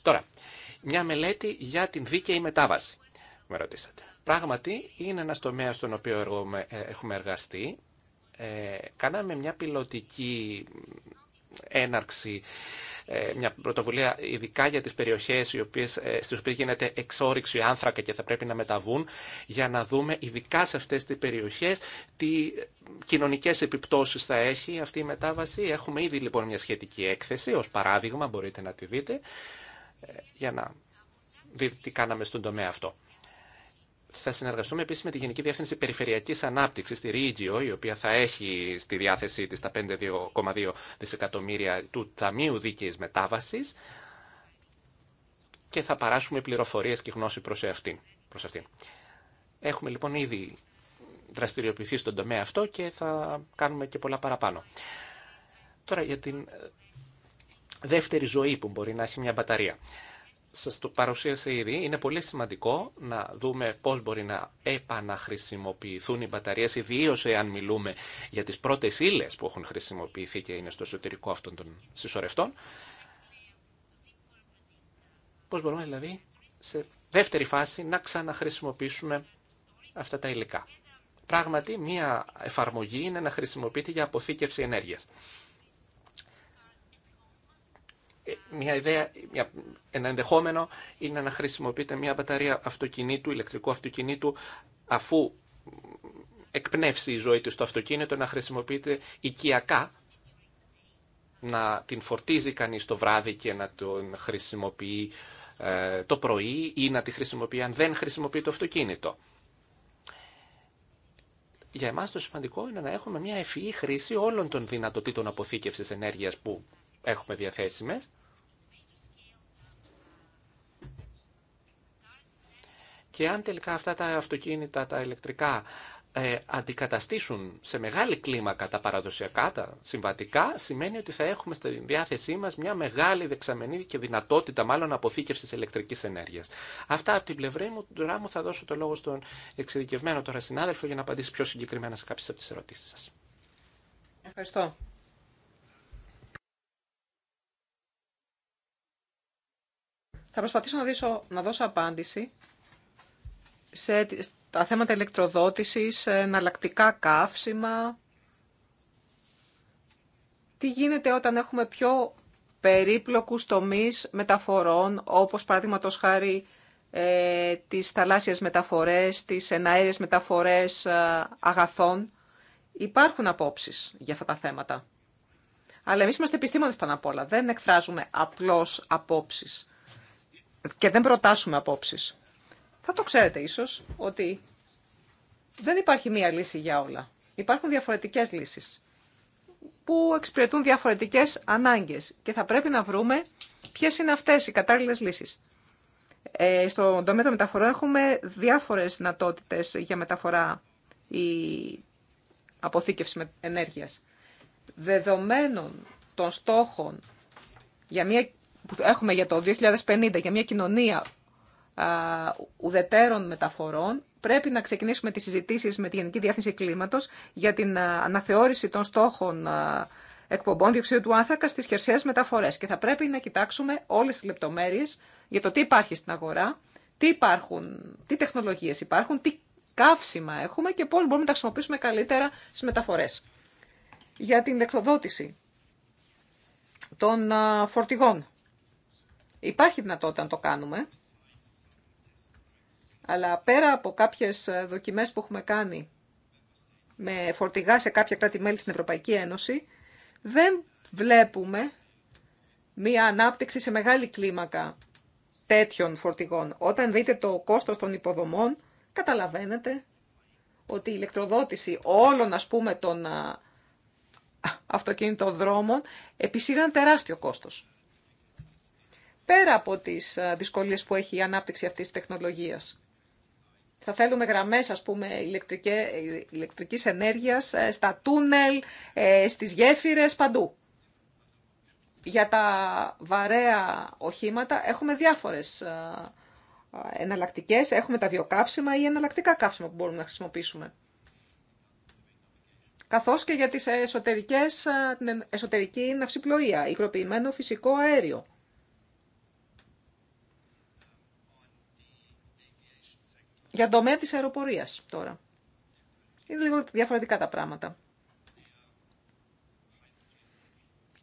[SPEAKER 4] Τώρα, μια μελέτη για την δίκαιη μετάβαση, με ρωτήσατε. Πράγματι, είναι ένα τομέα στον οποίο ε, έχουμε εργαστεί. Ε, κάναμε μια πιλωτική έναρξη ε, μια πρωτοβουλία ειδικά για τις περιοχές οι οποίες, ε, στις οποίες γίνεται εξόριξη άνθρακα και θα πρέπει να μεταβούν για να δούμε ειδικά σε αυτές τις περιοχές τι κοινωνικές επιπτώσεις θα έχει αυτή η μετάβαση. Έχουμε ήδη λοιπόν μια σχετική έκθεση ως παράδειγμα, μπορείτε να τη δείτε, ε, για να δείτε τι κάναμε στον τομέα αυτό θα συνεργαστούμε επίση με τη Γενική Διεύθυνση Περιφερειακή Ανάπτυξη, τη Regio, η οποία θα έχει στη διάθεσή τη τα 5,2 δισεκατομμύρια του Ταμείου Δίκαιη Μετάβαση και θα παράσουμε πληροφορίε και γνώση προ αυτήν. Προς αυτήν. Έχουμε λοιπόν ήδη δραστηριοποιηθεί στον τομέα αυτό και θα κάνουμε και πολλά παραπάνω. Τώρα για την δεύτερη ζωή που μπορεί να έχει μια μπαταρία σας το παρουσίασε ήδη, είναι πολύ σημαντικό να δούμε πώς μπορεί να επαναχρησιμοποιηθούν οι μπαταρίες, ιδίω εάν μιλούμε για τις πρώτες ύλε που έχουν χρησιμοποιηθεί και είναι στο εσωτερικό αυτών των συσσωρευτών. Πώς μπορούμε δηλαδή σε δεύτερη φάση να ξαναχρησιμοποιήσουμε αυτά τα υλικά. Πράγματι, μία εφαρμογή είναι να χρησιμοποιείται για αποθήκευση ενέργειας. Ε, μια ιδέα, μια, ένα ενδεχόμενο είναι να χρησιμοποιείτε μια μπαταρία αυτοκινήτου, ηλεκτρικού αυτοκινήτου, αφού εκπνεύσει η ζωή του στο αυτοκίνητο, να χρησιμοποιείτε οικιακά, να την φορτίζει κανείς το βράδυ και να τον χρησιμοποιεί ε, το πρωί ή να τη χρησιμοποιεί αν δεν χρησιμοποιεί το αυτοκίνητο. Για εμάς το σημαντικό είναι να έχουμε μια ευφυή χρήση όλων των δυνατοτήτων αποθήκευσης ενέργειας που έχουμε διαθέσιμες. Και αν τελικά αυτά τα αυτοκίνητα, τα ηλεκτρικά, ε, αντικαταστήσουν σε μεγάλη κλίμακα τα παραδοσιακά, τα συμβατικά, σημαίνει ότι θα έχουμε στη διάθεσή μας μια μεγάλη δεξαμενή και δυνατότητα μάλλον αποθήκευσης ηλεκτρικής ενέργειας. Αυτά από την πλευρά μου, τώρα μου θα δώσω το λόγο στον εξειδικευμένο τώρα συνάδελφο για να απαντήσει πιο συγκεκριμένα σε κάποιες από τις
[SPEAKER 2] ερωτήσεις σας. Ευχαριστώ. Θα προσπαθήσω να, δώσω, να δώσω απάντηση σε τα θέματα ηλεκτροδότησης, εναλλακτικά καύσιμα. Τι γίνεται όταν έχουμε πιο περίπλοκους τομείς μεταφορών, όπως παραδείγματο χάρη ε, τις θαλάσσιες μεταφορές, τις μεταφορέ μεταφορές ε, αγαθών. Υπάρχουν απόψεις για αυτά τα θέματα. Αλλά εμείς είμαστε επιστήμονες πάνω απ' όλα. Δεν εκφράζουμε απλώς απόψεις και δεν προτάσουμε απόψεις. Θα το ξέρετε ίσως ότι δεν υπάρχει μία λύση για όλα. Υπάρχουν διαφορετικές λύσεις που εξυπηρετούν διαφορετικές ανάγκες και θα πρέπει να βρούμε ποιε είναι αυτές οι κατάλληλες λύσεις. Ε, στον τομέα των μεταφορών έχουμε διάφορες δυνατότητε για μεταφορά ή αποθήκευση ενέργεια. Δεδομένων των στόχων για μια που έχουμε για το 2050 για μια κοινωνία α, ουδετέρων μεταφορών, πρέπει να ξεκινήσουμε τις συζητήσεις με τη Γενική Διεύθυνση Κλίματος για την αναθεώρηση των στόχων εκπομπών διοξείου του άνθρακα στις χερσαίες μεταφορές και θα πρέπει να κοιτάξουμε όλες τις λεπτομέρειες για το τι υπάρχει στην αγορά, τι υπάρχουν, τι τεχνολογίες υπάρχουν, τι καύσιμα έχουμε και πώς μπορούμε να τα χρησιμοποιήσουμε καλύτερα στις μεταφορές. Για την εκδοδότηση των φορτηγών Υπάρχει δυνατότητα να το κάνουμε, αλλά πέρα από κάποιες δοκιμές που έχουμε κάνει με φορτηγά σε κάποια κράτη-μέλη στην Ευρωπαϊκή Ένωση, δεν βλέπουμε μία ανάπτυξη σε μεγάλη κλίμακα τέτοιων φορτηγών. Όταν δείτε το κόστος των υποδομών, καταλαβαίνετε ότι η ηλεκτροδότηση όλων, ας πούμε, των αυτοκινητοδρόμων επισύρει ένα τεράστιο κόστος πέρα από τις ε, δυσκολίες που έχει η ανάπτυξη αυτής της τεχνολογίας. Θα θέλουμε γραμμές, ας πούμε, ε, ηλεκτρικής ενέργειας ε, στα τούνελ, στις γέφυρες, παντού. Για τα βαρέα οχήματα έχουμε διάφορες εναλλακτικές. Έχουμε τα βιοκάψιμα ή εναλλακτικά καύσιμα που μπορούμε να χρησιμοποιήσουμε. Καθώς και για τις εσωτερικές, την εσωτερική ναυσιπλοεία, υγροποιημένο φυσικό αέριο. Για τομέα της αεροπορίας τώρα. Είναι λίγο διαφορετικά τα πράγματα.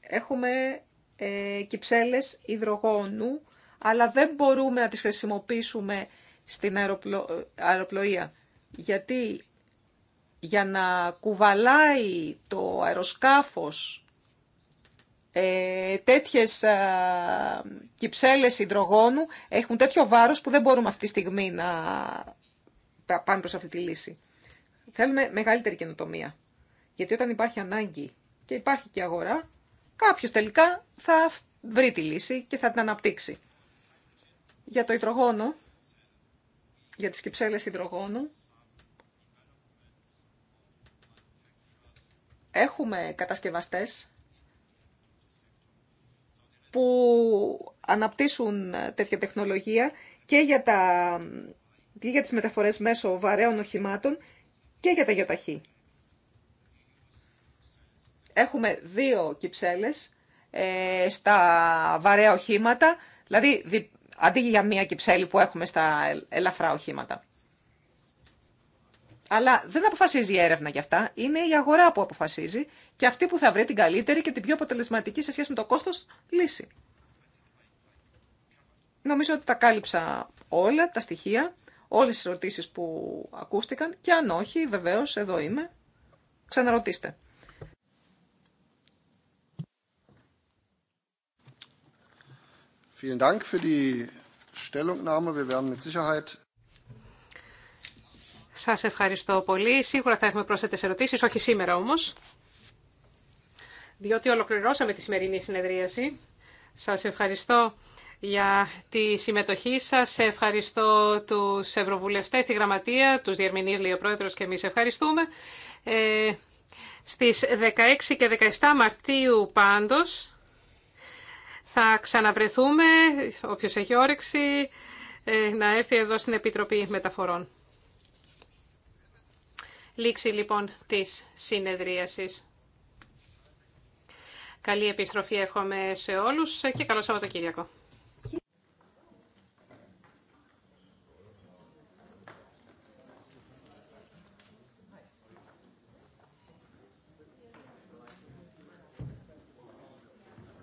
[SPEAKER 2] Έχουμε ε, κυψέλες υδρογόνου, αλλά δεν μπορούμε να τις χρησιμοποιήσουμε στην αεροπλο... Ε, αεροπλοεία. Γιατί για να κουβαλάει το αεροσκάφος ε, τέτοιες ε, κυψέλες υδρογόνου έχουν τέτοιο βάρος που δεν μπορούμε αυτή τη στιγμή να πάμε προς αυτή τη λύση. Θέλουμε μεγαλύτερη καινοτομία. Γιατί όταν υπάρχει ανάγκη και υπάρχει και αγορά, κάποιο τελικά θα βρει τη λύση και θα την αναπτύξει. Για το υδρογόνο, για τις κυψέλες υδρογόνου, έχουμε κατασκευαστές που αναπτύσσουν τέτοια τεχνολογία και για τα και για τις μεταφορές μέσω βαρέων οχημάτων και για τα γεωταχή. Έχουμε δύο κυψέλες ε, στα βαρέα οχήματα, δηλαδή αντί για μία κυψέλη που έχουμε στα ελαφρά οχήματα. Αλλά δεν αποφασίζει η έρευνα για αυτά, είναι η αγορά που αποφασίζει και αυτή που θα βρει την καλύτερη και την πιο αποτελεσματική σε σχέση με το κόστος λύση. Νομίζω ότι τα κάλυψα όλα τα στοιχεία όλες τις ερωτήσεις που ακούστηκαν και αν όχι, βεβαίως, εδώ είμαι. Ξαναρωτήστε.
[SPEAKER 1] Vielen Dank für die Stellungnahme. Wir werden mit Sicherheit
[SPEAKER 3] σας ευχαριστώ πολύ. Σίγουρα θα έχουμε πρόσθετες ερωτήσεις, όχι σήμερα όμως, διότι ολοκληρώσαμε τη σημερινή συνεδρίαση. Σας ευχαριστώ για τη συμμετοχή σας. Ευχαριστώ τους Ευρωβουλευτές, τη Γραμματεία, τους Διερμηνείς, λέει ο Πρόεδρος και εμείς ευχαριστούμε. Ε, στις 16 και 17 Μαρτίου πάντως θα ξαναβρεθούμε, όποιος έχει όρεξη, ε, να έρθει εδώ στην Επιτροπή Μεταφορών. Λήξη λοιπόν της συνεδρίασης. Καλή επιστροφή εύχομαι σε όλους ε, και καλό Σαββατοκύριακο.